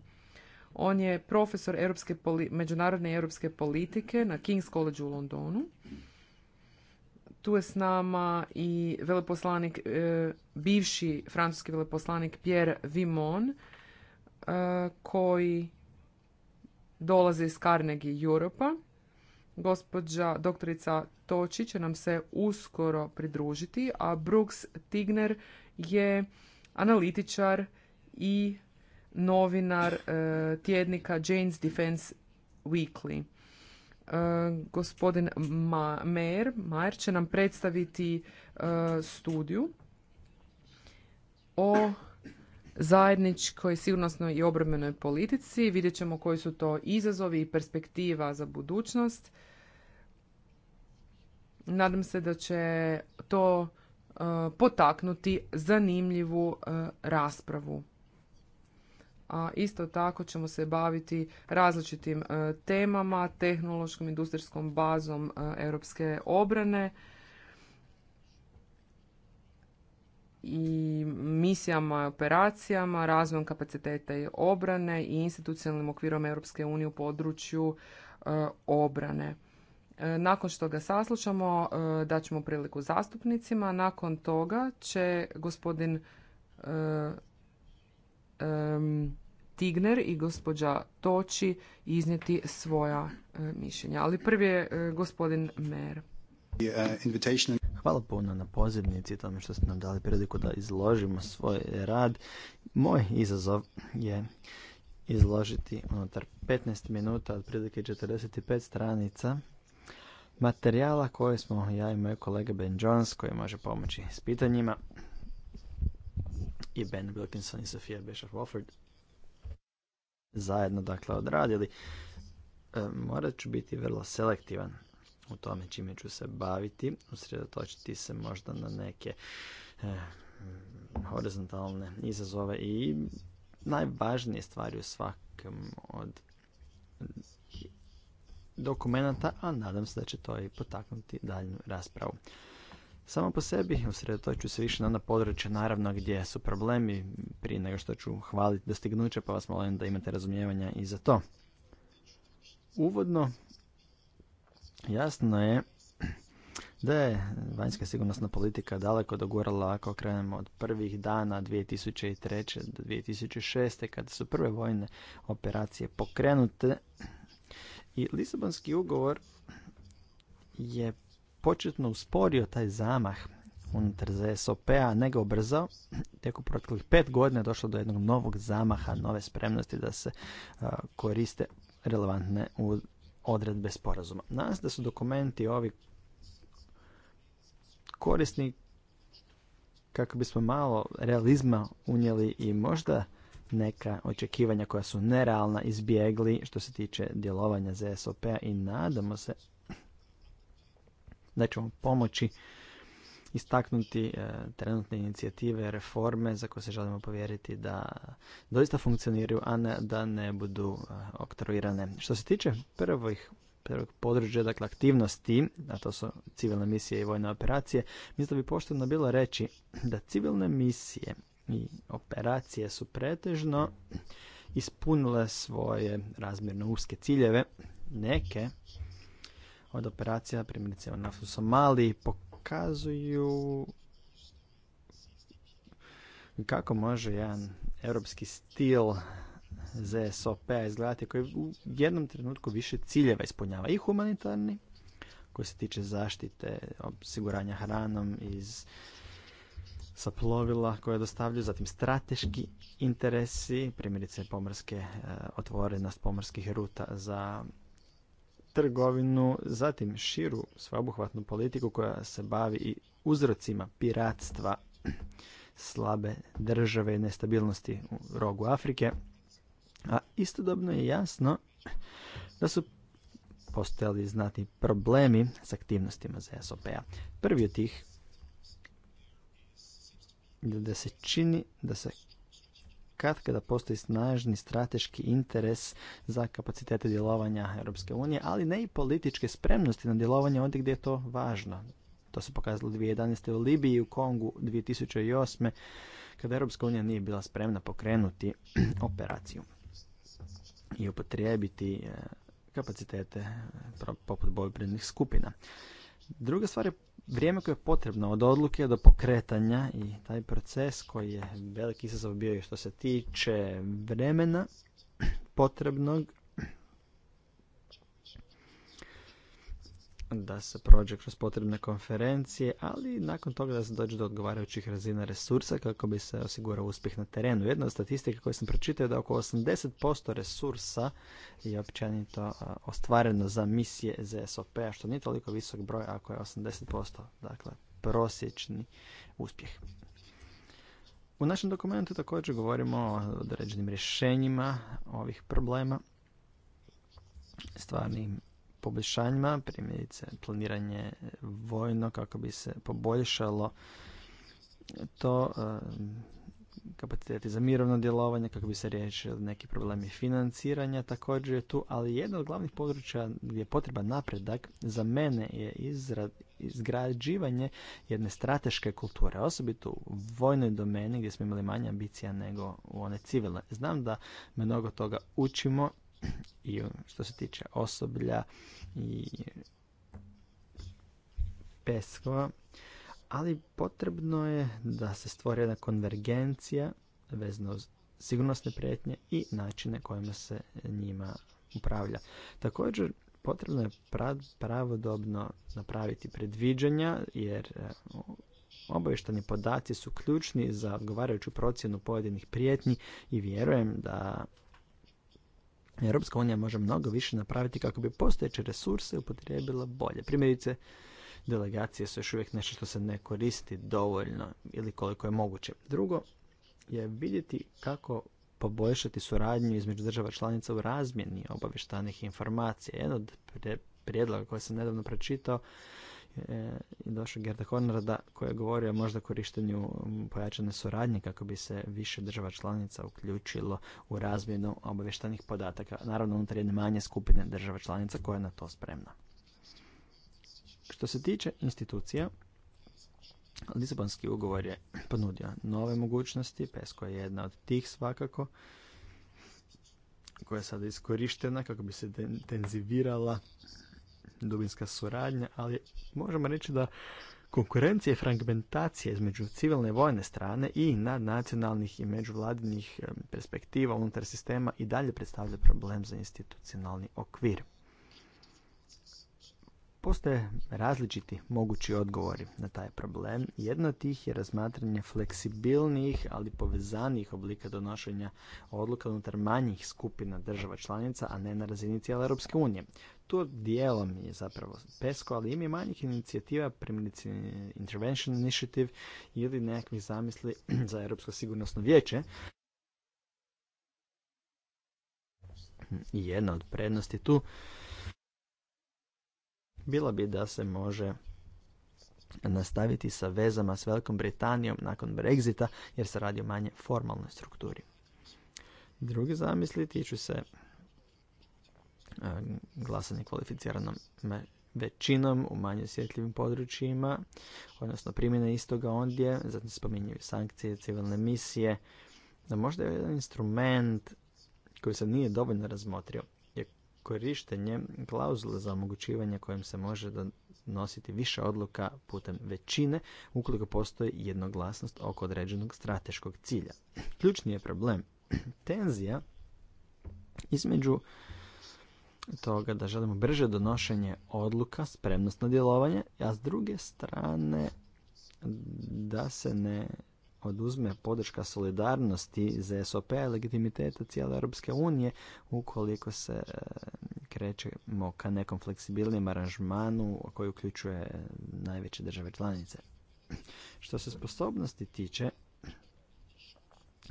On je profesor europske međunarodne europske politike na King's College u Londonu. Tu je s nama i veleposlanik, e, bivši francuski veleposlanik Pierre Vimon, e, koji dolazi iz Carnegie Europa Gospođa doktorica Toči će nam se uskoro pridružiti, a Brooks Tigner je analitičar i novinar e, tjednika Jane's Defense Weekly. E, gospodin Ma Mayer, će nam predstaviti e, studiju o zajedničkoj sigurnosnoj i obrambenoj politici. Vidjet ćemo koji su to izazovi i perspektiva za budućnost Nadam se da će to e, potaknuti zanimljivu e, raspravu. A isto tako ćemo se baviti različitim e, temama, tehnološkom, industrijskom bazom europske obrane i misijama, i operacijama, razvojem kapaciteta i obrane i institucionalnim okvirom Europske unije u području obrane. E, nakon što ga saslušamo, e, ćemo priliku zastupnicima. Nakon toga će gospodin e, Tigner i gospođa Toči iznijeti svoja mišljenja. Ali prvi je gospodin Mer. Hvala puno na pozivnici i tome što ste nam dali priliku da izložimo svoj rad. Moj izazov je izložiti unutar 15 minuta, otprilike 45 stranica, materijala koje smo ja i moj kolega Ben Jones koji može pomoći s pitanjima i Ben Wilkinson i Sofia Bishop Wofford zajedno dakle odradili e, morat ću biti vrlo selektivan u tome čime ću se baviti usredotočiti se možda na neke e, horizontalne izazove i najvažnije stvari u svakom od dokumenata, a nadam se da će to i potaknuti daljnju raspravu. Samo po sebi usredotoču se više na ono područja naravno gdje su problemi prije nego što ću hvaliti dostignuće pa vas molim da imate razumijevanja i za to. Uvodno jasno je da je vanjska sigurnosna politika daleko dogurala ako krenemo od prvih dana 2003. do 2006. kada su prve vojne operacije pokrenute i Lisabonski ugovor je početno usporio taj zamah unutar ZSOP-a, ne ga obrzao. tijekom proteklih pet godina je došlo do jednog novog zamaha, nove spremnosti da se koriste relevantne odredbe sporazuma. Nas da su dokumenti ovi korisni kako bismo malo realizma unijeli i možda neka očekivanja koja su nerealna izbjegli što se tiče djelovanja ZSOP-a i nadamo se da ćemo pomoći istaknuti e, trenutne inicijative, reforme za koje se želimo povjeriti da doista funkcioniraju, a ne da ne budu e, oktroirane. Što se tiče prvih prvog područja, dakle aktivnosti, a to su civilne misije i vojne operacije, mislim da bi pošteno bilo reći da civilne misije i operacije su pretežno ispunile svoje razmjerno uske ciljeve. Neke od operacija, primjerice u naftu Somaliji, pokazuju kako može jedan europski stil ZSOP-a izgledati koji u jednom trenutku više ciljeva ispunjava i humanitarni koji se tiče zaštite, osiguranja hranom iz sa plovila koje dostavljaju, zatim strateški interesi, primjerice pomorske e, otvorenost pomorskih ruta za trgovinu, zatim širu sveobuhvatnu politiku koja se bavi i uzrocima piratstva slabe države i nestabilnosti u rogu Afrike. A istodobno je jasno da su postojali znati problemi s aktivnostima ZSOP-a. Prvi od tih da se čini da se kad kada postoji snažni strateški interes za kapacitete djelovanja Europske unije, ali ne i političke spremnosti na djelovanje ondje gdje je to važno. To se pokazalo 2011. u Libiji i u Kongu 2008. kada Europska unija nije bila spremna pokrenuti operaciju i upotrijebiti eh, kapacitete eh, poput bojbrednih skupina. Druga stvar je vrijeme koje je potrebno od odluke do pokretanja i taj proces koji je veliki izazov bio i što se tiče vremena potrebnog da se prođe kroz potrebne konferencije, ali nakon toga da se dođe do odgovarajućih razina resursa kako bi se osigurao uspjeh na terenu. Jedna od statistika koju sam pročitao je da oko 80% resursa je općenito ostvareno za misije ZSOP-a, što nije toliko visok broj ako je 80%, dakle prosječni uspjeh. U našem dokumentu također govorimo o određenim rješenjima ovih problema, stvarnim poboljšanjima, primjerice planiranje vojno kako bi se poboljšalo to eh, kapaciteti za mirovno djelovanje, kako bi se riješili neki problemi financiranja također je tu, ali jedno od glavnih područja gdje je potreban napredak za mene je izrad, izgrađivanje jedne strateške kulture, osobito u vojnoj domeni gdje smo imali manje ambicija nego u one civilne. Znam da mnogo toga učimo i što se tiče osoblja i peskova, ali potrebno je da se stvori jedna konvergencija vezano uz sigurnosne prijetnje i načine kojima se njima upravlja. Također, potrebno je pravodobno napraviti predviđanja, jer e, obavještani podaci su ključni za odgovarajuću procjenu pojedinih prijetnji i vjerujem da Europska unija može mnogo više napraviti kako bi postojeće resurse upotrijebila bolje. Primjerice, delegacije su još uvijek nešto što se ne koristi dovoljno ili koliko je moguće. Drugo je vidjeti kako poboljšati suradnju između država članica u razmjeni obavještajnih informacija. Jedan od prijedloga koje sam nedavno pročitao i došao Gerda da, koja je govorio možda korištenju pojačane suradnje kako bi se više država članica uključilo u razmjenu obavještajnih podataka, naravno unutar jedne manje skupine država članica koja je na to spremna. Što se tiče institucija, Lisabonski ugovor je ponudio nove mogućnosti, PESCO je jedna od tih svakako, koja je sada iskorištena kako bi se intenzivirala dubinska suradnja, ali možemo reći da konkurencija i fragmentacija između civilne i vojne strane i nadnacionalnih i međuvladinih perspektiva unutar sistema i dalje predstavlja problem za institucionalni okvir. Postoje različiti mogući odgovori na taj problem. Jedno od tih je razmatranje fleksibilnijih, ali povezanijih oblika donošenja odluka unutar manjih skupina država članica, a ne na razini cijele Europske unije. Tu dijelom je zapravo PESCO, ali ima i manjih inicijativa, primjerice Intervention Initiative ili nekakvih zamisli za Europsko sigurnosno vijeće, jedna od prednosti tu bila bi da se može nastaviti sa vezama s Velikom Britanijom nakon Brexita jer se radi o manje formalnoj strukturi. Drugi zamisli tiču se e, glasanje kvalificiranom većinom u manje osjetljivim područjima, odnosno primjene istoga ondje, zatim spominjuju sankcije, civilne misije, da možda je jedan instrument koji se nije dovoljno razmotrio korištenje klauzule za omogućivanje kojim se može donositi više odluka putem većine ukoliko postoji jednoglasnost oko određenog strateškog cilja. Ključni je problem tenzija između toga da želimo brže donošenje odluka, spremnost na djelovanje, a s druge strane da se ne oduzme podrška solidarnosti za SOP i legitimiteta cijele Europske unije ukoliko se e, krećemo ka nekom fleksibilnijem aranžmanu koji uključuje najveće države članice. Što se sposobnosti tiče,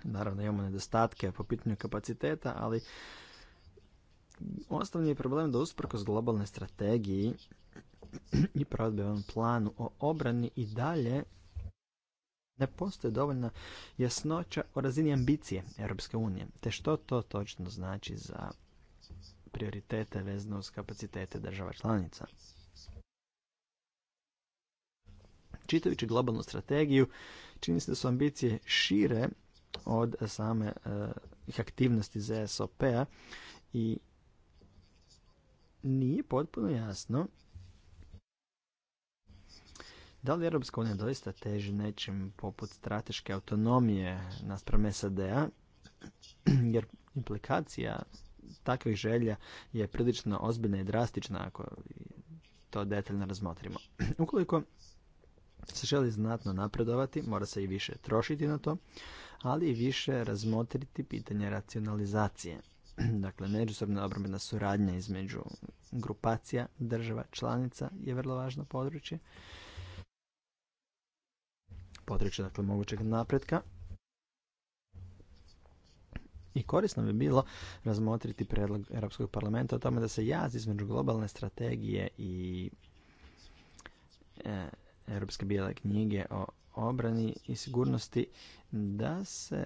naravno imamo nedostatke po pitanju kapaciteta, ali osnovni je problem da usprkos globalne strategiji i provedbenom planu o obrani i dalje ne postoji dovoljna jasnoća o razini ambicije Europske unije, te što to točno znači za prioritete vezano uz kapacitete država članica. Čitajući globalnu strategiju, čini se da su ambicije šire od same eh, aktivnosti ZSOP-a i nije potpuno jasno da li Europska unija doista teži nečim poput strateške autonomije naspram SAD-a? Jer implikacija takvih želja je prilično ozbiljna i drastična ako to detaljno razmotrimo. Ukoliko se želi znatno napredovati, mora se i više trošiti na to, ali i više razmotriti pitanje racionalizacije. Dakle, međusobna obrambena suradnja između grupacija država članica je vrlo važno područje područja dakle, mogućeg napretka. I korisno bi bilo razmotriti predlog Europskog parlamenta o tome da se jaz između globalne strategije i e, Europske bijele knjige o obrani i sigurnosti da se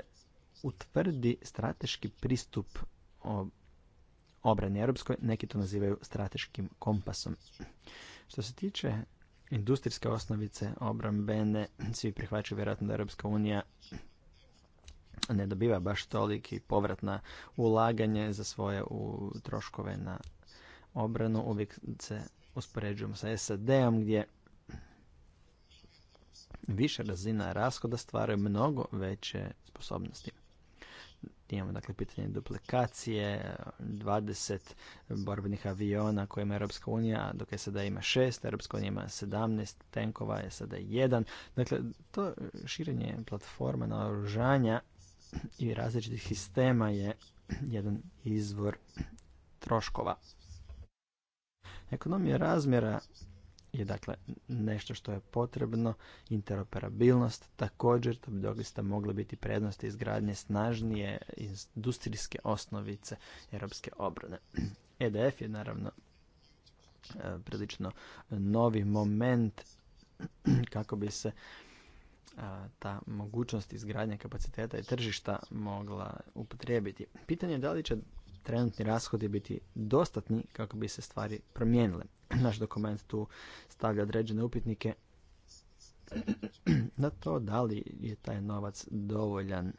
utvrdi strateški pristup o obrani europskoj, neki to nazivaju strateškim kompasom. Što se tiče industrijske osnovice obrambene, svi prihvaćaju vjerojatno da Europska unija ne dobiva baš toliki povratna na ulaganje za svoje u troškove na obranu. Uvijek se uspoređujemo sa SAD-om gdje više razina rashoda stvaraju mnogo veće sposobnosti. Imamo dakle pitanje duplikacije, 20 borbenih aviona kojima ima Europska unija, dok je sada ima 6, Europska unija ima 17 tenkova, je sada 1. Dakle, to širenje platforma naoružanja i različitih sistema je jedan izvor troškova. Ekonomija razmjera je dakle nešto što je potrebno. Interoperabilnost također, to bi doista mogle biti prednosti izgradnje snažnije industrijske osnovice europske obrane. EDF e je naravno e, prilično novi moment kako bi se e, ta mogućnost izgradnje kapaciteta i tržišta mogla upotrijebiti. Pitanje je da li će trenutni rashodi biti dostatni kako bi se stvari promijenile. Naš dokument tu stavlja određene upitnike na to da li je taj novac dovoljan.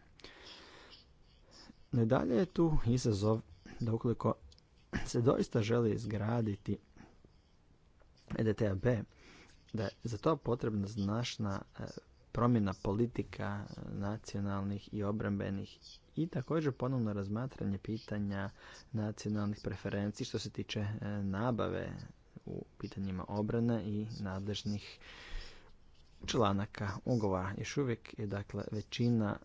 No dalje je tu izazov da ukoliko se doista želi izgraditi EDTAB, da je za to potrebna značna e, promjena politika nacionalnih i obrambenih i također ponovno razmatranje pitanja nacionalnih preferenciji što se tiče e, nabave u pitanjima obrane i nadležnih članaka ugovora. Još uvijek je dakle, većina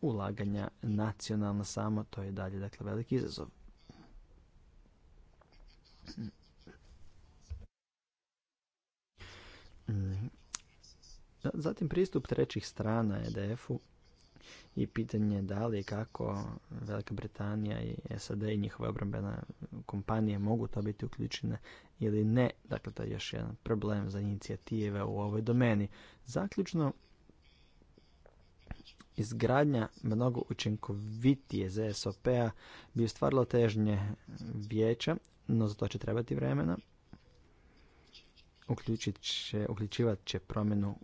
ulaganja nacionalna samo, to je dalje dakle veliki izazov. Zatim pristup trećih strana EDF-u i pitanje da li kako Velika Britanija i SAD i njihove obrambene kompanije mogu to biti uključene ili ne. Dakle, to je još jedan problem za inicijative u ovoj domeni. Zaključno, izgradnja mnogo učinkovitije ZSOP-a bi ustvarilo težnje vijeća, no za to će trebati vremena. Uključit će, uključivat će promjenu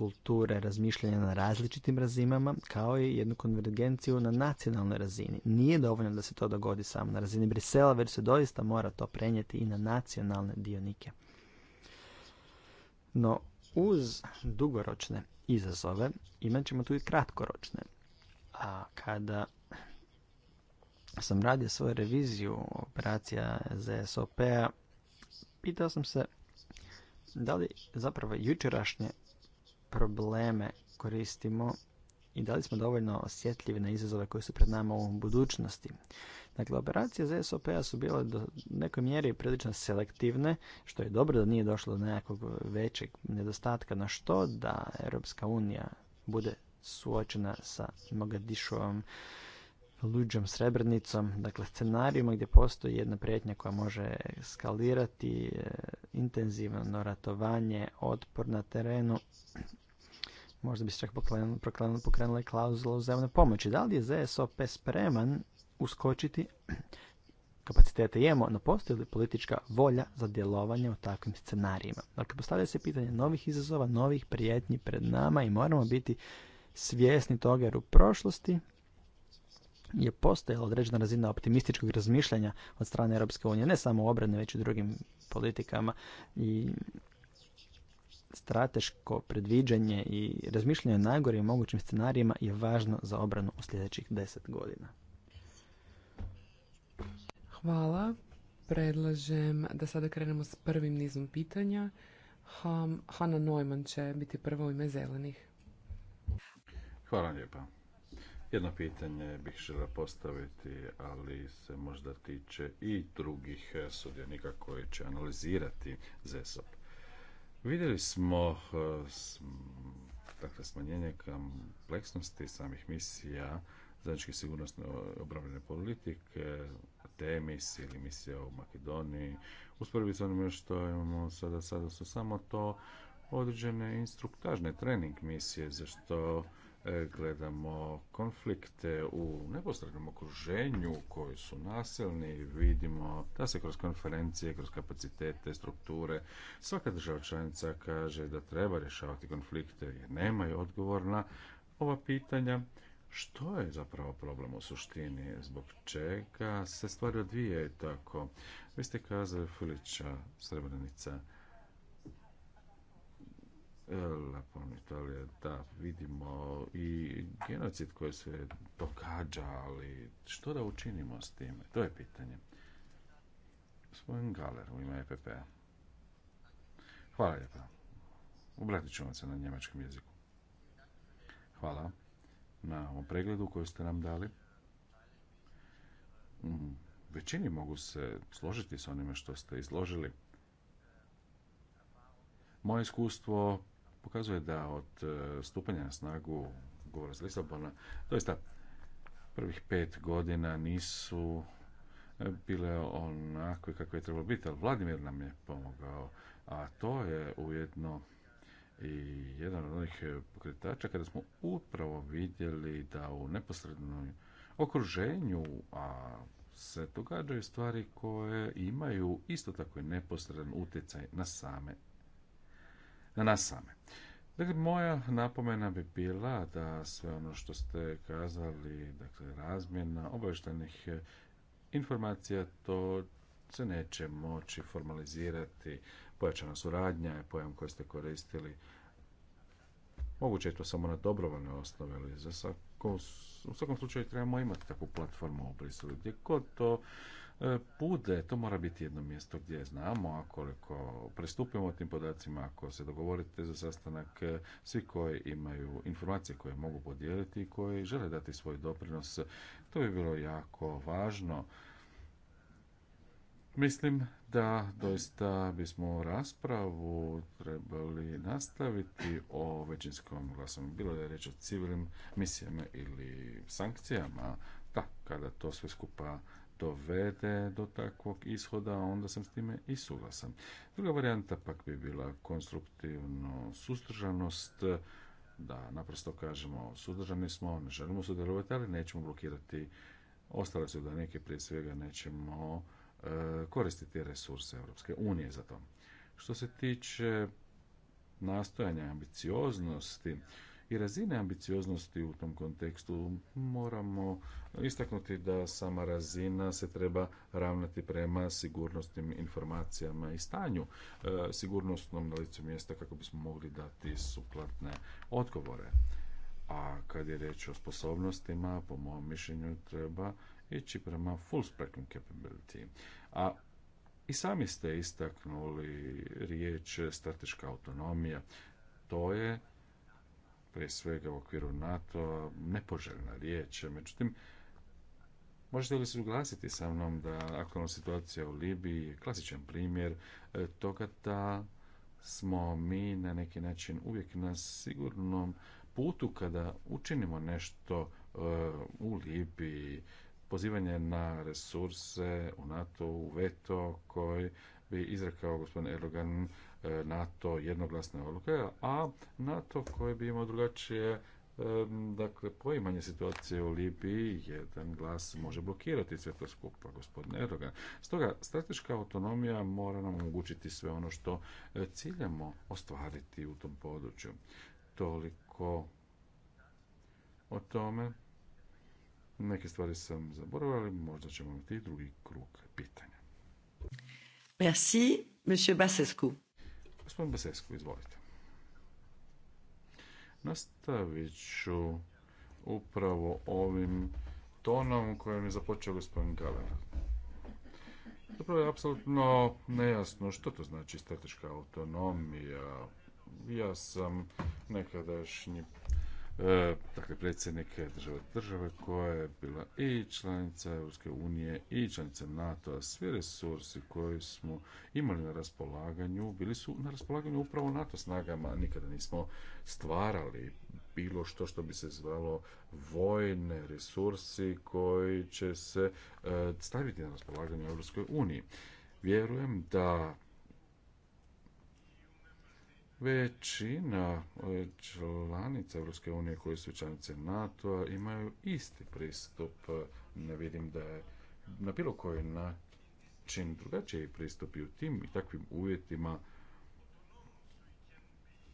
kulture razmišljanja na različitim razinama, kao i jednu konvergenciju na nacionalnoj razini. Nije dovoljno da se to dogodi samo na razini Brisela, već se doista mora to prenijeti i na nacionalne dionike. No, uz dugoročne izazove imat ćemo tu i kratkoročne. A kada sam radio svoju reviziju operacija ZSOP-a, pitao sam se da li zapravo jučerašnje probleme koristimo i da li smo dovoljno osjetljivi na izazove koji su pred nama u budućnosti. Dakle, operacije ZSOP-a su bile do nekoj mjeri prilično selektivne, što je dobro da nije došlo do nekog većeg nedostatka na što da Europska unija bude suočena sa Mogadišovom luđom srebrnicom, dakle scenarijima gdje postoji jedna prijetnja koja može skalirati e, intenzivno ratovanje, otpor na terenu. Možda bi se čak pokrenula i klauzula uzajamne pomoći. Da li je ZSOP spreman uskočiti? Kapacitete imamo, no postoji li politička volja za djelovanje u takvim scenarijima? Dakle, postavlja se pitanje novih izazova, novih prijetnji pred nama i moramo biti svjesni toga jer u prošlosti je postojala određena razina optimističkog razmišljanja od strane Europske unije, ne samo u obrani, već i drugim politikama i strateško predviđanje i razmišljanje o najgorim mogućim scenarijima je važno za obranu u sljedećih deset godina. Hvala. Predlažem da sada krenemo s prvim nizom pitanja. Hanna Neumann će biti prvo ime zelenih. Hvala lijepa. Jedno pitanje bih želio postaviti, ali se možda tiče i drugih eh, sudionika koji će analizirati ZESOP. Vidjeli smo eh, dakle, smanjenje kompleksnosti samih misija zajedničke sigurnosne obrambene politike, te misije ili misije u Makedoniji, usporedbi s ono što imamo sada, sada su samo to određene instruktažne trening misije, za što gledamo konflikte u neposrednom okruženju koji su nasilni, vidimo da se kroz konferencije, kroz kapacitete, strukture, svaka država članica kaže da treba rješavati konflikte jer nemaju odgovor na ova pitanja. Što je zapravo problem u suštini? Zbog čega se stvari odvijaju tako? Vi ste kazali Filića, Srebrenica, to Italija, da vidimo i genocid koji se događa, ali što da učinimo s time? To je pitanje. Gospodin Galer u ime EPP-a. Hvala lijepa. Obratit ću se na njemačkom jeziku. Hvala na ovom pregledu koji ste nam dali. Mm, većini mogu se složiti s onime što ste izložili. Moje iskustvo pokazuje da od e, stupanja na snagu govora iz Lisabona, doista prvih pet godina nisu e, bile onakve kako je trebalo biti, ali Vladimir nam je pomogao, a to je ujedno i jedan od onih pokretača kada smo upravo vidjeli da u neposrednom okruženju, a se događaju stvari koje imaju isto tako i neposredan utjecaj na same na nas same. Dakle, moja napomena bi bila da sve ono što ste kazali, dakle, razmjena obavještajnih e, informacija, to se neće moći formalizirati. Pojačana suradnja je pojam koji ste koristili. Moguće je to samo na dobrovoljnoj osnovi, ali za u svakom slučaju trebamo imati takvu platformu u Briselu. Gdje god to E, pude, to mora biti jedno mjesto gdje znamo, ako pristupimo tim podacima, ako se dogovorite za sastanak, e, svi koji imaju informacije koje mogu podijeliti i koji žele dati svoj doprinos, to bi bilo jako važno. Mislim da doista bismo raspravu trebali nastaviti o većinskom glasom. Bilo je reč o civilnim misijama ili sankcijama, da, kada to sve skupa dovede do takvog ishoda, onda sam s time i suglasan. Druga varijanta pak bi bila konstruktivno sustržanost, da naprosto kažemo sudržani smo, ne želimo sudjelovati, ali nećemo blokirati ostale su da neke prije svega nećemo e, koristiti resurse Europske unije za to. Što se tiče nastojanja ambicioznosti, i razine ambicioznosti u tom kontekstu moramo istaknuti da sama razina se treba ravnati prema sigurnosnim informacijama i stanju e, sigurnosnom na licu mjesta kako bismo mogli dati sukladne odgovore. A kad je riječ o sposobnostima, po mom mišljenju treba ići prema full spectrum capability. A i sami ste istaknuli riječ strateška autonomija. To je prije svega u okviru NATO nepoželjna riječ. Međutim, možete li se uglasiti sa mnom da aktualna situacija u Libiji je klasičan primjer e, toga da smo mi na neki način uvijek na sigurnom putu kada učinimo nešto e, u Libiji, pozivanje na resurse u NATO, u veto koji bi izrekao gospodin Erdogan E, NATO jednoglasne odluke, a NATO koji bi imao drugačije e, dakle, poimanje situacije u Libiji, jedan glas može blokirati sve to skupa, gospodine Erdogan. Stoga, strateška autonomija mora nam omogućiti sve ono što e, ciljamo ostvariti u tom području. Toliko o tome. Neke stvari sam zaboravio, ali možda ćemo imati drugi krug pitanja. Merci, monsieur Basescu. Gospodin Basesko, izvolite. Nastavit ću upravo ovim tonom kojim je započeo gospodin Galer. Zapravo je apsolutno nejasno što to znači strateška autonomija. Ja sam nekadašnji E, dakle predsjednike države države koja je bila i članica Europske unije i članica NATO, a svi resursi koje smo imali na raspolaganju bili su na raspolaganju upravo NATO snagama, nikada nismo stvarali bilo što što bi se zvalo vojne resursi koji će se e, staviti na raspolaganje Europskoj uniji. Vjerujem da Većina e, članica Europske unije koji su članice NATO imaju isti pristup. Ne vidim da je na bilo koji način drugačiji pristup i u tim i takvim uvjetima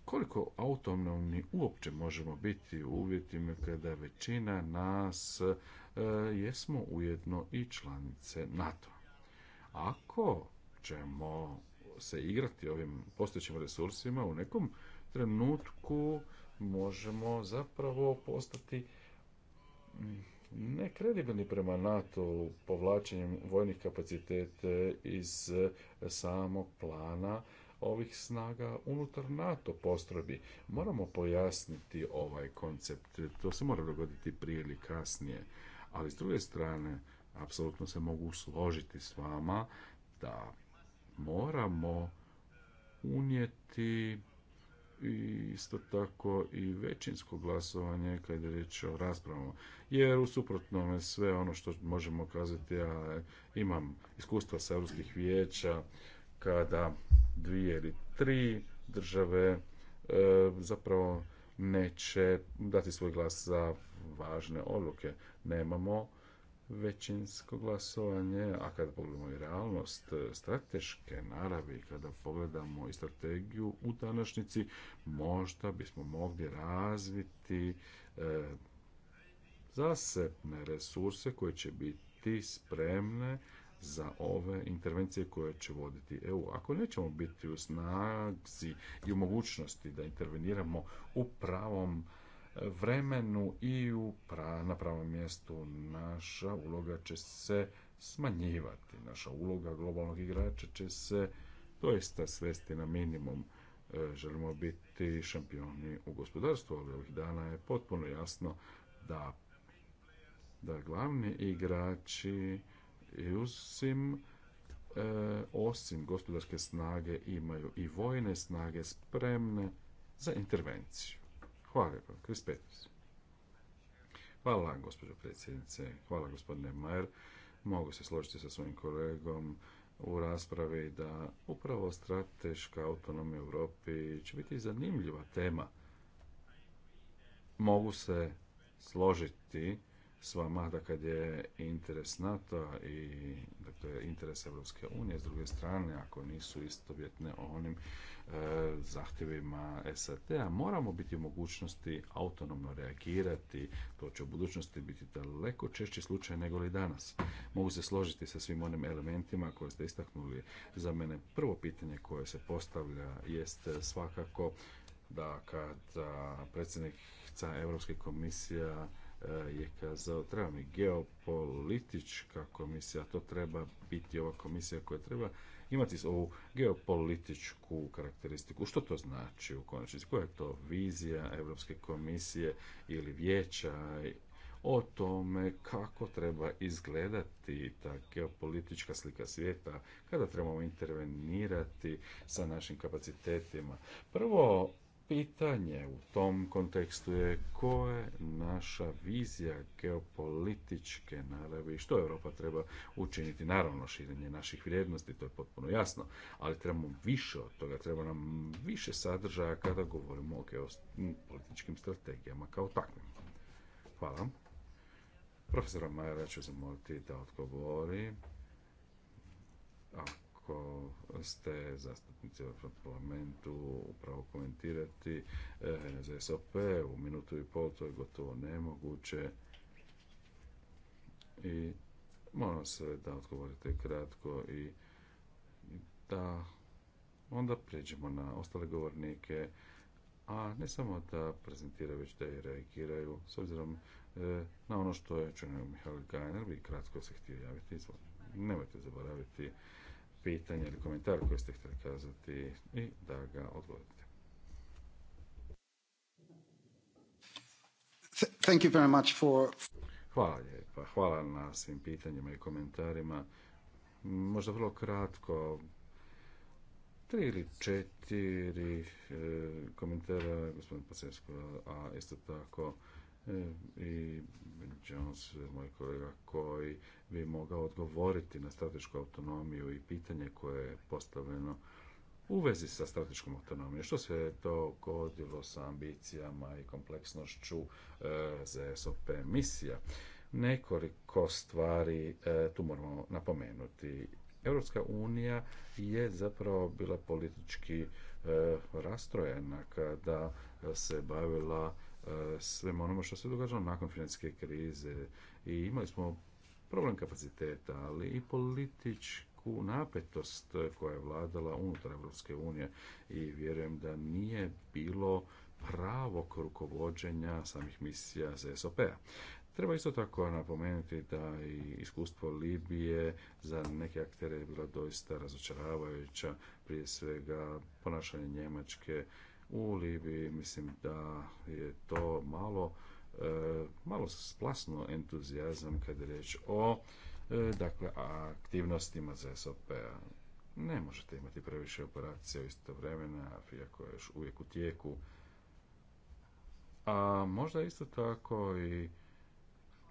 koliko autonomni uopće možemo biti u uvjetima kada većina nas e, jesmo ujedno i članice NATO. Ako ćemo se igrati ovim postojećim resursima u nekom trenutku možemo zapravo postati mm, nekredibilni prema NATO povlačenjem vojnih kapaciteta iz samog plana ovih snaga unutar NATO postrojbi. Moramo pojasniti ovaj koncept. To se mora dogoditi prije ili kasnije. Ali s druge strane, apsolutno se mogu složiti s vama da moramo unijeti i isto tako i većinsko glasovanje kad je riječ o raspravama. Jer u suprotnome sve ono što možemo kazati, ja imam iskustva sa Europskih vijeća kada dvije ili tri države e, zapravo neće dati svoj glas za važne odluke. Nemamo većinsko glasovanje, a kada pogledamo i realnost e, strateške naravi, kada pogledamo i strategiju u današnjici, možda bismo mogli razviti e, zasebne resurse koje će biti spremne za ove intervencije koje će voditi EU. Ako nećemo biti u snazi i u mogućnosti da interveniramo u pravom vremenu i u na pravom mjestu naša uloga će se smanjivati. Naša uloga globalnog igrača će se doista svesti na minimum. E, želimo biti šampioni u gospodarstvu, ali ovih dana je potpuno jasno da, da glavni igrači i usim e, osim gospodarske snage imaju i vojne snage spremne za intervenciju. Hvala lijepo. Chris Hvala, gospođo predsjednice. Hvala, gospodine Majer. Mogu se složiti sa svojim kolegom u raspravi da upravo strateška autonomija u Europi će biti zanimljiva tema. Mogu se složiti s vama, da kad je interes NATO i dakle, interes Evropske unije, s druge strane, ako nisu istovjetne onim e, zahtjevima SAD-a, moramo biti u mogućnosti autonomno reagirati. To će u budućnosti biti daleko češći slučaj nego li danas. Mogu se složiti sa svim onim elementima koje ste istaknuli. Za mene prvo pitanje koje se postavlja jest svakako da kad predsjednica Europske komisija Eh, je kazao, treba mi geopolitička komisija, to treba biti ova komisija koja treba imati ovu geopolitičku karakteristiku. Što to znači u konačnici? Koja je to vizija Europske komisije ili vijeća o tome kako treba izgledati ta geopolitička slika svijeta, kada trebamo intervenirati sa našim kapacitetima. Prvo, Pitanje u tom kontekstu je koja je naša vizija geopolitičke naravi i što Europa treba učiniti. Naravno, širenje naših vrijednosti, to je potpuno jasno, ali trebamo više od toga, treba nam više sadržaja kada govorimo o geopolitičkim strategijama kao takvim. Hvala. Profesora Majera ću zamoliti da odgovori ako ste zastupnici u parlamentu upravo komentirati za eh, SOP u minutu i pol, to je gotovo nemoguće. I molim se da odgovorite kratko i da onda pređemo na ostale govornike, a ne samo da prezentiraju, već da i reagiraju s obzirom eh, na ono što je čunio Mihajl Gajner, bi kratko se htio javiti, nemojte zaboraviti pitanje ili komentar koji ste htjeli kazati i da ga odgovorite. Hvala Hvala na svim pitanjima i komentarima. Možda vrlo kratko, tri ili četiri e, komentara gospodin Pacesko, a isto tako E, i Jones, moj kolega, koji bi mogao odgovoriti na stratešku autonomiju i pitanje koje je postavljeno u vezi sa strateškom autonomijom. Što se je to godilo sa ambicijama i kompleksnošću e, SOP misija? Nekoliko stvari e, tu moramo napomenuti. Europska unija je zapravo bila politički rastrojena kada se bavila svemu onome što se događalo nakon financijske krize i imali smo problem kapaciteta, ali i političku napetost koja je vladala unutar Europske unije i vjerujem da nije bilo pravog rukovođenja samih misija sop a p-a. Treba isto tako napomenuti da i iskustvo Libije za neke aktere je bila doista razočaravajuća, prije svega ponašanje Njemačke, u Libiji. Mislim da je to malo, e, malo splasno entuzijazam kad je riječ o e, dakle, aktivnostima sop a Ne možete imati previše operacija u isto vremena, iako je još uvijek u tijeku. A možda isto tako i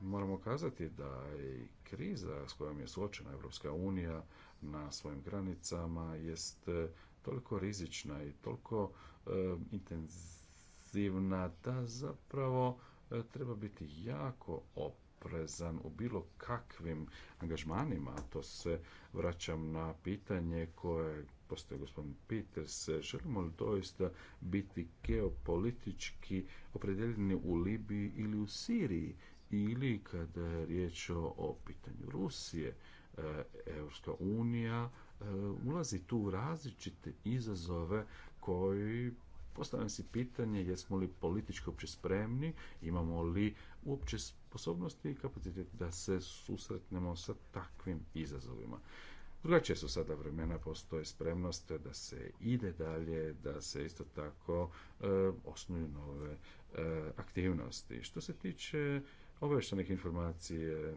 moramo kazati da i kriza s kojom je suočena Europska unija na svojim granicama jest e, toliko rizična i toliko E, intenzivna, da zapravo e, treba biti jako oprezan u bilo kakvim angažmanima. To se vraćam na pitanje koje postoje gospodin Peters, želimo li doista biti geopolitički opredeljeni u Libiji ili u Siriji ili kada je riječ o pitanju Rusije E, Europska unija e, ulazi tu u različite izazove koji postavljam si pitanje jesmo li politički uopće spremni, imamo li uopće sposobnosti i kapacitet da se susretnemo sa takvim izazovima. Drugačije su sada vremena, postoje spremnost da se ide dalje, da se isto tako e, osnuju nove aktivnosti. Što se tiče obještenih informacije,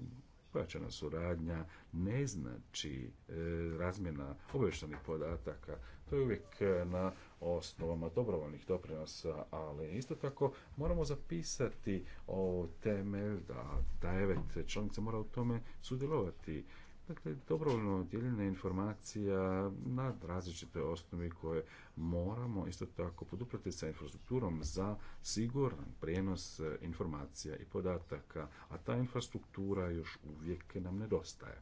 Pojačana suradnja ne znači e, razmjena obještanih podataka. To je uvijek e, na osnovama dobrovoljnih doprinosa, ali isto tako moramo zapisati o teme da devet članica mora u tome sudjelovati. Dakle, dobrovoljno dijeljena informacija na različite osnovi koje moramo isto tako poduprati sa infrastrukturom za siguran prijenos e, informacija i podataka, a ta infrastruktura još uvijek nam nedostaje.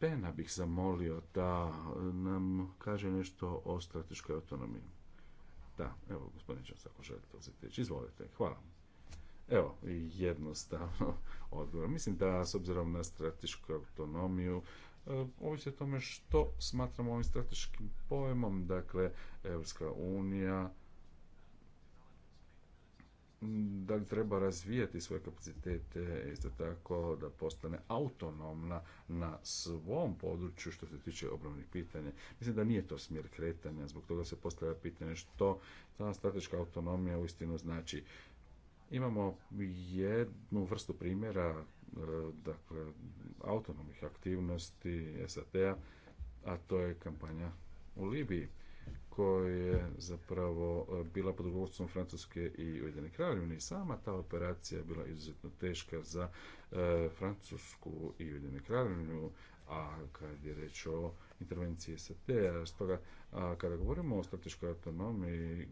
Bena e, bih zamolio da e, nam kaže nešto o strateškoj autonomiji. Da, evo, gospodin Čas, ako želite uzeti Izvolite, hvala. Evo, jednostavno odgovor. Mislim da s obzirom na stratešku autonomiju, e, ovisi o tome što smatramo ovim strateškim pojmom, dakle, Europska unija, da li treba razvijati svoje kapacitete, isto tako da postane autonomna na svom području što se tiče obrovnih pitanja. Mislim da nije to smjer kretanja, zbog toga se postavlja pitanje što ta strateška autonomija uistinu znači. Imamo jednu vrstu primjera e, dakle, autonomnih aktivnosti sat a a to je kampanja u Libiji koja je zapravo e, bila pod uvodstvom Francuske i Ujedine kraljevine i sama ta operacija je bila izuzetno teška za e, Francusku i Ujedine kraljevinu, a kad je reč o intervenciji sat a stoga a, kada govorimo o strateškoj autonomiji,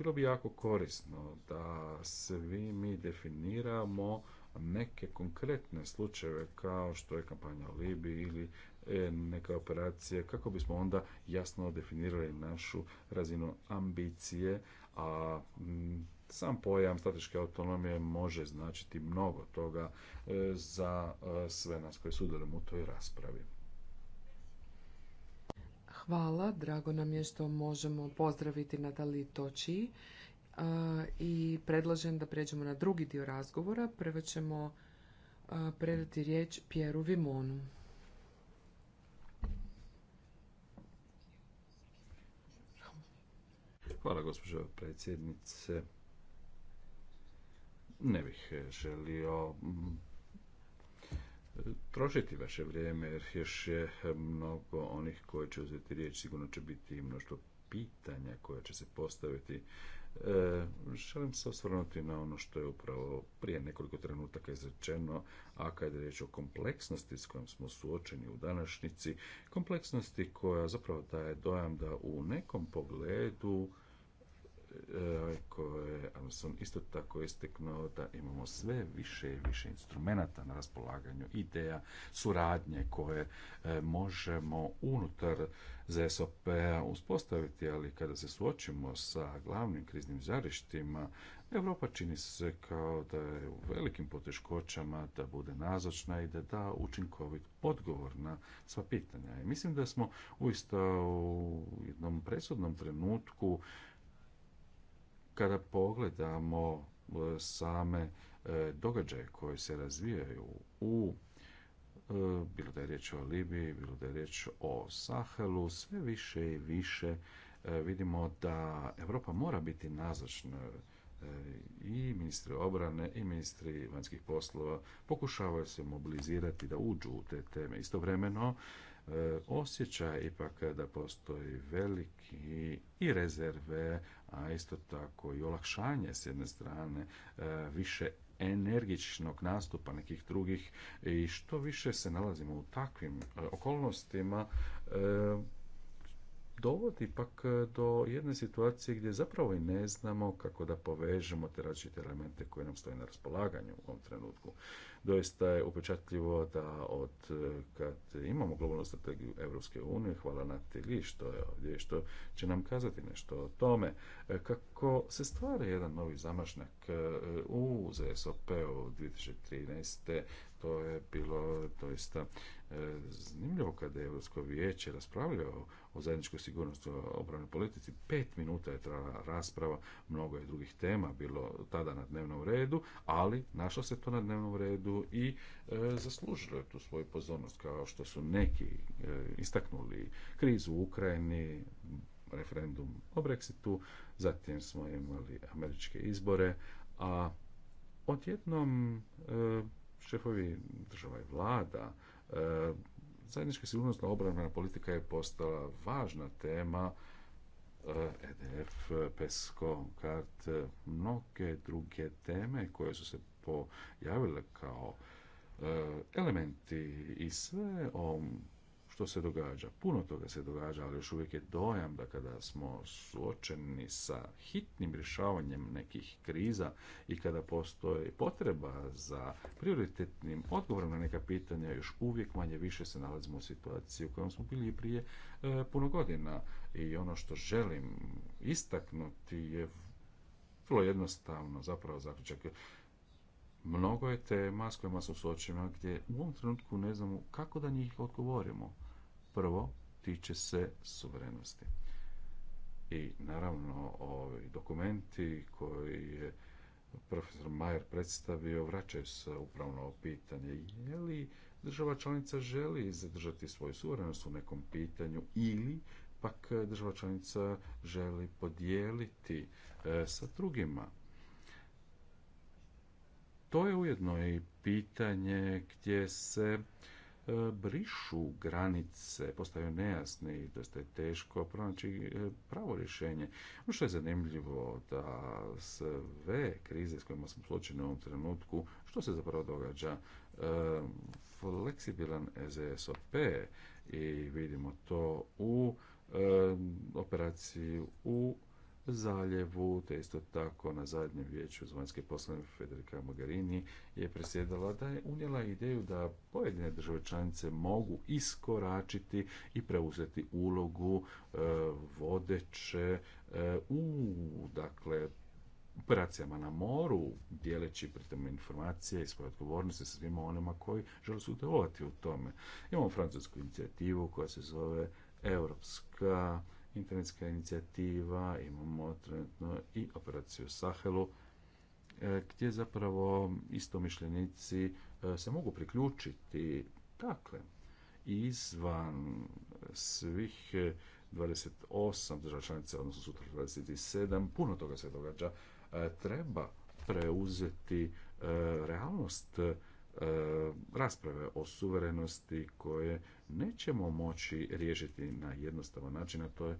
bilo bi jako korisno da svi mi definiramo neke konkretne slučajeve kao što je kampanja u Libiji ili e, neka operacije, kako bismo onda jasno definirali našu razinu ambicije, a sam pojam strateške autonomije može značiti mnogo toga e, za e, sve nas koji sudjelujemo u toj raspravi. Hvala, drago nam je što možemo pozdraviti Natali Toči e, i predlažem da pređemo na drugi dio razgovora. Prvo ćemo e, predati riječ Pjeru Vimonu. Hvala gospođo predsjednice. Ne bih e, želio trošiti vaše vrijeme jer još je mnogo onih koji će uzeti riječ, sigurno će biti i mnoštvo pitanja koja će se postaviti. E, želim se osvrnuti na ono što je upravo prije nekoliko trenutaka izrečeno, a kada je riječ o kompleksnosti s kojom smo suočeni u današnjici, kompleksnosti koja zapravo daje dojam da u nekom pogledu E, koje isto tako isteknuo da imamo sve više i više instrumenata na raspolaganju, ideja, suradnje koje e, možemo unutar zsop p-a uspostaviti, ali kada se suočimo sa glavnim kriznim zarištima, Europa čini se kao da je u velikim poteškoćama, da bude nazočna i da da učinkovit odgovor na sva pitanja. mislim da smo uista u jednom presudnom trenutku kada pogledamo e, same e, događaje koje se razvijaju u e, bilo da je riječ o Libiji, bilo da je riječ o Sahelu, sve više i više vidimo da Europa mora biti nazočna i ministri obrane i ministri vanjskih poslova pokušavaju se mobilizirati da uđu u te teme. Istovremeno E, osjećaj ipak da postoji veliki i rezerve, a isto tako i olakšanje s jedne strane e, više energičnog nastupa nekih drugih i što više se nalazimo u takvim e, okolnostima dovodi pak do jedne situacije gdje zapravo i ne znamo kako da povežemo te različite elemente koje nam stoje na raspolaganju u ovom trenutku. Doista je upečatljivo da od e, kad imamo globalnu strategiju Europske unije, hvala li što je ovdje, što će nam kazati nešto o tome, e, kako se stvara jedan novi zamašnjak e, u ZSOP-u 2013. To je bilo doista E, zanimljivo kada je Europsko vijeće raspravljao o zajedničkoj sigurnosti obranoj politici, pet minuta je trajala rasprava, mnogo je drugih tema bilo tada na dnevnom redu, ali našlo se to na dnevnom redu i e, zaslužilo je tu svoju pozornost kao što su neki e, istaknuli krizu u Ukrajini, referendum o Brexitu, zatim smo imali američke izbore, a odjednom e, šefovi država i vlada E, zajednička sigurnosna obrambena politika je postala važna tema EDF, e PESCO, kart, mnoge druge teme koje su se pojavile kao e, elementi i sve o što se događa. Puno toga se događa, ali još uvijek je dojam da kada smo suočeni sa hitnim rješavanjem nekih kriza i kada postoji potreba za prioritetnim odgovorom na neka pitanja, još uvijek manje više se nalazimo u situaciji u kojoj smo bili prije e, puno godina. I ono što želim istaknuti je vrlo jednostavno, zapravo zaključak mnogo je tema s kojima smo suočeni gdje u ovom trenutku ne znamo kako da njih odgovorimo. Prvo, tiče se suverenosti. I naravno, ovi dokumenti koji je profesor Majer predstavio vraćaju se upravo pitanje. Je li država članica želi zadržati svoju suverenost u nekom pitanju ili pak država članica želi podijeliti e, sa drugima. To je ujedno i pitanje gdje se E, brišu granice, postaju nejasne i dosta je teško pronaći e, pravo rješenje. Ono što je zanimljivo da sve krize s kojima smo suočeni u ovom trenutku, što se zapravo događa? E, fleksibilan EZSOP i vidimo to u operaciji u zaljevu, te isto tako na zadnjem vijeću z vanjske poslove Federica Mogherini je presjedala da je unijela ideju da pojedine države članice mogu iskoračiti i preuzeti ulogu e, vodeće e, u dakle operacijama na moru, dijeleći pritom informacije i svoje odgovornosti sa svima onima koji žele sudjelovati u tome. Imamo francusku inicijativu koja se zove Europska internetska inicijativa, imamo trenutno i operaciju Sahelu, e, gdje zapravo istomišljenici e, se mogu priključiti. Dakle, izvan svih 28 e, država članica, odnosno sutra 27, puno toga se događa, treba preuzeti realnost E, rasprave o suverenosti koje nećemo moći riješiti na jednostavan način, a to je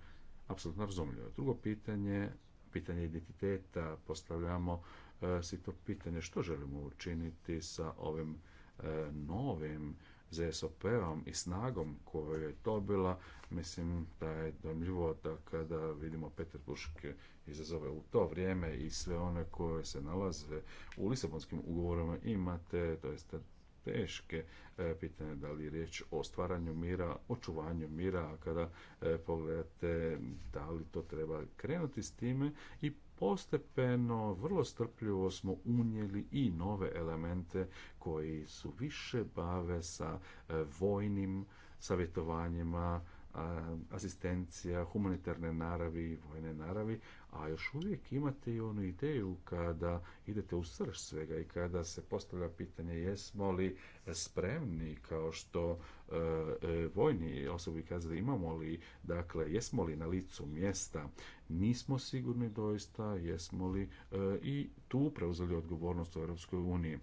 apsolutno razumljivo. Drugo pitanje, pitanje identiteta, postavljamo e, si to pitanje što želimo učiniti sa ovim e, novim ZSOP-om i snagom koju je to bila, mislim da je domljivo da kada vidimo Puške izazove u to vrijeme i sve one koje se nalaze u Lisabonskim ugovorima imate, to jeste teške e, pitanje da li je riječ o stvaranju mira, očuvanju mira, a kada e, pogledate da li to treba krenuti s time i postepeno, vrlo strpljivo smo unijeli i nove elemente koji su više bave sa e, vojnim savjetovanjima, asistencija, humanitarne naravi i vojne naravi, a još uvijek imate i onu ideju kada idete u srž svega i kada se postavlja pitanje jesmo li spremni kao što e, e, vojni osobi kazali imamo li, dakle jesmo li na licu mjesta, nismo sigurni doista jesmo li e, i tu preuzeli odgovornost u Europskoj uniji.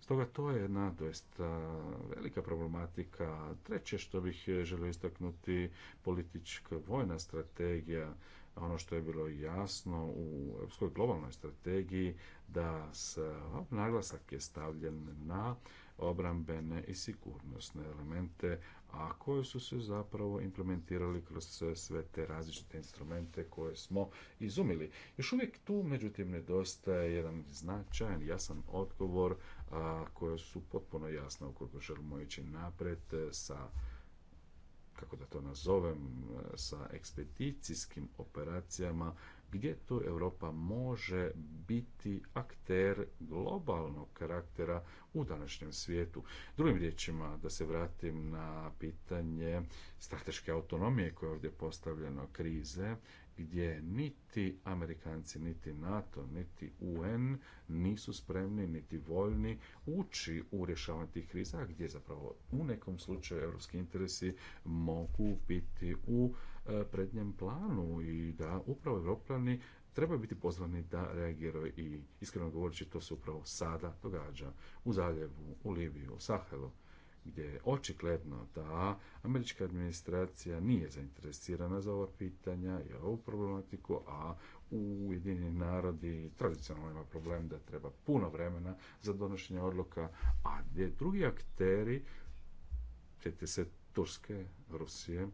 Stoga to je jedna doista velika problematika. Treće što bih želio istaknuti, politička vojna strategija ono što je bilo jasno u Europskoj globalnoj strategiji da se naglasak je stavljen na obrambene i sigurnosne elemente, a koje su se zapravo implementirali kroz sve te različite instrumente koje smo izumili. Još uvijek tu, međutim, nedostaje jedan značajan, jasan odgovor a, koje su potpuno jasne ukoliko želimo ići napred e, sa kako da to nazovem, e, sa ekspedicijskim operacijama gdje tu Europa može biti akter globalnog karaktera u današnjem svijetu. Drugim riječima, da se vratim na pitanje strateške autonomije koje je ovdje postavljeno krize gdje niti Amerikanci, niti NATO, niti UN nisu spremni, niti voljni ući u rješavanje tih kriza, gdje zapravo u nekom slučaju europski interesi mogu biti u e, prednjem planu i da upravo europljani trebaju biti pozvani da reagiraju i iskreno govoreći to se upravo sada događa u Zaljevu, u Libiju, u Sahelu gdje je očigledno da američka administracija nije zainteresirana za ova pitanja i ovu problematiku, a u Ujedinjeni narodi tradicionalno ima problem da treba puno vremena za donošenje odluka, a gdje drugi akteri, sjetite se Turske, Rusije,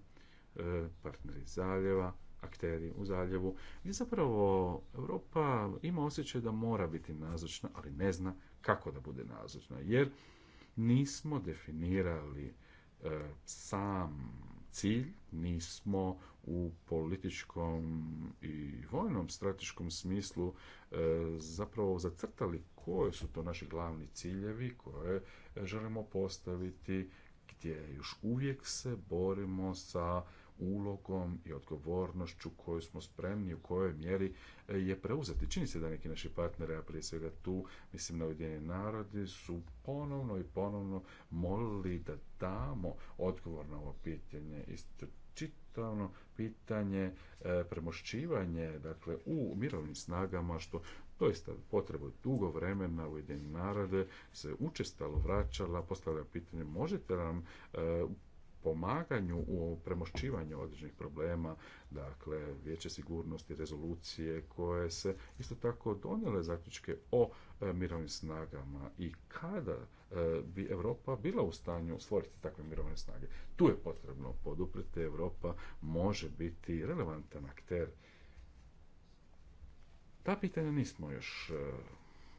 e, partneri zaljeva, akteri u zaljevu, gdje zapravo Europa ima osjećaj da mora biti nazočna, ali ne zna kako da bude nazočna, jer nismo definirali e, sam cilj, nismo u političkom i vojnom strateškom smislu e, zapravo zacrtali koji su to naši glavni ciljevi koje želimo postaviti gdje još uvijek se borimo sa ulogom i odgovornošću koju smo spremni, u kojoj mjeri e, je preuzeti. Čini se da neki naši partneri, a prije svega tu, mislim na Ujedinjeni narodi, su ponovno i ponovno molili da damo odgovor na ovo pitanje. Isto čitavno pitanje e, premošćivanje dakle, u mirovnim snagama, što doista potrebu dugo vremena Ujedinjeni narode se učestalo vraćala, postavlja pitanje možete nam e, pomaganju u premošćivanju određenih problema, dakle vijeće sigurnosti, rezolucije koje se isto tako donijele zaključke o e, mirovnim snagama i kada e, bi Europa bila u stanju stvoriti takve mirovne snage. Tu je potrebno podupriti, Europa može biti relevantan akter. Ta pitanja nismo još e,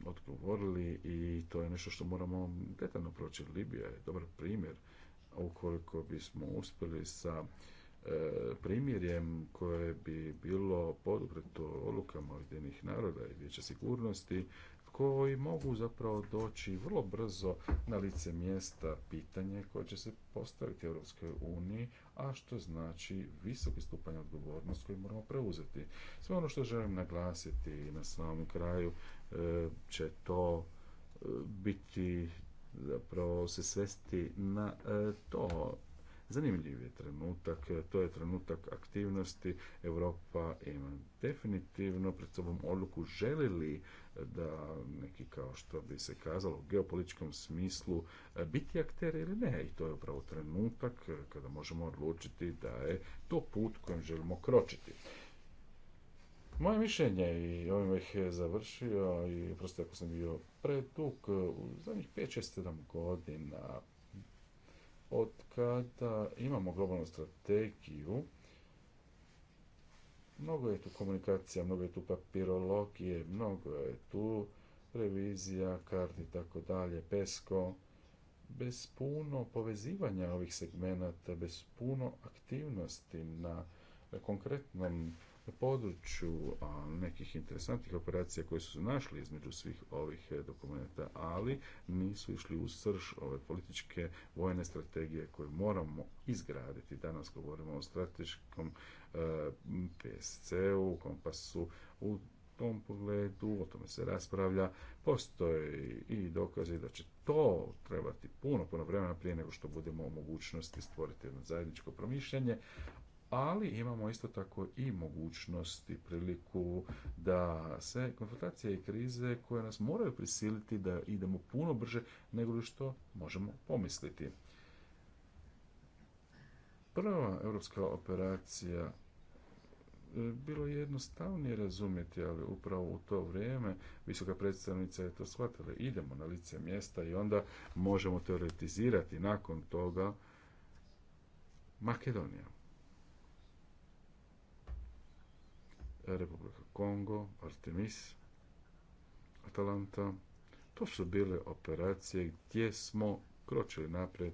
odgovorili i to je nešto što moramo detaljno proći. Libija je dobar primjer ukoliko bismo uspjeli sa e, primjerjem koje bi bilo podupreto odlukama Ujedinjenih naroda i Vijeća sigurnosti koji mogu zapravo doći vrlo brzo na lice mjesta pitanje koje će se postaviti Europskoj uniji, a što znači visoki stupanj odgovornosti koji moramo preuzeti. Sve ono što želim naglasiti na samom kraju e, će to e, biti zapravo se svesti na e, to. Zanimljiv je trenutak, to je trenutak aktivnosti. Europa ima definitivno pred sobom odluku želi li da neki kao što bi se kazalo u geopolitičkom smislu e, biti akter ili ne. I to je upravo trenutak kada možemo odlučiti da je to put kojim želimo kročiti. Moje mišljenje, i ovim bih završio, i prosto ako sam bio predug, u zadnjih 5, 6, 7 godina, od kada imamo globalnu strategiju, mnogo je tu komunikacija, mnogo je tu papirologije, mnogo je tu revizija, karti i tako dalje, pesko, bez puno povezivanja ovih segmenata, bez puno aktivnosti na konkretnom na području nekih interesantnih operacija koje su se našli između svih ovih e, dokumenta, ali nisu išli u srž ove političke vojne strategije koje moramo izgraditi. Danas govorimo o strateškom e, PSC-u, kompasu u tom pogledu, o tome se raspravlja, postoje i dokazi da će to trebati puno, puno vremena prije nego što budemo u mogućnosti stvoriti jedno zajedničko promišljanje ali imamo isto tako i mogućnost i priliku da se konfrontacije i krize koje nas moraju prisiliti da idemo puno brže nego što možemo pomisliti. Prva europska operacija e, bilo je jednostavnije razumjeti, ali upravo u to vrijeme visoka predstavnica je to shvatila. Idemo na lice mjesta i onda možemo teoretizirati nakon toga Makedonija. Republika Kongo, Artemis, Atalanta. To su bile operacije gdje smo kročili naprijed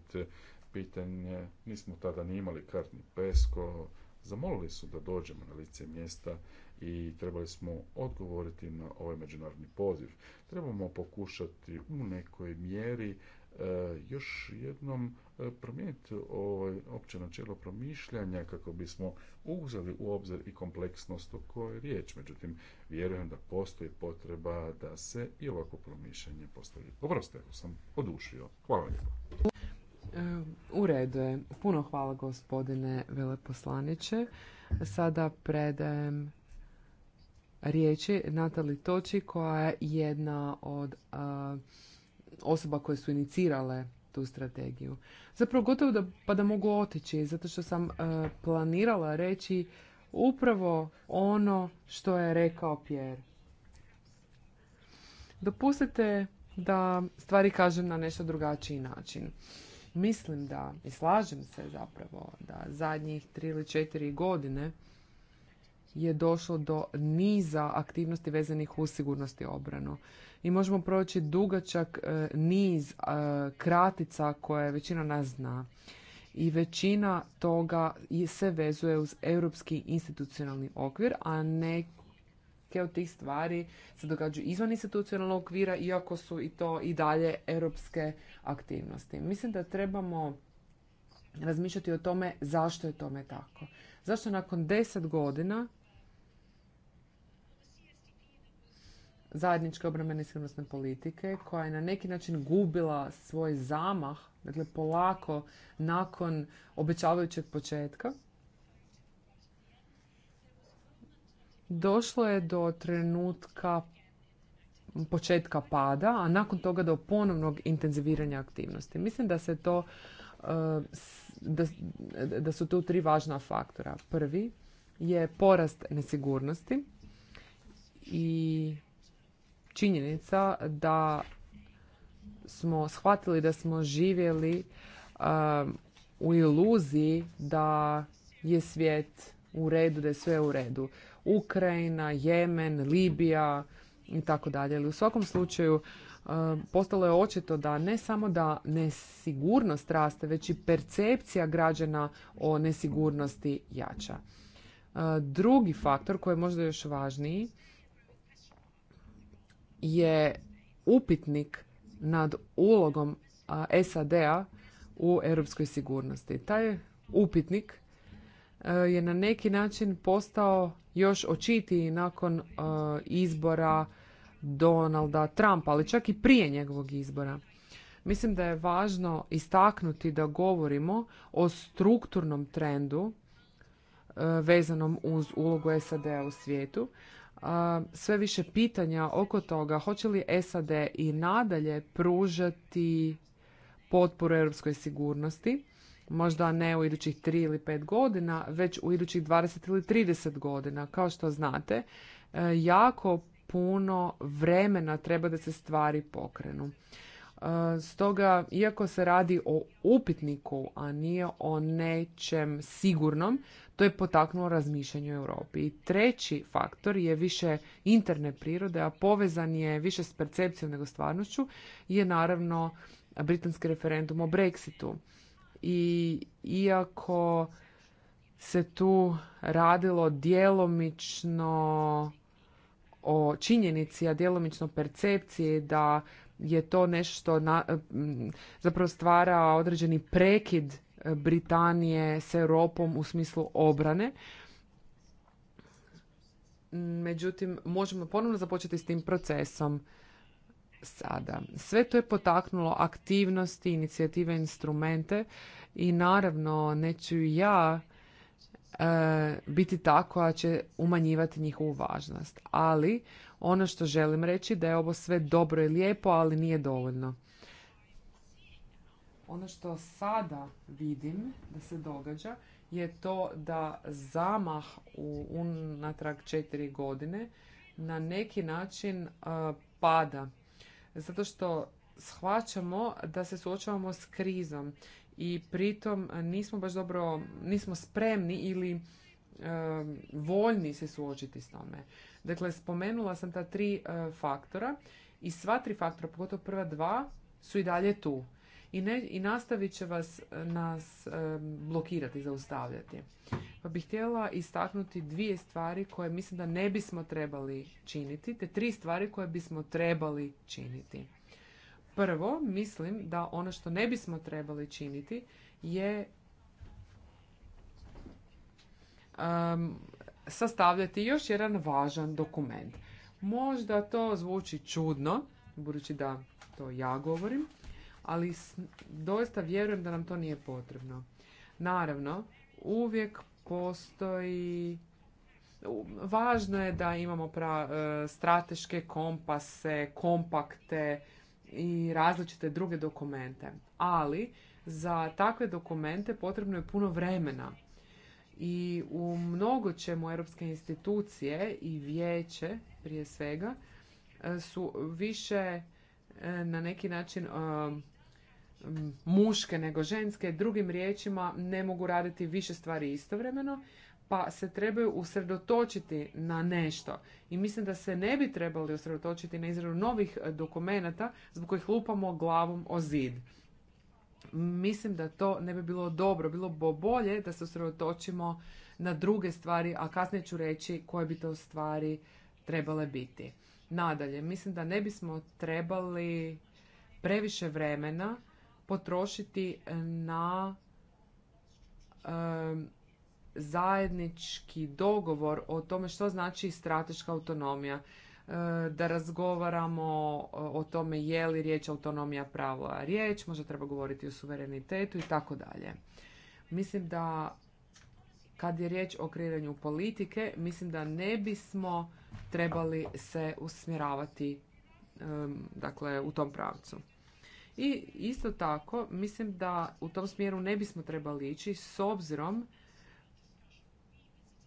pitanje, nismo tada ni imali kartni pesko, zamolili su da dođemo na lice mjesta i trebali smo odgovoriti na ovaj međunarodni poziv. Trebamo pokušati u nekoj mjeri E, još jednom e, promijeniti ovaj opće načelo promišljanja kako bismo uzeli u obzir i kompleksnost o kojoj je riječ. Međutim, vjerujem da postoji potreba da se i ovako promišljanje postavi. Oprosti ako sam odušio. Hvala lijepo. E, u redu je. Puno hvala gospodine veleposlaniće. Sada predajem riječi Natali Toči koja je jedna od osoba koje su inicirale tu strategiju. Zapravo gotovo da, pa da mogu otići, zato što sam e, planirala reći upravo ono što je rekao Pierre. Dopustite da stvari kažem na nešto drugačiji način. Mislim da, i slažem se zapravo, da zadnjih tri ili četiri godine je došlo do niza aktivnosti vezanih uz sigurnost i obranu i možemo proći dugačak e, niz e, kratica koje većina nas zna. I većina toga se vezuje uz europski institucionalni okvir, a neke od tih stvari se događaju izvan institucionalnog okvira, iako su i to i dalje europske aktivnosti. Mislim da trebamo razmišljati o tome zašto je tome tako. Zašto nakon deset godina zajedničke obrambene sigurnosne politike koja je na neki način gubila svoj zamah, dakle polako nakon obećavajućeg početka. Došlo je do trenutka početka pada, a nakon toga do ponovnog intenziviranja aktivnosti. Mislim da se to eh, da, da su tu tri važna faktora. Prvi je porast nesigurnosti i činjenica da smo shvatili da smo živjeli um, u iluziji da je svijet u redu, da je sve u redu. Ukrajina, Jemen, Libija i tako dalje. u svakom slučaju um, postalo je očito da ne samo da nesigurnost raste, već i percepcija građana o nesigurnosti jača. Uh, drugi faktor koji je možda još važniji je upitnik nad ulogom SAD-a u europskoj sigurnosti. Taj upitnik e, je na neki način postao još očitiji nakon e, izbora Donalda Trumpa, ali čak i prije njegovog izbora. Mislim da je važno istaknuti da govorimo o strukturnom trendu e, vezanom uz ulogu SAD-a u svijetu, sve više pitanja oko toga hoće li SAD i nadalje pružati potporu europskoj sigurnosti, možda ne u idućih 3 ili 5 godina, već u idućih 20 ili 30 godina. Kao što znate, e, jako puno vremena treba da se stvari pokrenu. E, stoga, iako se radi o upitniku, a nije o nečem sigurnom, to je potaknulo razmišljanje u Europi. I treći faktor je više interne prirode, a povezan je više s percepcijom nego stvarnošću, je naravno britanski referendum o Brexitu. I iako se tu radilo djelomično o činjenici, a djelomično percepciji da je to nešto na, zapravo stvara određeni prekid Britanije s Europom u smislu obrane. Međutim, možemo ponovno započeti s tim procesom sada. Sve to je potaknulo aktivnosti, inicijative, instrumente i naravno neću ja e, biti ta koja će umanjivati njihovu važnost. Ali ono što želim reći da je ovo sve dobro i lijepo, ali nije dovoljno. Ono što sada vidim da se događa je to da zamah u unatrag četiri godine na neki način e, pada. Zato što shvaćamo da se suočavamo s krizom i pritom nismo baš dobro, nismo spremni ili e, voljni se suočiti s tome. Dakle, spomenula sam ta tri e, faktora i sva tri faktora, pogotovo prva dva, su i dalje tu i, ne, i nastavit će vas e, nas e, blokirati, zaustavljati. Pa bih htjela istaknuti dvije stvari koje mislim da ne bismo trebali činiti, te tri stvari koje bismo trebali činiti. Prvo, mislim da ono što ne bismo trebali činiti je um, sastavljati još jedan važan dokument. Možda to zvuči čudno, budući da to ja govorim, ali doista vjerujem da nam to nije potrebno. Naravno, uvijek postoji važno je da imamo pra, e, strateške kompase, kompakte i različite druge dokumente, ali za takve dokumente potrebno je puno vremena. I u mnogo čemu europske institucije i vijeće prije svega e, su više e, na neki način muške nego ženske, drugim riječima ne mogu raditi više stvari istovremeno, pa se trebaju usredotočiti na nešto. I mislim da se ne bi trebali usredotočiti na izradu novih dokumenata zbog kojih lupamo glavom o zid. Mislim da to ne bi bilo dobro, bilo bi bolje da se usredotočimo na druge stvari, a kasnije ću reći koje bi to stvari trebale biti. Nadalje, mislim da ne bismo trebali previše vremena potrošiti na zajednički dogovor o tome što znači strateška autonomija e, da razgovaramo o tome je li riječ autonomija prava riječ, možda treba govoriti o suverenitetu i tako dalje. Mislim da kad je riječ o kreiranju politike, mislim da ne bismo trebali se usmjeravati dakle, u tom pravcu. I isto tako, mislim da u tom smjeru ne bismo trebali ići s obzirom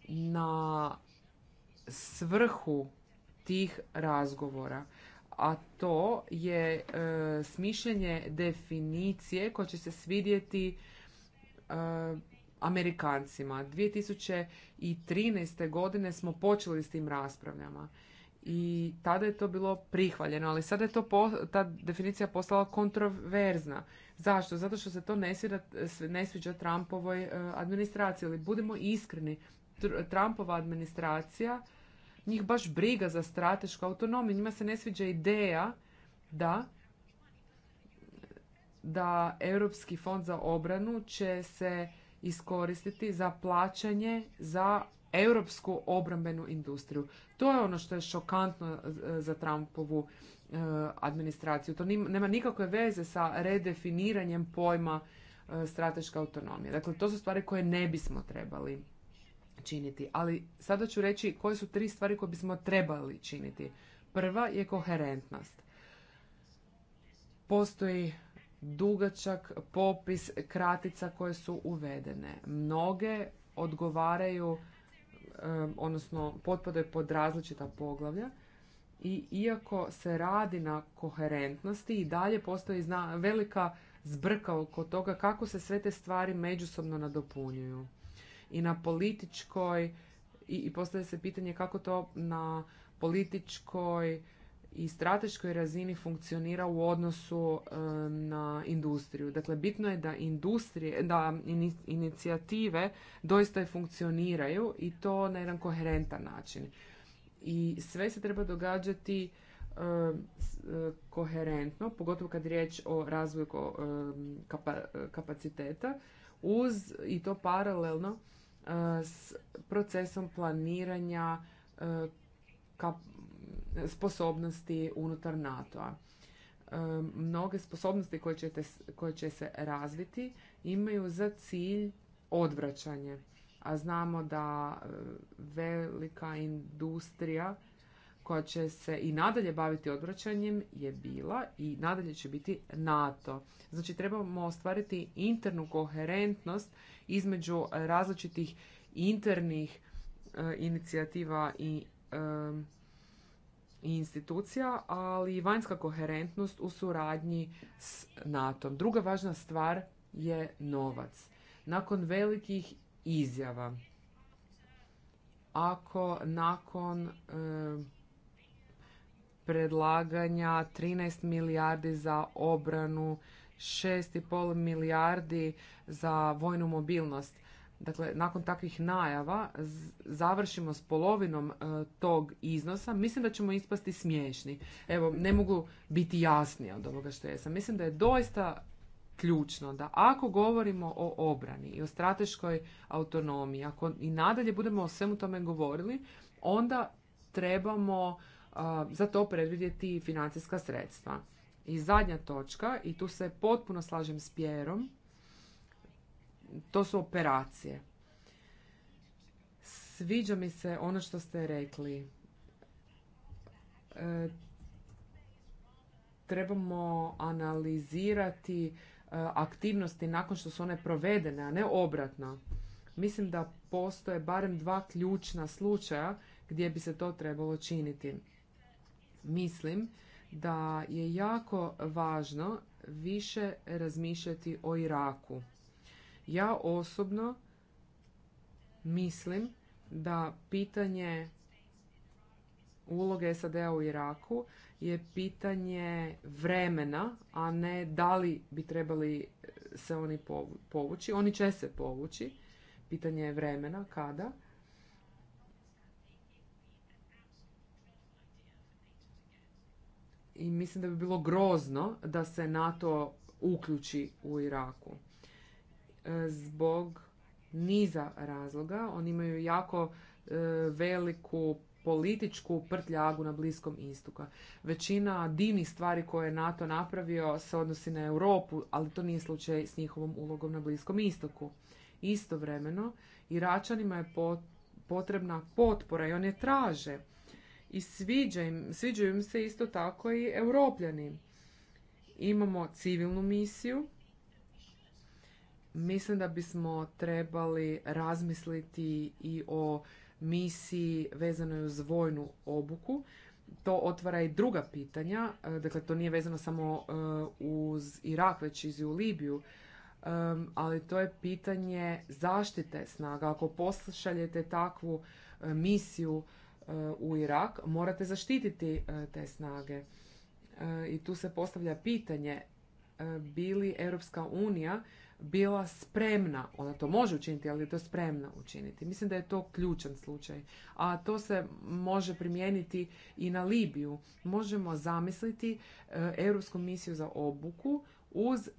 na svrhu tih razgovora a to je e, smišljanje definicije koja će se svidjeti e, Amerikancima. 2013. godine smo počeli s tim raspravljama i tada je to bilo prihvaljeno, ali sada je to ta definicija postala kontroverzna. Zašto? Zato što se to ne, svira, ne sviđa Trumpovoj e, administraciji. Ali budimo iskreni, Trumpova administracija, njih baš briga za stratešku autonomiju. Njima se ne sviđa ideja da da Europski fond za obranu će se iskoristiti za plaćanje za europsku obrambenu industriju. To je ono što je šokantno e, za Trumpovu e, administraciju. To nema nikakve veze sa redefiniranjem pojma e, strateška autonomija. Dakle, to su stvari koje ne bismo trebali činiti. Ali sada ću reći koje su tri stvari koje bismo trebali činiti. Prva je koherentnost. Postoji dugačak popis kratica koje su uvedene. Mnoge odgovaraju odnosno potpadaju pod različita poglavlja i iako se radi na koherentnosti i dalje postoji zna, velika zbrka oko toga kako se sve te stvari međusobno nadopunjuju. I na političkoj, i, i postavlja se pitanje kako to na političkoj i strateškoj razini funkcionira u odnosu e, na industriju. Dakle, bitno je da industrije, da inicijative doista funkcioniraju i to na jedan koherentan način. I sve se treba događati e, e, koherentno, pogotovo kad je riječ o razvoju kapaciteta, uz i to paralelno s procesom planiranja sposobnosti unutar NATO-a. Mnoge sposobnosti koje, koje će se razviti imaju za cilj odvraćanje. A znamo da e, velika industrija koja će se i nadalje baviti odvraćanjem je bila i nadalje će biti NATO. Znači trebamo ostvariti internu koherentnost između različitih internih e, inicijativa i institucija, ali i vanjska koherentnost u suradnji s NATO-om. Druga važna stvar je novac. Nakon velikih izjava, ako nakon eh, predlaganja 13 milijardi za obranu, 6,5 milijardi za vojnu mobilnost, dakle nakon takvih najava završimo s polovinom e, tog iznosa, mislim da ćemo ispasti smiješni. Evo, ne mogu biti jasnije od ovoga što jesam. Mislim da je doista ključno da ako govorimo o obrani i o strateškoj autonomiji, ako i nadalje budemo o svemu tome govorili, onda trebamo za to predvidjeti financijska sredstva. I zadnja točka, i tu se potpuno slažem s Pjerom, to su operacije. Sviđa mi se ono što ste rekli. E, trebamo analizirati e, aktivnosti nakon što su one provedene, a ne obratno. Mislim da postoje barem dva ključna slučaja gdje bi se to trebalo činiti. Mislim da je jako važno više razmišljati o Iraku ja osobno mislim da pitanje uloge SAD-a u Iraku je pitanje vremena, a ne da li bi trebali se oni povući. Oni će se povući. Pitanje je vremena, kada. I mislim da bi bilo grozno da se NATO uključi u Iraku zbog niza razloga. Oni imaju jako e, veliku političku prtljagu na Bliskom istoku. Većina divnih stvari koje je NATO napravio se odnosi na Europu, ali to nije slučaj s njihovom ulogom na Bliskom istoku. Istovremeno, Iračanima je potrebna potpora i on je traže. I sviđa im, sviđaju im se isto tako i europljani. Imamo civilnu misiju mislim da bismo trebali razmisliti i o misiji vezanoj uz vojnu obuku. To otvara i druga pitanja, e, dakle to nije vezano samo e, uz Irak, već i u Libiju, ali to je pitanje zaštite snaga. Ako poslušaljete takvu e, misiju u Irak, morate zaštititi te snage. I tu se postavlja pitanje, bili Europska unija bila spremna, ona to može učiniti, ali je to spremna učiniti. Mislim da je to ključan slučaj. A to se može primijeniti i na Libiju. Možemo zamisliti e, Europsku misiju za obuku uz e,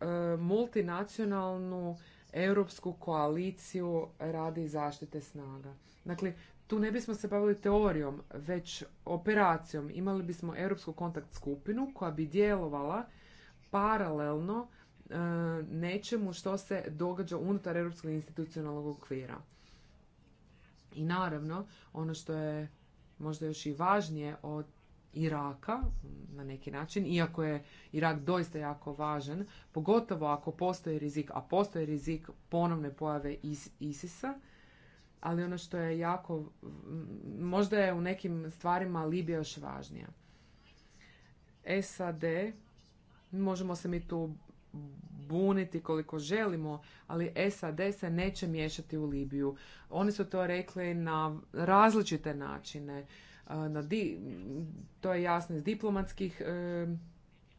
e, multinacionalnu europsku koaliciju radi zaštite snaga. Dakle, tu ne bismo se bavili teorijom, već operacijom. Imali bismo europsku kontakt skupinu koja bi djelovala paralelno E, nečemu što se događa unutar europskog institucionalnog okvira. I naravno, ono što je možda još i važnije od Iraka na neki način, iako je Irak doista jako važan, pogotovo ako postoji rizik, a postoji rizik ponovne pojave ISIS-a, ali ono što je jako, možda je u nekim stvarima Libija još važnija. E, SAD, e, možemo se mi tu buniti koliko želimo, ali SAD se neće miješati u Libiju. Oni su to rekli na različite načine. E, na to je jasno iz diplomatskih e,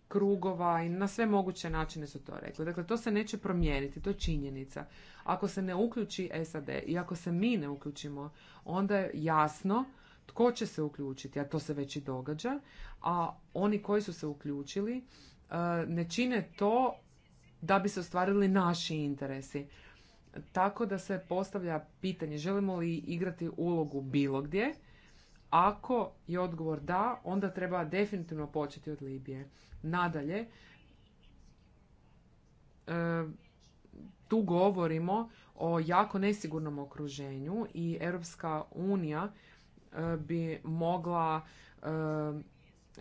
krugova i na sve moguće načine su to rekli. Dakle, to se neće promijeniti, to je činjenica. Ako se ne uključi SAD i ako se mi ne uključimo, onda je jasno tko će se uključiti, a to se već i događa, a oni koji su se uključili e, ne čine to da bi se ostvarili naši interesi. Tako da se postavlja pitanje želimo li igrati ulogu bilo gdje. Ako je odgovor da, onda treba definitivno početi od Libije. Nadalje, eh, tu govorimo o jako nesigurnom okruženju i Europska unija eh, bi mogla eh,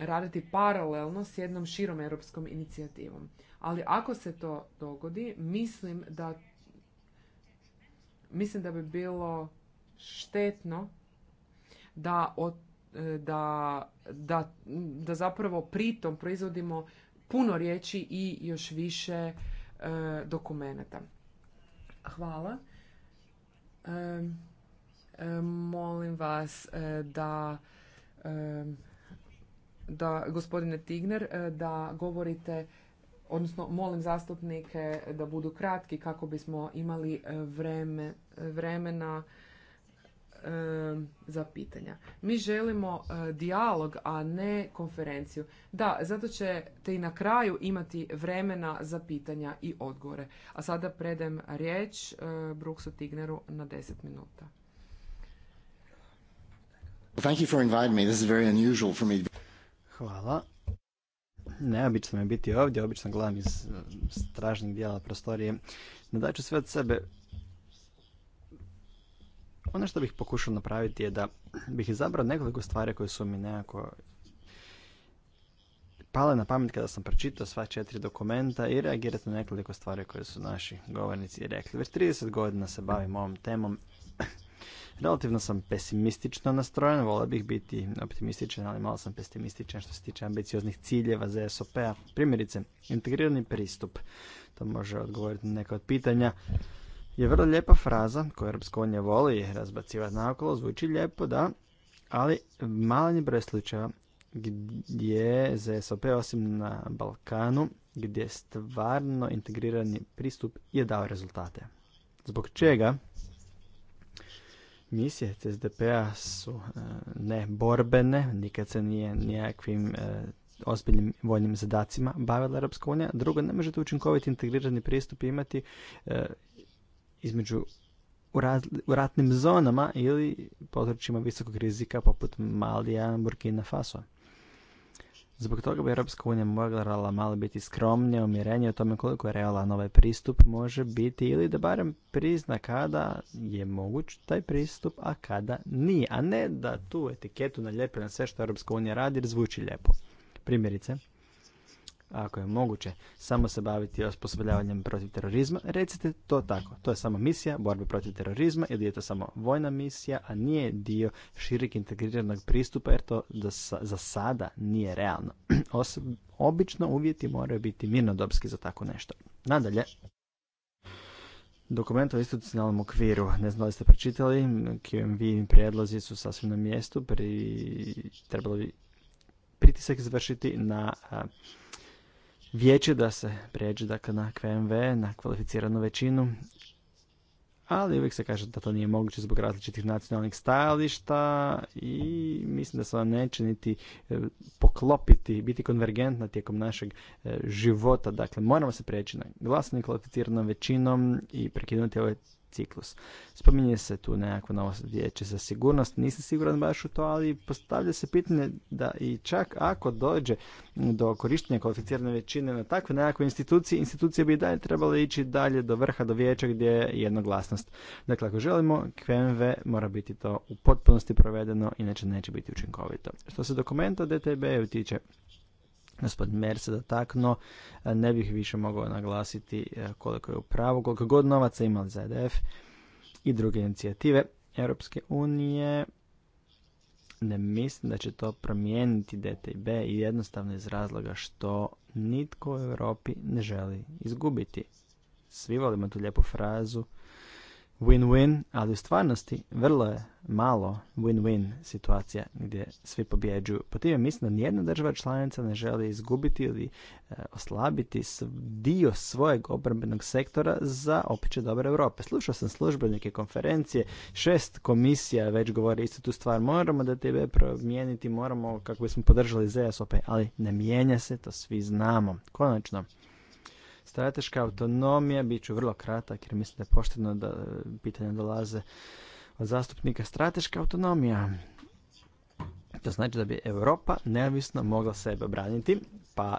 raditi paralelno s jednom širom europskom inicijativom ali ako se to dogodi, mislim da mislim da bi bilo štetno da, od, e, da, da, da zapravo pritom proizvodimo puno riječi i još više e, dokumenata. Hvala. E, molim vas e, da da gospodine Tigner da govorite odnosno molim zastupnike da budu kratki kako bismo imali e, vremena e, za pitanja. Mi želimo e, dijalog, a ne konferenciju. Da, zato ćete i na kraju imati vremena za pitanja i odgovore. A sada predem riječ Bruksu Tigneru na 10 minuta. Hvala Neobično mi biti ovdje, obično gledam iz e, stražnjeg dijela prostorije. No ću sve od sebe. Ono što bih pokušao napraviti je da bih izabrao nekoliko stvari koje su mi nekako pale na pamet kada sam pročitao sva četiri dokumenta i reagirati na nekoliko stvari koje su naši govornici rekli. Već 30 godina se bavim ovom temom Relativno sam pesimistično nastrojen, vole bih biti optimističan, ali malo sam pesimističan što se tiče ambicioznih ciljeva za SOP-a. Primjerice, integrirani pristup, to može odgovoriti na neka od pitanja, je vrlo lijepa fraza koju Europska unija voli razbacivati naokolo, zvuči lijepo, da, ali malo je broj slučajeva gdje za SOP osim na Balkanu gdje stvarno integrirani pristup je dao rezultate. Zbog čega misije SDP a su e, neborbene, ne borbene, nikad se nije nijakvim e, ozbiljnim vojnim zadacima bavila EU, unija. Drugo, ne možete učinkoviti integrirani pristup imati e, između u, u ratnim zonama ili područjima visokog rizika poput Malija, Burkina Faso. Zbog toga bi Europska unija morala malo biti skromnija, umjerenija o tome koliko je realan ovaj pristup može biti ili da barem prizna kada je moguć taj pristup, a kada nije. A ne da tu etiketu nalijepi na sve što Europska unija radi jer zvuči lijepo. Primjerice, ako je moguće, samo se baviti osposobljavanjem protiv terorizma, recite to tako. To je samo misija borbe protiv terorizma ili je to samo vojna misija, a nije dio širik integriranog pristupa jer to za, za sada nije realno. obično uvjeti moraju biti mirnodopski za tako nešto. Nadalje, Dokument o institucionalnom okviru, ne znam da li ste pročitali, QMV prijedlozi su sasvim na mjestu, pri... trebalo bi pritisak izvršiti na vijeće da se prijeđe dakle, na KMV, na kvalificiranu većinu, ali uvijek se kaže da to nije moguće zbog različitih nacionalnih stajališta i mislim da se ona neće niti e, poklopiti, biti konvergentna tijekom našeg e, života. Dakle, moramo se prijeći na glasanje kvalificiranom većinom i prekinuti ove ovaj ciklus. Spominje se tu nekako novo vijeće za sigurnost, nisam siguran baš u to, ali postavlja se pitanje da i čak ako dođe do korištenja kvalificirane većine na takve nekakve institucije, institucije bi i dalje trebale ići dalje do vrha, do vijeća gdje je jednoglasnost. Dakle, ako želimo, QMV mora biti to u potpunosti provedeno, inače neće biti učinkovito. Što se dokumenta dtb utiče? tiče, gospodin Mer se dotaknuo, e, ne bih više mogao naglasiti e, koliko je u pravu, koliko god novaca imali za EDF i druge inicijative Europske unije. Ne mislim da će to promijeniti DTB i jednostavno iz razloga što nitko u Europi ne želi izgubiti. Svi volimo tu lijepu frazu win-win, ali u stvarnosti vrlo je malo win-win situacija gdje svi pobjeđuju. Po time mislim da nijedna država članica ne želi izgubiti ili e, oslabiti dio svojeg obrambenog sektora za opće dobre Europe. Slušao sam službenike konferencije, šest komisija već govori istu tu stvar. Moramo da tebe promijeniti, moramo kako bismo podržali ZSOP, ali ne mijenja se, to svi znamo. Konačno, strateška autonomija, bit ću vrlo kratak jer mislim da je pošteno da e, pitanja dolaze od zastupnika. Strateška autonomija, to znači da bi Europa neovisno mogla sebe obraniti, pa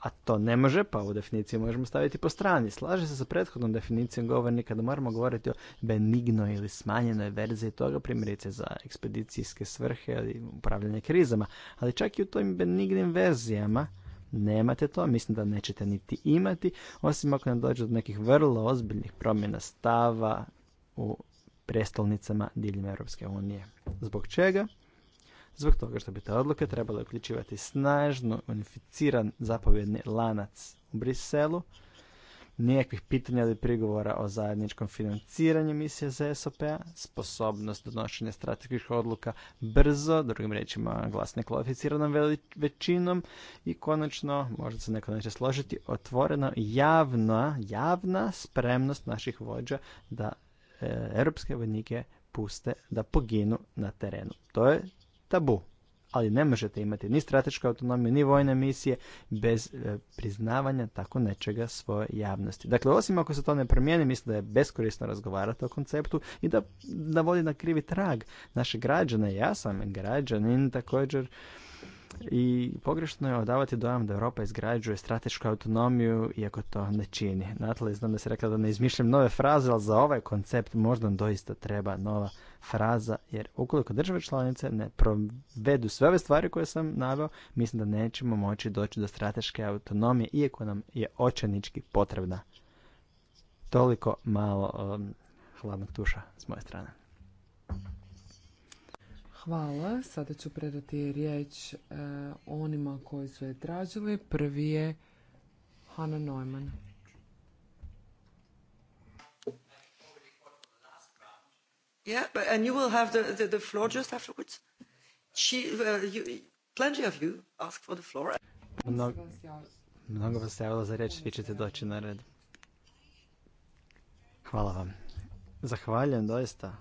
a to ne može, pa u definiciju možemo staviti po strani. Slaže se sa prethodnom definicijom govornika da moramo govoriti o benignoj ili smanjenoj verziji toga, primjerice za ekspedicijske svrhe ili upravljanje krizama. Ali čak i u tim benignim verzijama nemate to, mislim da nećete niti imati, osim ako ne dođe do nekih vrlo ozbiljnih promjena stava u prestolnicama diljem Europske unije. Zbog čega? Zbog toga što bi te odluke trebalo uključivati snažno unificiran zapovjedni lanac u Briselu, nikakvih pitanja ili prigovora o zajedničkom financiranju misije ZSOP-a, sposobnost donošenja strateških odluka brzo, drugim riječima glasne kvalificiranom većinom i konačno, možda se neko neće složiti, otvorena javna, javna spremnost naših vođa da e, europske vojnike puste da poginu na terenu. To je tabu ali ne možete imati ni stratešku autonomiju, ni vojne misije bez e, priznavanja tako nečega svoje javnosti. Dakle, osim ako se to ne promijeni, mislim da je beskorisno razgovarati o konceptu i da, da vodi na krivi trag naše građane. Ja sam građanin također i pogrešno je odavati dojam da Europa izgrađuje stratešku autonomiju, iako to ne čini. Natalie, znam da se rekla da ne izmišljam nove fraze, ali za ovaj koncept možda doista treba nova fraza, jer ukoliko države članice ne provedu sve ove stvari koje sam naveo, mislim da nećemo moći doći do strateške autonomije, iako nam je očanički potrebna. Toliko malo um, hladnog tuša s moje strane. Hvala. Sada ću predati riječ e, onima koji su je tražili. Prvi je Hanna Neumann. Yeah, but, and you will have the, the, the floor just afterwards. She, uh, you, plenty of you ask for the floor. Mnogo, mnogo vas javilo za reč, vi ćete doći na red. Hvala vam. Zahvaljujem doista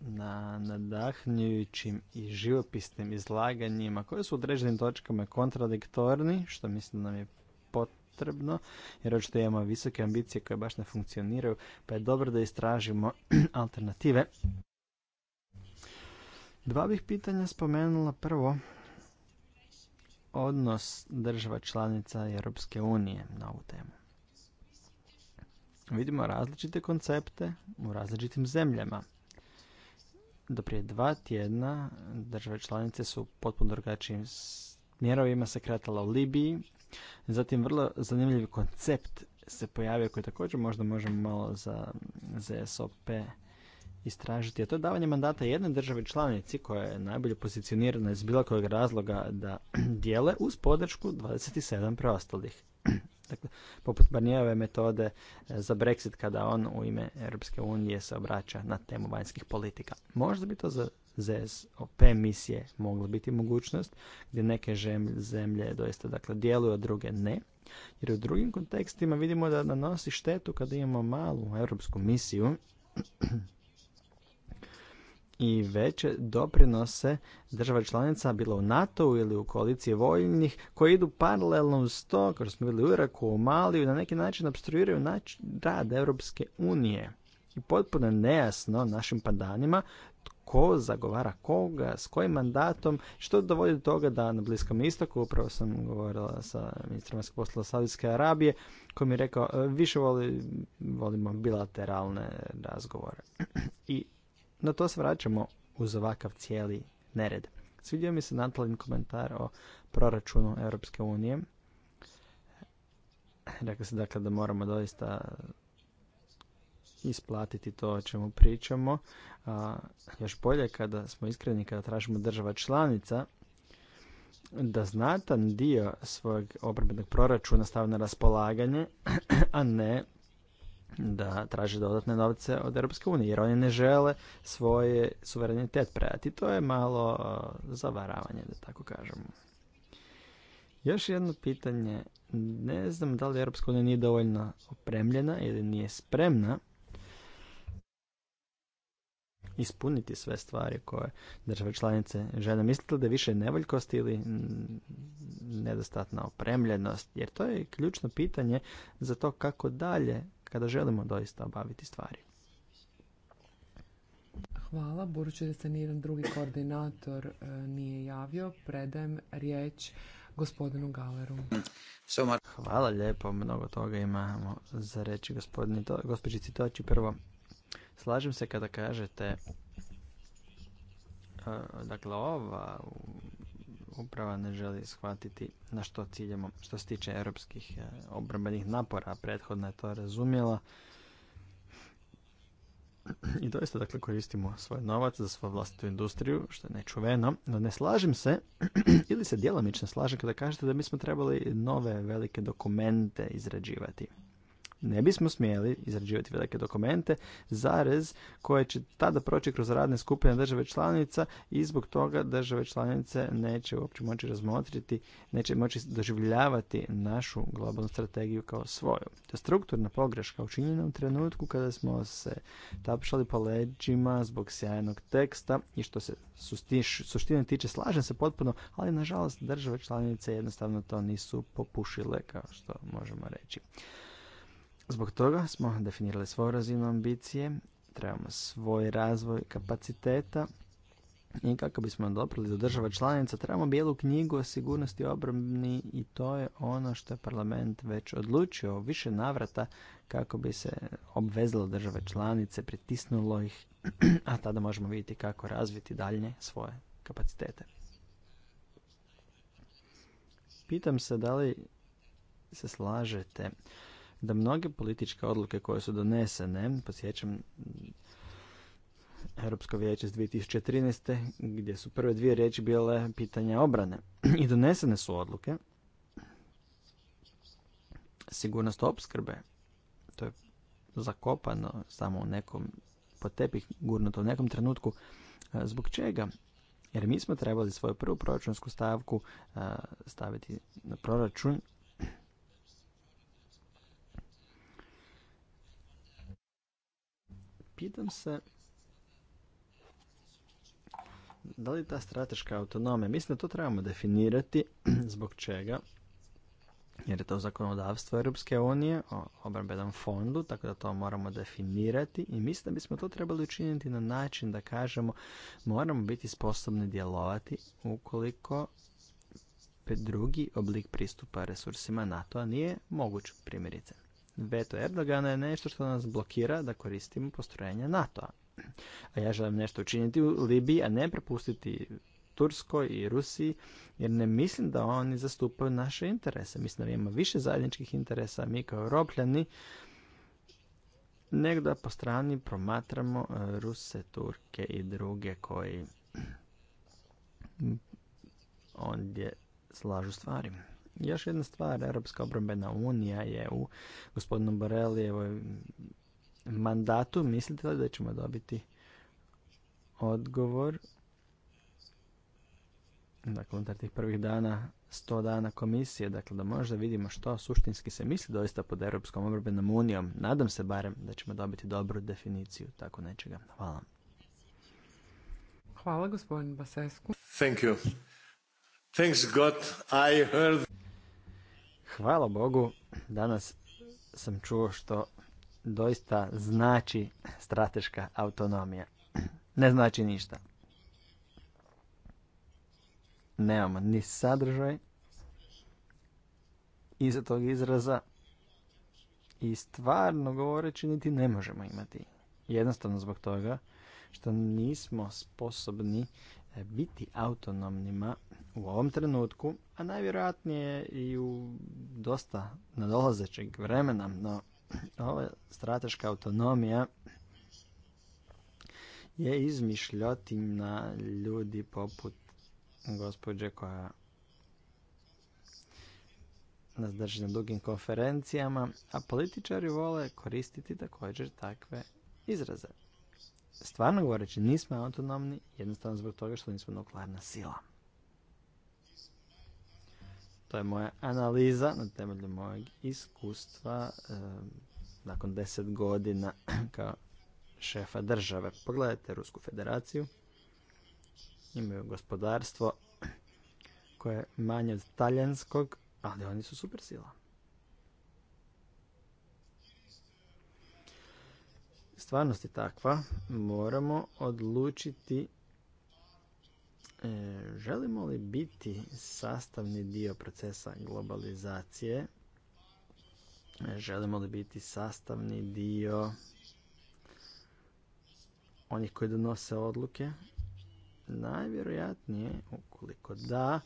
na nadahnjujućim i živopisnim izlaganjima koje su u određenim točkama kontradiktorni, što mislim da nam je potrebno, jer očito imamo visoke ambicije koje baš ne funkcioniraju, pa je dobro da istražimo alternative. Dva bih pitanja spomenula. Prvo, odnos država članica Europske unije na ovu temu. Vidimo različite koncepte u različitim zemljama do prije dva tjedna države članice su potpuno drugačijim smjerovima se kretala u Libiji. Zatim vrlo zanimljiv koncept se pojavio koji također možda možemo malo za ZSOP istražiti. A to je davanje mandata jedne države članici koja je najbolje pozicionirana iz bilo kojeg razloga da dijele uz podršku 27 preostalih. Dakle, poput Barnijeve metode e, za Brexit kada on u ime Europske unije se obraća na temu vanjskih politika. Možda bi to za ZSOP misije mogla biti mogućnost gdje neke zemlje doista dakle, djeluju, a druge ne. Jer u drugim kontekstima vidimo da nanosi štetu kada imamo malu europsku misiju i veće doprinose država članica bilo u NATO-u ili u koaliciji vojnih, koji idu paralelno uz to, kao smo bili u Iraku, u Maliju, na neki način obstruiraju rad Europske unije. I potpuno nejasno našim padanima tko zagovara koga, s kojim mandatom, što dovodi do toga da na Bliskom istoku, upravo sam govorila sa ministrom vanjskih poslova Saudijske Arabije, koji mi je rekao e, više volimo bilateralne razgovore. I no to se vraćamo uz ovakav cijeli nered. Svidio mi se Natalin komentar o proračunu Europske unije. Rekao se dakle da moramo doista isplatiti to o čemu pričamo. A, još bolje kada smo iskreni kada tražimo država članica da znatan dio svog obrbenog proračuna stavi na raspolaganje, a ne da traže dodatne novce od Europske unije, jer oni ne žele svoj suverenitet predati. To je malo uh, zavaravanje, da tako kažemo. Još jedno pitanje. Ne znam da li Europska unija nije dovoljno opremljena ili nije spremna ispuniti sve stvari koje države članice žele. Mislite da je više nevoljkost ili nedostatna opremljenost? Jer to je ključno pitanje za to kako dalje kada želimo doista obaviti stvari. Hvala. Budući da se nijedan drugi koordinator e, nije javio, predajem riječ gospodinu Galeru. Hvala lijepo, mnogo toga imamo za reći gospodine to, Prvo, slažem se kada kažete e, dakle ova uprava ne želi shvatiti na što ciljemo. Što se tiče europskih e, obrambenih napora, Prethodna je to razumjela. I doista dakle koristimo svoj novac za svoju vlastitu industriju, što je nečuveno, no ne slažem se ili se djelomično slažem kada kažete da bismo trebali nove velike dokumente izrađivati ne bismo smjeli izrađivati velike dokumente, zarez koje će tada proći kroz radne skupine države članica i zbog toga države članice neće uopće moći razmotriti, neće moći doživljavati našu globalnu strategiju kao svoju. To je strukturna pogreška učinjena u trenutku kada smo se tapšali po leđima zbog sjajnog teksta i što se suštine tiče slažem se potpuno, ali nažalost države članice jednostavno to nisu popušile kao što možemo reći. Zbog toga smo definirali svoju razinu ambicije, trebamo svoj razvoj kapaciteta i kako bismo doprili do država članica trebamo bijelu knjigu o sigurnosti obrambeni i to je ono što je parlament već odlučio više navrata kako bi se obvezalo države članice, pritisnulo ih, a tada možemo vidjeti kako razviti dalje svoje kapacitete. Pitam se da li se slažete da mnoge političke odluke koje su donesene, posjećam pa Europsko vijeće iz 2013. gdje su prve dvije riječi bile pitanja obrane i donesene su odluke sigurnost opskrbe to je zakopano samo u nekom po tepih gurnuto u nekom trenutku e, zbog čega jer mi smo trebali svoju prvu proračunsku stavku e, staviti na proračun Pitam se da li ta strateška autonomija, mislim da to trebamo definirati zbog čega, jer je to zakonodavstvo Europske unije o obrambenom fondu, tako da to moramo definirati i mislim da bismo to trebali učiniti na način da kažemo moramo biti sposobni djelovati ukoliko drugi oblik pristupa resursima NATO-a nije moguć primjerice. Beto Erdogana je nešto što nas blokira da koristimo postrojenje NATO-a. A ja želim nešto učiniti u Libiji, a ne prepustiti Turskoj i Rusiji, jer ne mislim da oni zastupaju naše interese. Mislim da imamo više zajedničkih interesa, mi kao europljani, nego da po strani promatramo e, Ruse, Turke i druge koji ondje slažu stvari. Još jedna stvar, Europska obrambena unija je u gospodinu Borelijevoj mandatu. Mislite li da ćemo dobiti odgovor? Dakle, unutar tih prvih dana, sto dana komisije, dakle da možda vidimo što suštinski se misli doista pod Europskom obrobenom unijom. Nadam se barem da ćemo dobiti dobru definiciju tako nečega. Hvala. Hvala gospodin Basescu. Thank you. Thanks God I heard... Hvala Bogu, danas sam čuo što doista znači strateška autonomija. Ne znači ništa. Nemamo ni sadržaj iza tog izraza i stvarno govoreći niti ne možemo imati. Jednostavno zbog toga što nismo sposobni e, biti autonomnima u ovom trenutku, a najvjerojatnije i u dosta nadolazećeg vremena, no ova strateška autonomija je izmišljotina ljudi poput gospođe koja nas drži na dugim konferencijama, a političari vole koristiti također takve izraze. Stvarno govoreći, nismo autonomni jednostavno zbog toga što nismo nuklearna sila. To je moja analiza na temelju mojeg iskustva eh, nakon deset godina kao šefa države. Pogledajte Rusku federaciju. Imaju gospodarstvo koje je manje od talijanskog, ali oni su supersila. Stvarnost je takva. Moramo odlučiti E, želimo li biti sastavni dio procesa globalizacije? E, želimo li biti sastavni dio onih koji donose odluke? Najvjerojatnije, ukoliko da,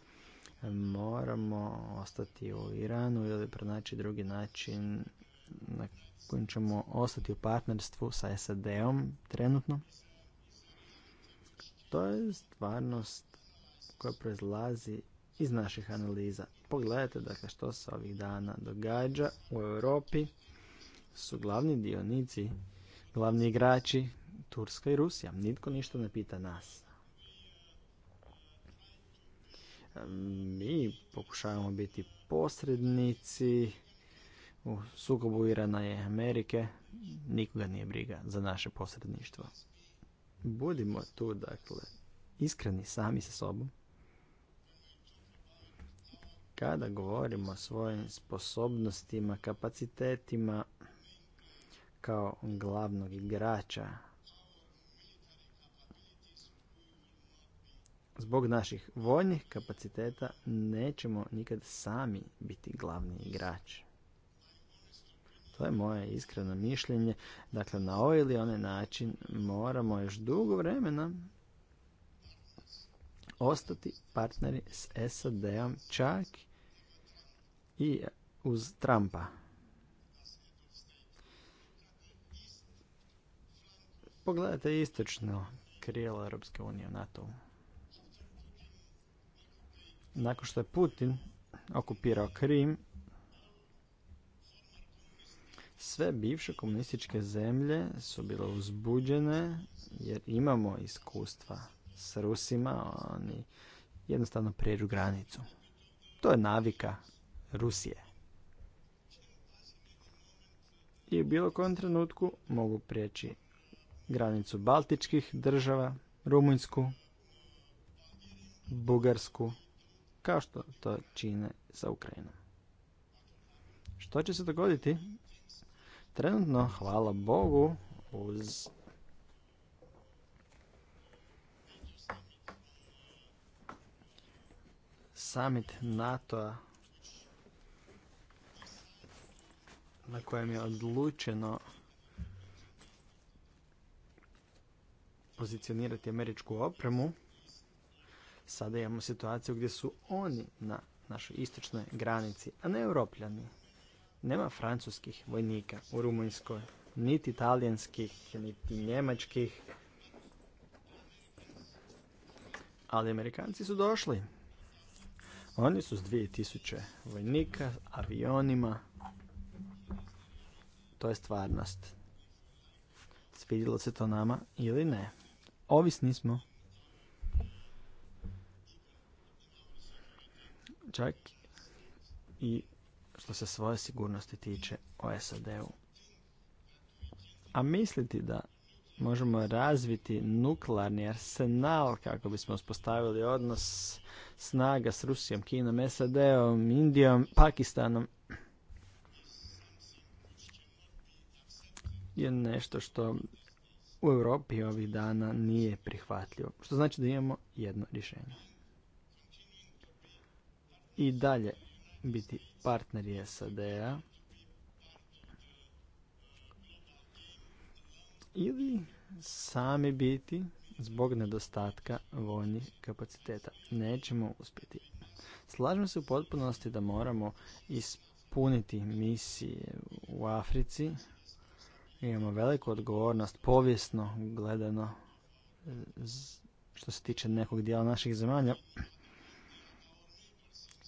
moramo ostati u Iranu ili pronaći drugi način na kojim ćemo ostati u partnerstvu sa SAD-om trenutno. To je stvarnost koja proizlazi iz naših analiza. Pogledajte dakle što se ovih dana događa u Europi su glavni dionici, glavni igrači Turska i Rusija. Nitko ništa ne pita nas. Mi pokušavamo biti posrednici u sukobu Irana i Amerike. Nikoga nije briga za naše posredništvo. Budimo tu, dakle, iskreni sami sa sobom. Kada govorimo o svojim sposobnostima, kapacitetima kao glavnog igrača, zbog naših vojnih kapaciteta nećemo nikad sami biti glavni igrač. To je moje iskreno mišljenje. Dakle, na ovaj ili onaj način moramo još dugo vremena ostati partneri s SAD-om čak i uz Trumpa. Pogledajte istočno krijelo Europske unije NATO. Nakon što je Putin okupirao Krim, sve bivše komunističke zemlje su bile uzbuđene jer imamo iskustva s Rusima, oni jednostavno prijeđu granicu. To je navika Rusije. I u bilo kojem trenutku mogu prijeći granicu Baltičkih država, Rumunjsku, Bugarsku, kao što to čine sa Ukrajinom. Što će se dogoditi Trenutno, hvala Bogu, uz summit NATO-a na kojem je odlučeno pozicionirati američku opremu, sada imamo situaciju gdje su oni na našoj istočnoj granici, a ne europljani. Nema francuskih vojnika u Rumunjskoj, niti talijanskih, niti njemačkih. Ali Amerikanci su došli. Oni su s 2000 vojnika, avionima. To je stvarnost. Svidjelo se to nama ili ne. Ovisni smo. Čak i što se svoje sigurnosti tiče o SAD-u. A misliti da možemo razviti nuklearni arsenal kako bismo uspostavili odnos snaga s Rusijom, Kinom, SAD-om, Indijom, Pakistanom je nešto što u Europi ovih dana nije prihvatljivo. Što znači da imamo jedno rješenje. I dalje biti partneri SAD-a ili sami biti zbog nedostatka vojnih kapaciteta. Nećemo uspjeti. Slažem se u potpunosti da moramo ispuniti misije u Africi. Imamo veliku odgovornost povijesno gledano e, što se tiče nekog dijela naših zemalja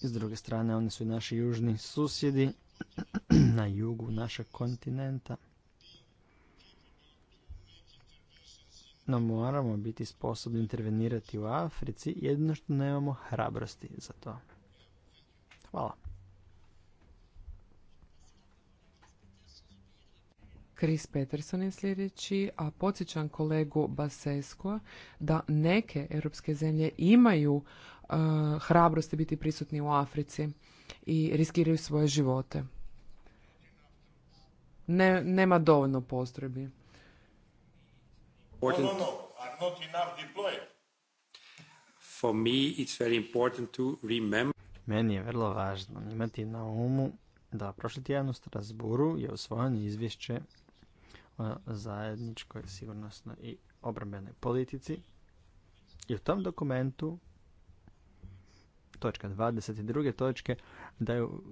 s druge strane, oni su i naši južni susjedi na jugu našeg kontinenta. No moramo biti sposobni intervenirati u Africi, jedino što nemamo hrabrosti za to. Hvala. Chris Peterson je sljedeći, a podsjećam kolegu Basesko da neke europske zemlje imaju e, hrabrosti biti prisutni u Africi i riskiraju svoje živote. Ne, nema dovoljno postrojbi. For me it's very important to remember. Meni je vrlo važno imati na umu da prošli tjedan u Strasburu je usvojeno izvješće zajedničkoj sigurnosnoj i obrambenoj politici. I u tom dokumentu, točka 22. točke, daju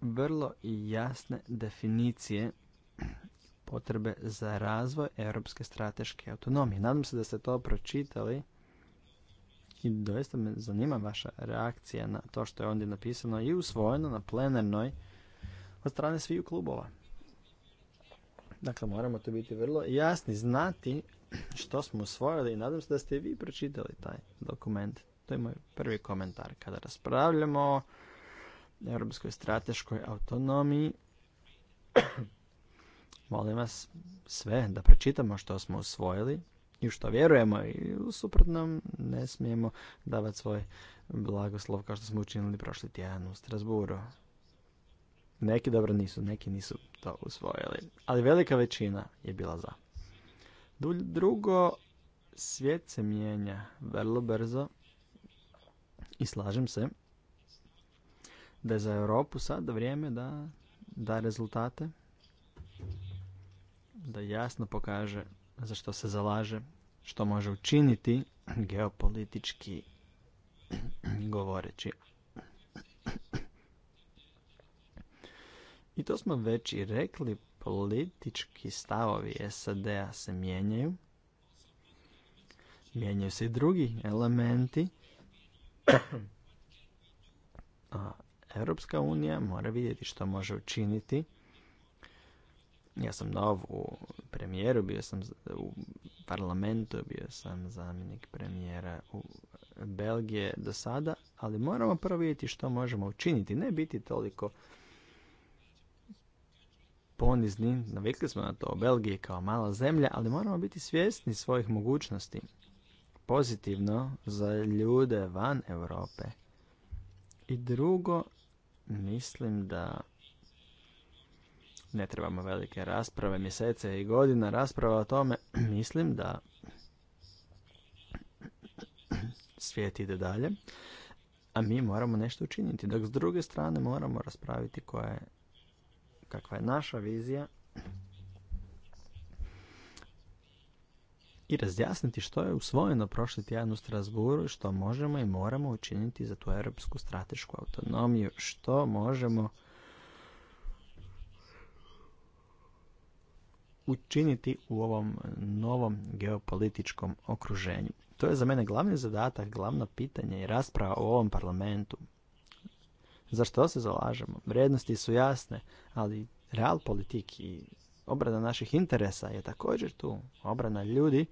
vrlo jasne definicije potrebe za razvoj europske strateške autonomije. Nadam se da ste to pročitali i doista me zanima vaša reakcija na to što je ondje napisano i usvojeno na plenarnoj od strane sviju klubova. Dakle, moramo to biti vrlo jasni, znati što smo usvojili i nadam se da ste vi pročitali taj dokument. To je moj prvi komentar. Kada raspravljamo o europskoj strateškoj autonomiji, molim vas sve da pročitamo što smo usvojili i u što vjerujemo i u suprotnom ne smijemo davati svoj blagoslov kao što smo učinili prošli tjedan u Strasburu. Neki dobro nisu, neki nisu to usvojili. Ali velika većina je bila za. Drugo, svijet se mijenja vrlo brzo i slažem se da je za Europu sad vrijeme da da rezultate, da jasno pokaže za što se zalaže, što može učiniti geopolitički govoreći. I to smo već i rekli, politički stavovi SAD-a se mijenjaju. Mijenjaju se i drugi elementi. A Europska unija mora vidjeti što može učiniti. Ja sam nov u premijeru, bio sam u parlamentu, bio sam zamjenik premijera u Belgije do sada, ali moramo prvo vidjeti što možemo učiniti, ne biti toliko ponizni, navikli smo na to u Belgiji kao mala zemlja, ali moramo biti svjesni svojih mogućnosti. Pozitivno za ljude van Europe. I drugo, mislim da ne trebamo velike rasprave, mjesece i godina rasprava o tome. Mislim da svijet ide dalje, a mi moramo nešto učiniti. Dok s druge strane moramo raspraviti koja je kakva je naša vizija i razjasniti što je usvojeno prošli tjedan u Strasburu i što možemo i moramo učiniti za tu europsku stratešku autonomiju, što možemo učiniti u ovom novom geopolitičkom okruženju. To je za mene glavni zadatak, glavno pitanje i rasprava u ovom parlamentu. Za što se zalažemo? Vrijednosti su jasne, ali real politik i obrana naših interesa je također tu. Obrana ljudi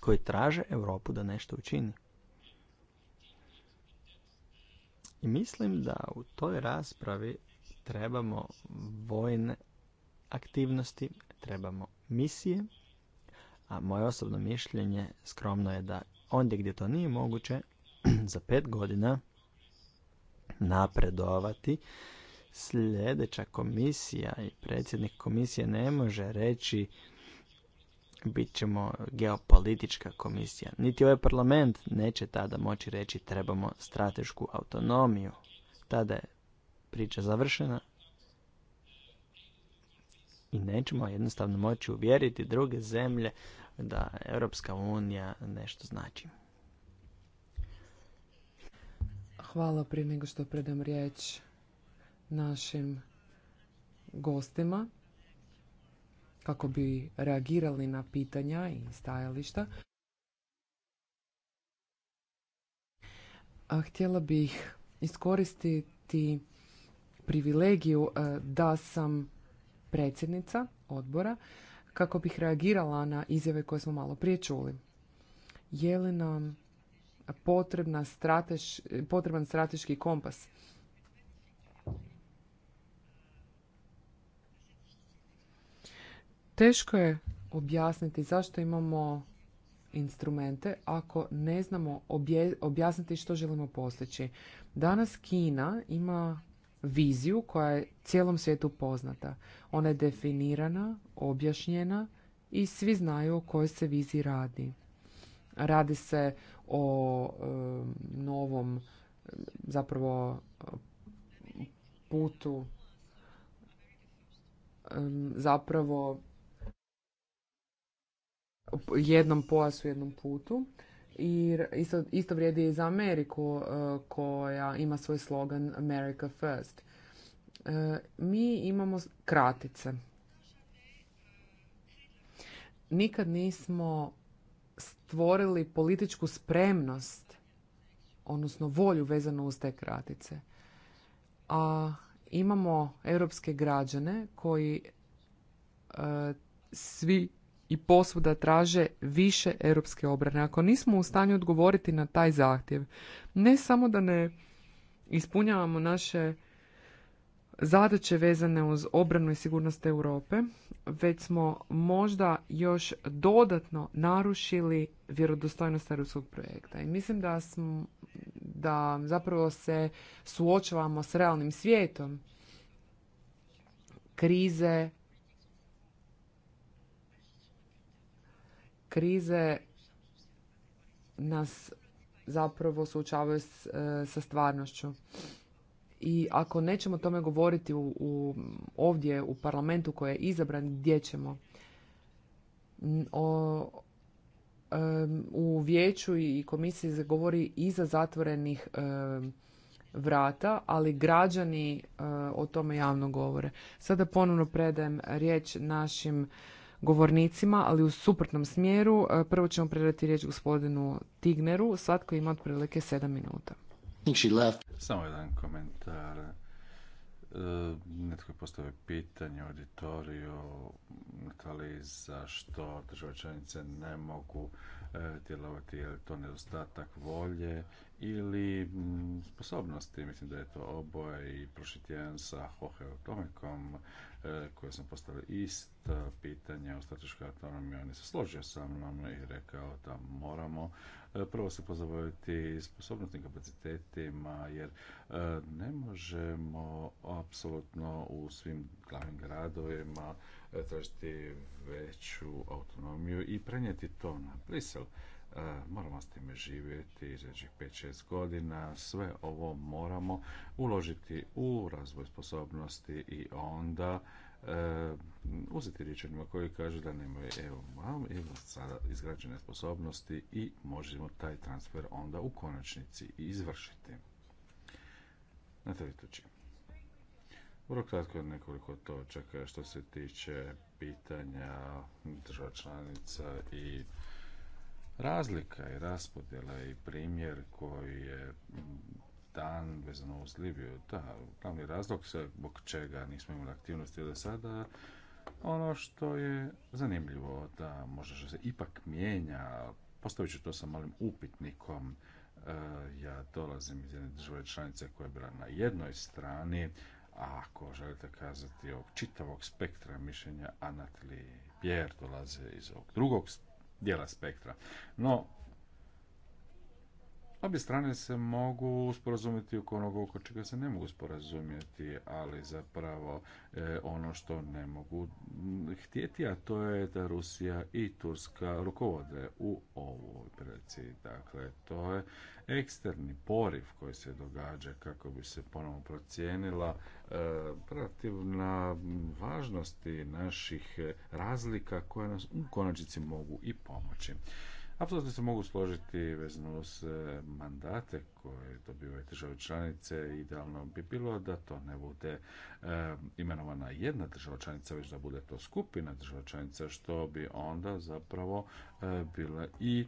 koji traže Europu da nešto učini. I mislim da u toj raspravi trebamo vojne aktivnosti, trebamo misije, a moje osobno mišljenje skromno je da ondje gdje to nije moguće, za pet godina napredovati. Sljedeća komisija i predsjednik komisije ne može reći bit ćemo geopolitička komisija. Niti ovaj parlament neće tada moći reći trebamo stratešku autonomiju. Tada je priča završena i nećemo jednostavno moći uvjeriti druge zemlje da Europska unija nešto znači. Hvala prije nego što predam riječ našim gostima kako bi reagirali na pitanja i stajališta. A htjela bih iskoristiti privilegiju e, da sam predsjednica odbora kako bih reagirala na izjave koje smo malo prije čuli. Je nam potrebna potreban strateški kompas. Teško je objasniti zašto imamo instrumente ako ne znamo objasniti što želimo postići. Danas Kina ima viziju koja je cijelom svijetu poznata. Ona je definirana, objašnjena i svi znaju o kojoj se viziji radi. Radi se o novom zapravo putu zapravo jednom pojasu, jednom putu. I isto, isto vrijedi i za Ameriku e, koja ima svoj slogan America First. E, mi imamo kratice. Nikad nismo stvorili političku spremnost, odnosno volju vezano uz te kratice. A imamo europske građane koji e, svi i posvuda traže više europske obrane. Ako nismo u stanju odgovoriti na taj zahtjev, ne samo da ne ispunjavamo naše zadaće vezane uz obranu i sigurnost Europe, već smo možda još dodatno narušili vjerodostojnost europskog projekta. I mislim da, da zapravo se suočavamo s realnim svijetom krize krize nas zapravo suočavaju e, sa stvarnošću i ako nećemo o tome govoriti u, u, ovdje u parlamentu koji je izabran, gdje ćemo? O, u vijeću i komisiji se govori iza zatvorenih vrata, ali građani e, o tome javno govore. Sada ponovno predajem riječ našim govornicima, ali u suprotnom smjeru. E, prvo ćemo predati riječ gospodinu Tigneru. Svatko ima otprilike sedam minuta think left. Samo jedan komentar. E, netko je postavio pitanje auditoriju Natali zašto države članice ne mogu e, djelovati, je li to nedostatak volje ili sposobnosti. Mislim da je to oboje i prošli tjedan sa Hohe Atomikom e, koje sam postavio isto pitanje o strateškoj autonomiji. On je se složio sa mnom i rekao da moramo E, prvo se pozabaviti sposobnostnim kapacitetima jer e, ne možemo apsolutno u svim glavnim gradovima e, tražiti veću autonomiju i prenijeti to na Brisel moramo s time živjeti sljedećih 5-6 godina sve ovo moramo uložiti u razvoj sposobnosti i onda E, uzeti riječima koji kaže da nemaju evo malo evo sada izgrađene sposobnosti i možemo taj transfer onda u konačnici izvršiti. Na to toči. Vrlo kratko nekoliko točaka što se tiče pitanja država članica i razlika i raspodjela i primjer koji je dan vezano uz Libiju. Da, glavni razlog zbog čega nismo imali aktivnosti do sada ono što je zanimljivo da možda se ipak mijenja, postavit ću to sa malim upitnikom, e, ja dolazim iz jedne države članice koja je bila na jednoj strani, a ako želite kazati ovog čitavog spektra mišljenja, Anatli Pierre dolaze iz ovog drugog dijela spektra. No, Obje strane se mogu sporazumjeti oko onoga oko čega se ne mogu sporazumjeti, ali zapravo e, ono što ne mogu htjeti, a to je da Rusija i Turska rukovode u ovoj prilici. Dakle, to je eksterni poriv koji se događa kako bi se ponovno procijenila e, protivna važnosti naših e, razlika koje nas u konačnici mogu i pomoći. Apsolutno se mogu složiti vezano uz e, mandate koje dobivaju države članice. Idealno bi bilo da to ne bude e, imenovana jedna država članica, već da bude to skupina država članica, što bi onda zapravo e, bila i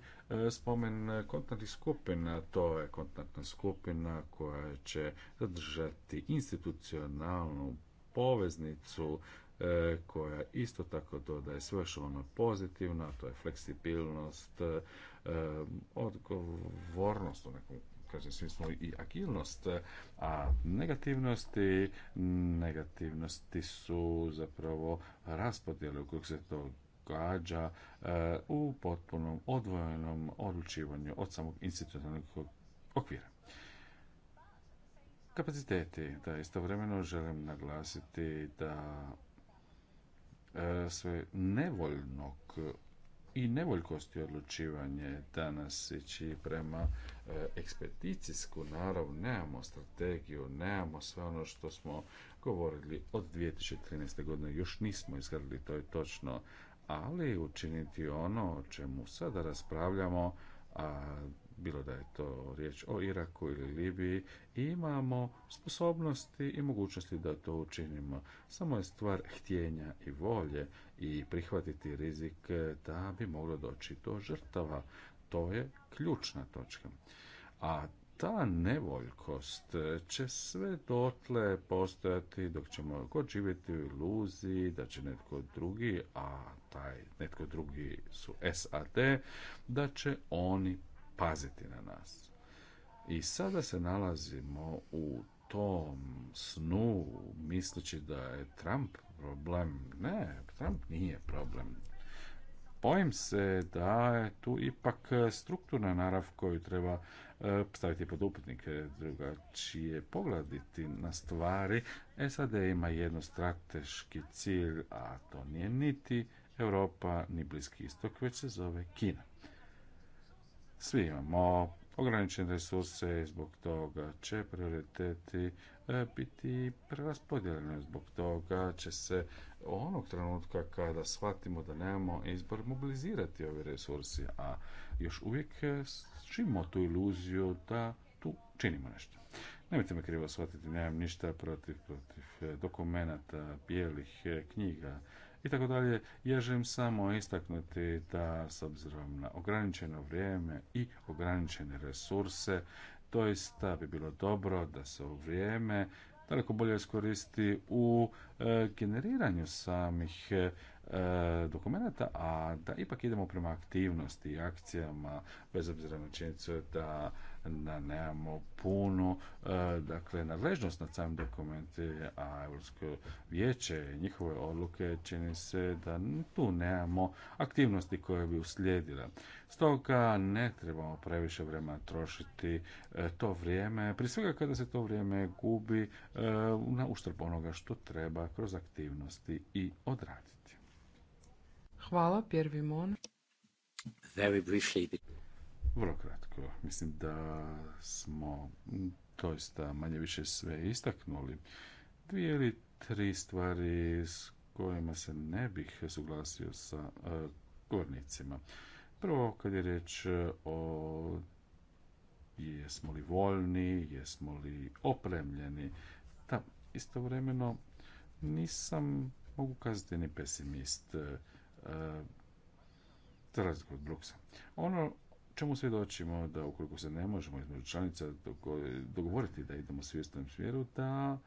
spomen kontaktnih skupina. To je kontaktna skupina koja će zadržati institucionalnu poveznicu E, koja isto tako dodaje sve što ono pozitivno, to je fleksibilnost, e, odgovornost u nekom kažem svi smo i agilnost, a negativnosti, negativnosti su zapravo raspodjele u kojeg se to događa e, u potpunom odvojenom odlučivanju od samog institucionalnog okvira. Kapaciteti, da istovremeno želim naglasiti da sve nevoljnog i nevoljkosti odlučivanje danas ići prema e, ekspedicijsku narav, nemamo strategiju, nemamo sve ono što smo govorili od 2013. godine, još nismo izgradili, to je točno, ali učiniti ono o čemu sada raspravljamo, a bilo da je to riječ o Iraku ili Libiji, imamo sposobnosti i mogućnosti da to učinimo. Samo je stvar htjenja i volje i prihvatiti rizik da bi moglo doći do žrtava. To je ključna točka. A ta nevoljkost će sve dotle postojati dok ćemo god živjeti u iluziji da će netko drugi, a taj netko drugi su SAD, da će oni paziti na nas. I sada se nalazimo u tom snu, misleći da je Trump problem. Ne, Trump nije problem. Bojim se da je tu ipak strukturna narav koju treba e, staviti pod upitnike drugačije pogledati na stvari. E, SAD ima jedno strateški cilj, a to nije niti Europa, ni Bliski istok, već se zove Kina. Svi imamo ograničene resurse i zbog toga će prioriteti e, biti preraspodijeljeni. Zbog toga će se onog trenutka kada shvatimo da nemamo izbor mobilizirati ove resursi, a još uvijek e, činimo tu iluziju da tu činimo nešto. Nemojte me krivo shvatiti, nemam ništa protiv, protiv e, dokumenata, bijelih knjiga, i tako dalje. Ja želim samo istaknuti da s obzirom na ograničeno vrijeme i ograničene resurse, doista bi bilo dobro da se u vrijeme daleko bolje iskoristi u e, generiranju samih e, dokumenta, a da ipak idemo prema aktivnosti i akcijama, bez obzira na činjenicu da da nemamo puno e, dakle, nadležnost nad samim dokumenti, a Europsko vijeće i njihove odluke čini se da tu nemamo aktivnosti koje bi uslijedile. Stoga ne trebamo previše vremena trošiti e, to vrijeme, prije svega kada se to vrijeme gubi e, na uštrb onoga što treba kroz aktivnosti i odraditi. Hvala, Pierre Vimon. Very briefly. Vrlo kratko. Mislim da smo doista manje više sve istaknuli. Dvije ili tri stvari s kojima se ne bih suglasio sa e, gornicima. Prvo, kad je riječ e, o jesmo li voljni, jesmo li opremljeni, da, istovremeno nisam, mogu kazati, ni pesimist, uh, za Ono čemu svjedočimo da ukoliko se ne možemo između članica dogovoriti da idemo svi u istom smjeru, da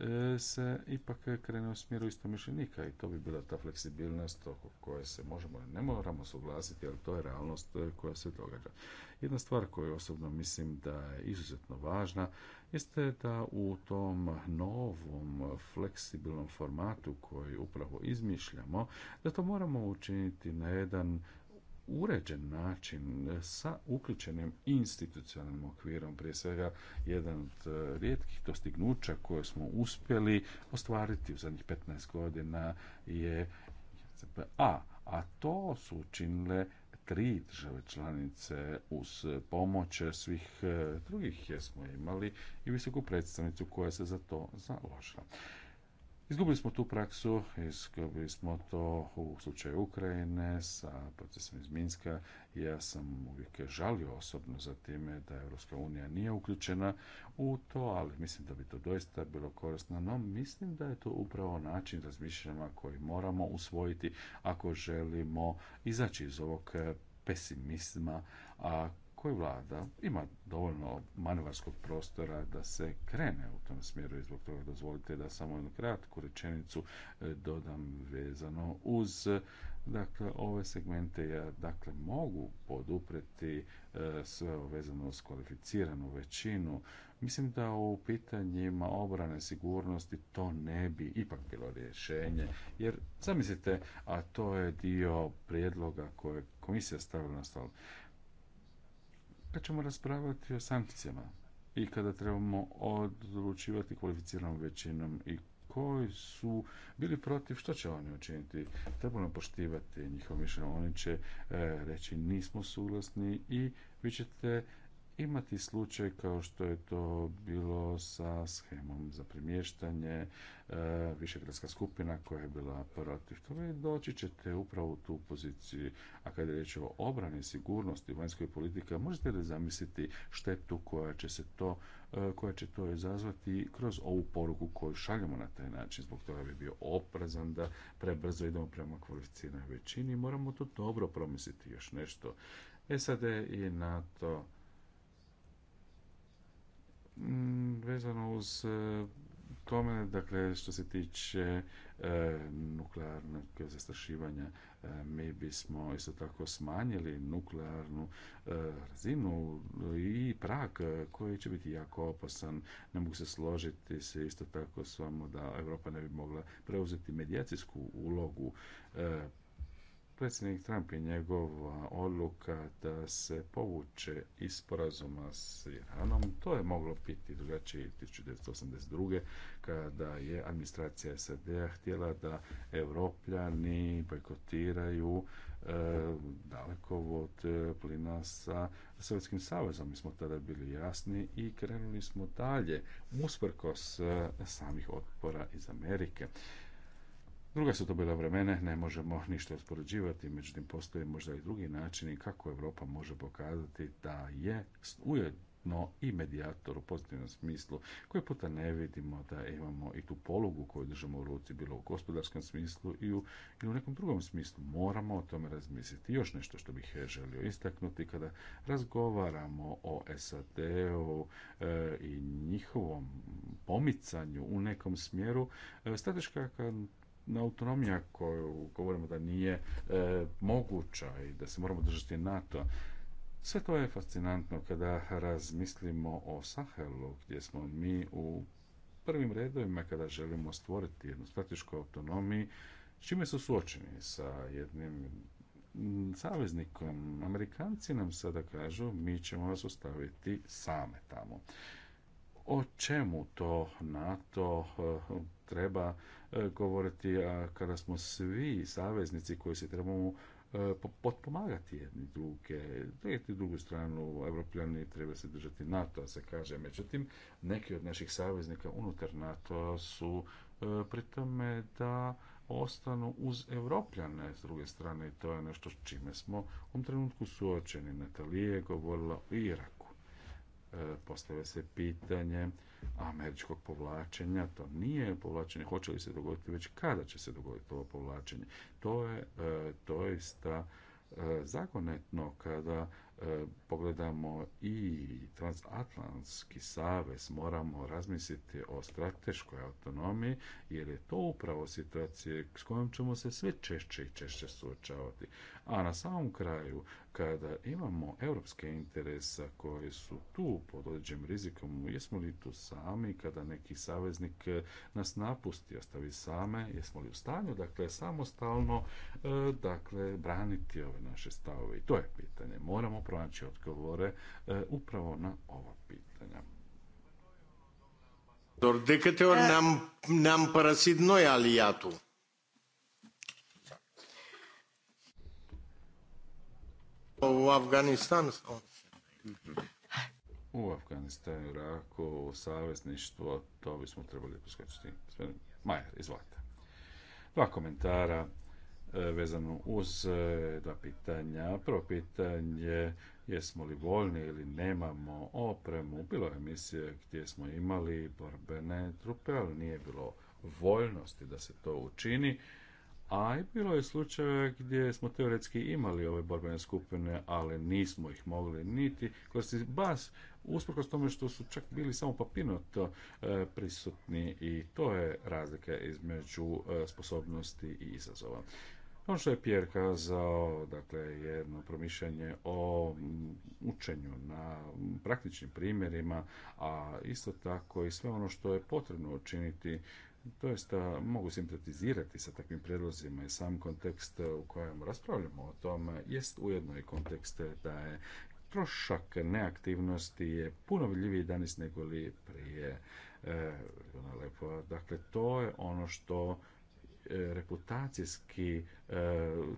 e, se ipak krene u smjeru istomišljenika i to bi bila ta fleksibilnost oko koje se možemo ne moramo suglasiti, ali to je realnost e, koja se događa. Jedna stvar koju osobno mislim da je izuzetno važna jeste da u tom novom fleksibilnom formatu koji upravo izmišljamo, da to moramo učiniti na jedan uređen način sa uključenim institucionalnim okvirom, prije svega jedan od e, rijetkih dostignuća koje smo uspjeli ostvariti u zadnjih 15 godina je a, a to su učinile tri države članice uz pomoć svih e, drugih jer smo imali i visoku predstavnicu koja se za to založila. Izgubili smo tu praksu, izgubili smo to u slučaju Ukrajine sa procesom iz Minska. Ja sam uvijek žalio osobno za time da Europska unija nije uključena u to, ali mislim da bi to doista bilo korisno. No, mislim da je to upravo način razmišljanja koji moramo usvojiti ako želimo izaći iz ovog pesimizma, a koji vlada ima dovoljno manevarskog prostora da se krene u tom smjeru i zbog toga dozvolite da samo jednu kratku rečenicu e, dodam vezano uz e, dakle ove segmente ja dakle mogu podupreti e, sve vezano uz kvalificiranu većinu mislim da u pitanjima obrane sigurnosti to ne bi ipak bilo rješenje jer zamislite a to je dio prijedloga koje komisija stavila na stol kad ćemo raspravljati o sankcijama i kada trebamo odlučivati kvalificiranom većinom i koji su bili protiv, što će oni učiniti? Trebamo poštivati njihovo mišljenje. Oni će eh, reći nismo suglasni i vi ćete imati slučaj kao što je to bilo sa schemom za premještanje e, višegradska skupina koja je bila protiv toga doći ćete upravo u tu poziciju. A kada je riječ o obrani, sigurnosti, vanjskoj politike, možete li zamisliti štetu koja će se to e, koja će to izazvati kroz ovu poruku koju šaljemo na taj način. Zbog toga bi bio oprezan da prebrzo idemo prema kvalificiranoj većini. Moramo to dobro promisliti još nešto. E, SAD i NATO Mm, vezano uz e, tome, dakle, što se tiče e, nuklearnog zastrašivanja, e, mi bismo isto tako smanjili nuklearnu razinu i prag koji će biti jako opasan. Ne mogu se složiti se isto tako samo da Europa ne bi mogla preuzeti medijacijsku ulogu predsjednik Trump i njegova odluka da se povuče iz sporazuma s Iranom, to je moglo biti drugačije 1982. kada je administracija sad htjela da europljani bojkotiraju e, dalekovod e, plina sa Sovjetskim savezom. Mi smo tada bili jasni i krenuli smo dalje usprkos e, samih otpora iz Amerike. Druga su to bila vremene, ne možemo ništa uspoređivati, međutim postoje možda i drugi načini kako Europa može pokazati da je ujedno i medijator u pozitivnom smislu, koje puta ne vidimo da imamo i tu polugu koju držimo u ruci, bilo u gospodarskom smislu i u, nekom drugom smislu. Moramo o tome razmisliti. Još nešto što bih želio istaknuti kada razgovaramo o SAD-u e, i njihovom pomicanju u nekom smjeru, e, strateška autonomija koju govorimo da nije e, moguća i da se moramo držati NATO. Sve to je fascinantno kada razmislimo o Sahelu gdje smo mi u prvim redovima kada želimo stvoriti jednu stratešku autonomiju s čime su suočeni sa jednim saveznikom. Amerikanci nam sada kažu mi ćemo vas ostaviti same tamo o čemu to NATO e, treba e, govoriti a kada smo svi saveznici koji se trebamo e, potpomagati jedni druge, jedni drugu stranu, evropljani treba se držati NATO, se kaže. Međutim, neki od naših saveznika unutar NATO su pri tome da ostanu uz Evropljane s druge strane i to je nešto s čime smo u trenutku suočeni. Natalije je govorila o Iraku postavlja se pitanje američkog povlačenja. To nije povlačenje. Hoće li se dogoditi već kada će se dogoditi ovo povlačenje? To je doista e, e, zakonetno kada e, pogledamo i transatlantski savez, moramo razmisliti o strateškoj autonomiji, jer je to upravo situacija s kojom ćemo se sve češće i češće suočavati. A na samom kraju, kada imamo europske interesa koji su tu pod određenim rizikom, jesmo li tu sami kada neki saveznik eh, nas napusti, ostavi same, jesmo li u stanju, dakle, samostalno, eh, dakle, braniti ove naše stavove? I to je pitanje. Moramo pronaći odgovore eh, upravo na ova pitanja. Dor nam nam ori ne u Afganistanu. U Afganistanu, Iraku, savezništvo, to bismo trebali poskočiti. Majer, izvolite. Dva komentara e, vezano uz e, dva pitanja. Prvo pitanje jesmo li voljni ili nemamo opremu. Bilo je emisije gdje smo imali borbene trupe, ali nije bilo voljnosti da se to učini a i bilo je slučajeva gdje smo teoretski imali ove borbene skupine, ali nismo ih mogli niti baš bas, usprkos tome što su čak bili samo papinoto e, prisutni i to je razlika između e, sposobnosti i izazova. Ono što je Pierre kazao, dakle, jedno promišljanje o učenju na praktičnim primjerima, a isto tako i sve ono što je potrebno učiniti doista mogu simpatizirati sa takvim predlozima i sam kontekst u kojem raspravljamo o tom jest ujedno i kontekst da je trošak neaktivnosti je puno vidljiviji danas nego li prije e, Dakle, to je ono što e, reputacijski e,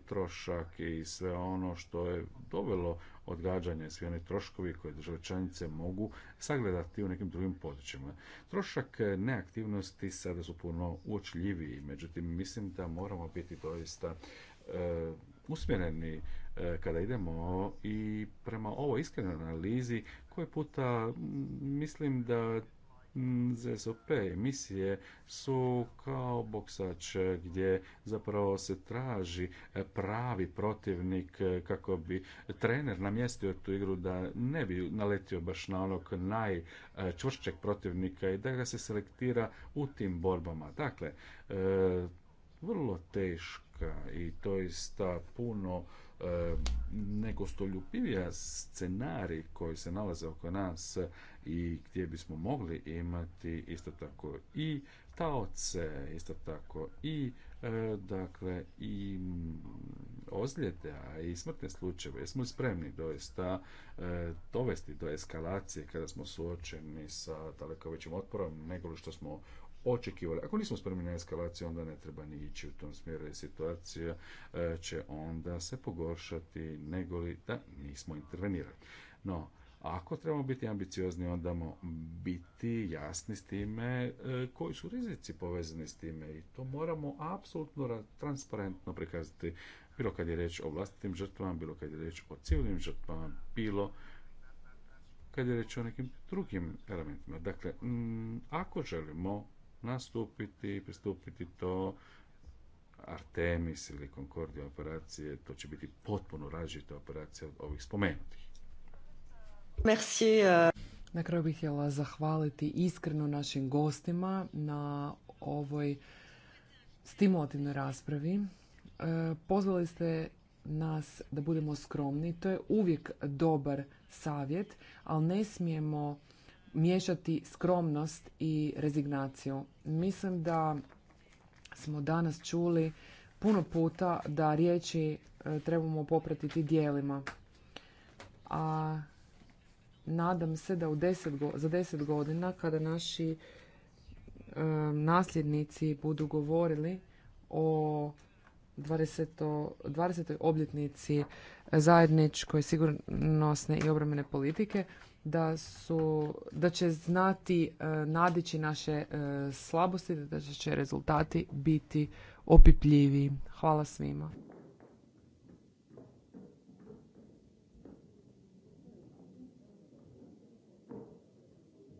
trošak i sve ono što je dovelo odgađanje svi oni troškovi koje države članice mogu sagledati u nekim drugim područjima. Trošak e, neaktivnosti sada su puno uočljiviji, međutim mislim da moramo biti doista e, usmjereni e, kada idemo i prema ovoj iskrenoj analizi koje puta mislim da ZSOP emisije su kao boksač gdje zapravo se traži pravi protivnik kako bi trener namjestio tu igru da ne bi naletio baš na onog najčvršćeg protivnika i da ga se selektira u tim borbama. Dakle, e, vrlo teška i to je puno negostoljupivija scenarij koji se nalaze oko nas i gdje bismo mogli imati isto tako i taoce, isto tako i e, dakle i ozljede, i smrtne slučajeve, jesmo smo spremni doista e, dovesti do eskalacije kada smo suočeni sa daleko većim otporom nego što smo očekivali. Ako nismo spremni na eskalaciju, onda ne treba ni ići u tom smjeru i situacija e, će onda se pogoršati nego li da nismo intervenirali. No, ako trebamo biti ambiciozni, onda biti jasni s time e, koji su rizici povezani s time i to moramo apsolutno transparentno prikazati, bilo kad je reč o vlastitim žrtvama, bilo kad je reč o civilnim žrtvama, bilo kad je reč o nekim drugim elementima. Dakle, ako želimo nastupiti i pristupiti to Artemis ili Concordia operacije, to će biti potpuno različita operacija od ovih spomenutih. Merci. Uh. Na kraju bih htjela zahvaliti iskreno našim gostima na ovoj stimulativnoj raspravi. E, pozvali ste nas da budemo skromni, to je uvijek dobar savjet, ali ne smijemo miješati skromnost i rezignaciju. Mislim da smo danas čuli puno puta da riječi e, trebamo popratiti dijelima. A nadam se da u za deset godina kada naši e, nasljednici budu govorili o 20. 20. obljetnici zajedničkoj sigurnosne i obrambene politike da, su, da će znati e, nadići naše e, slabosti, da će rezultati biti opipljiviji. Hvala svima.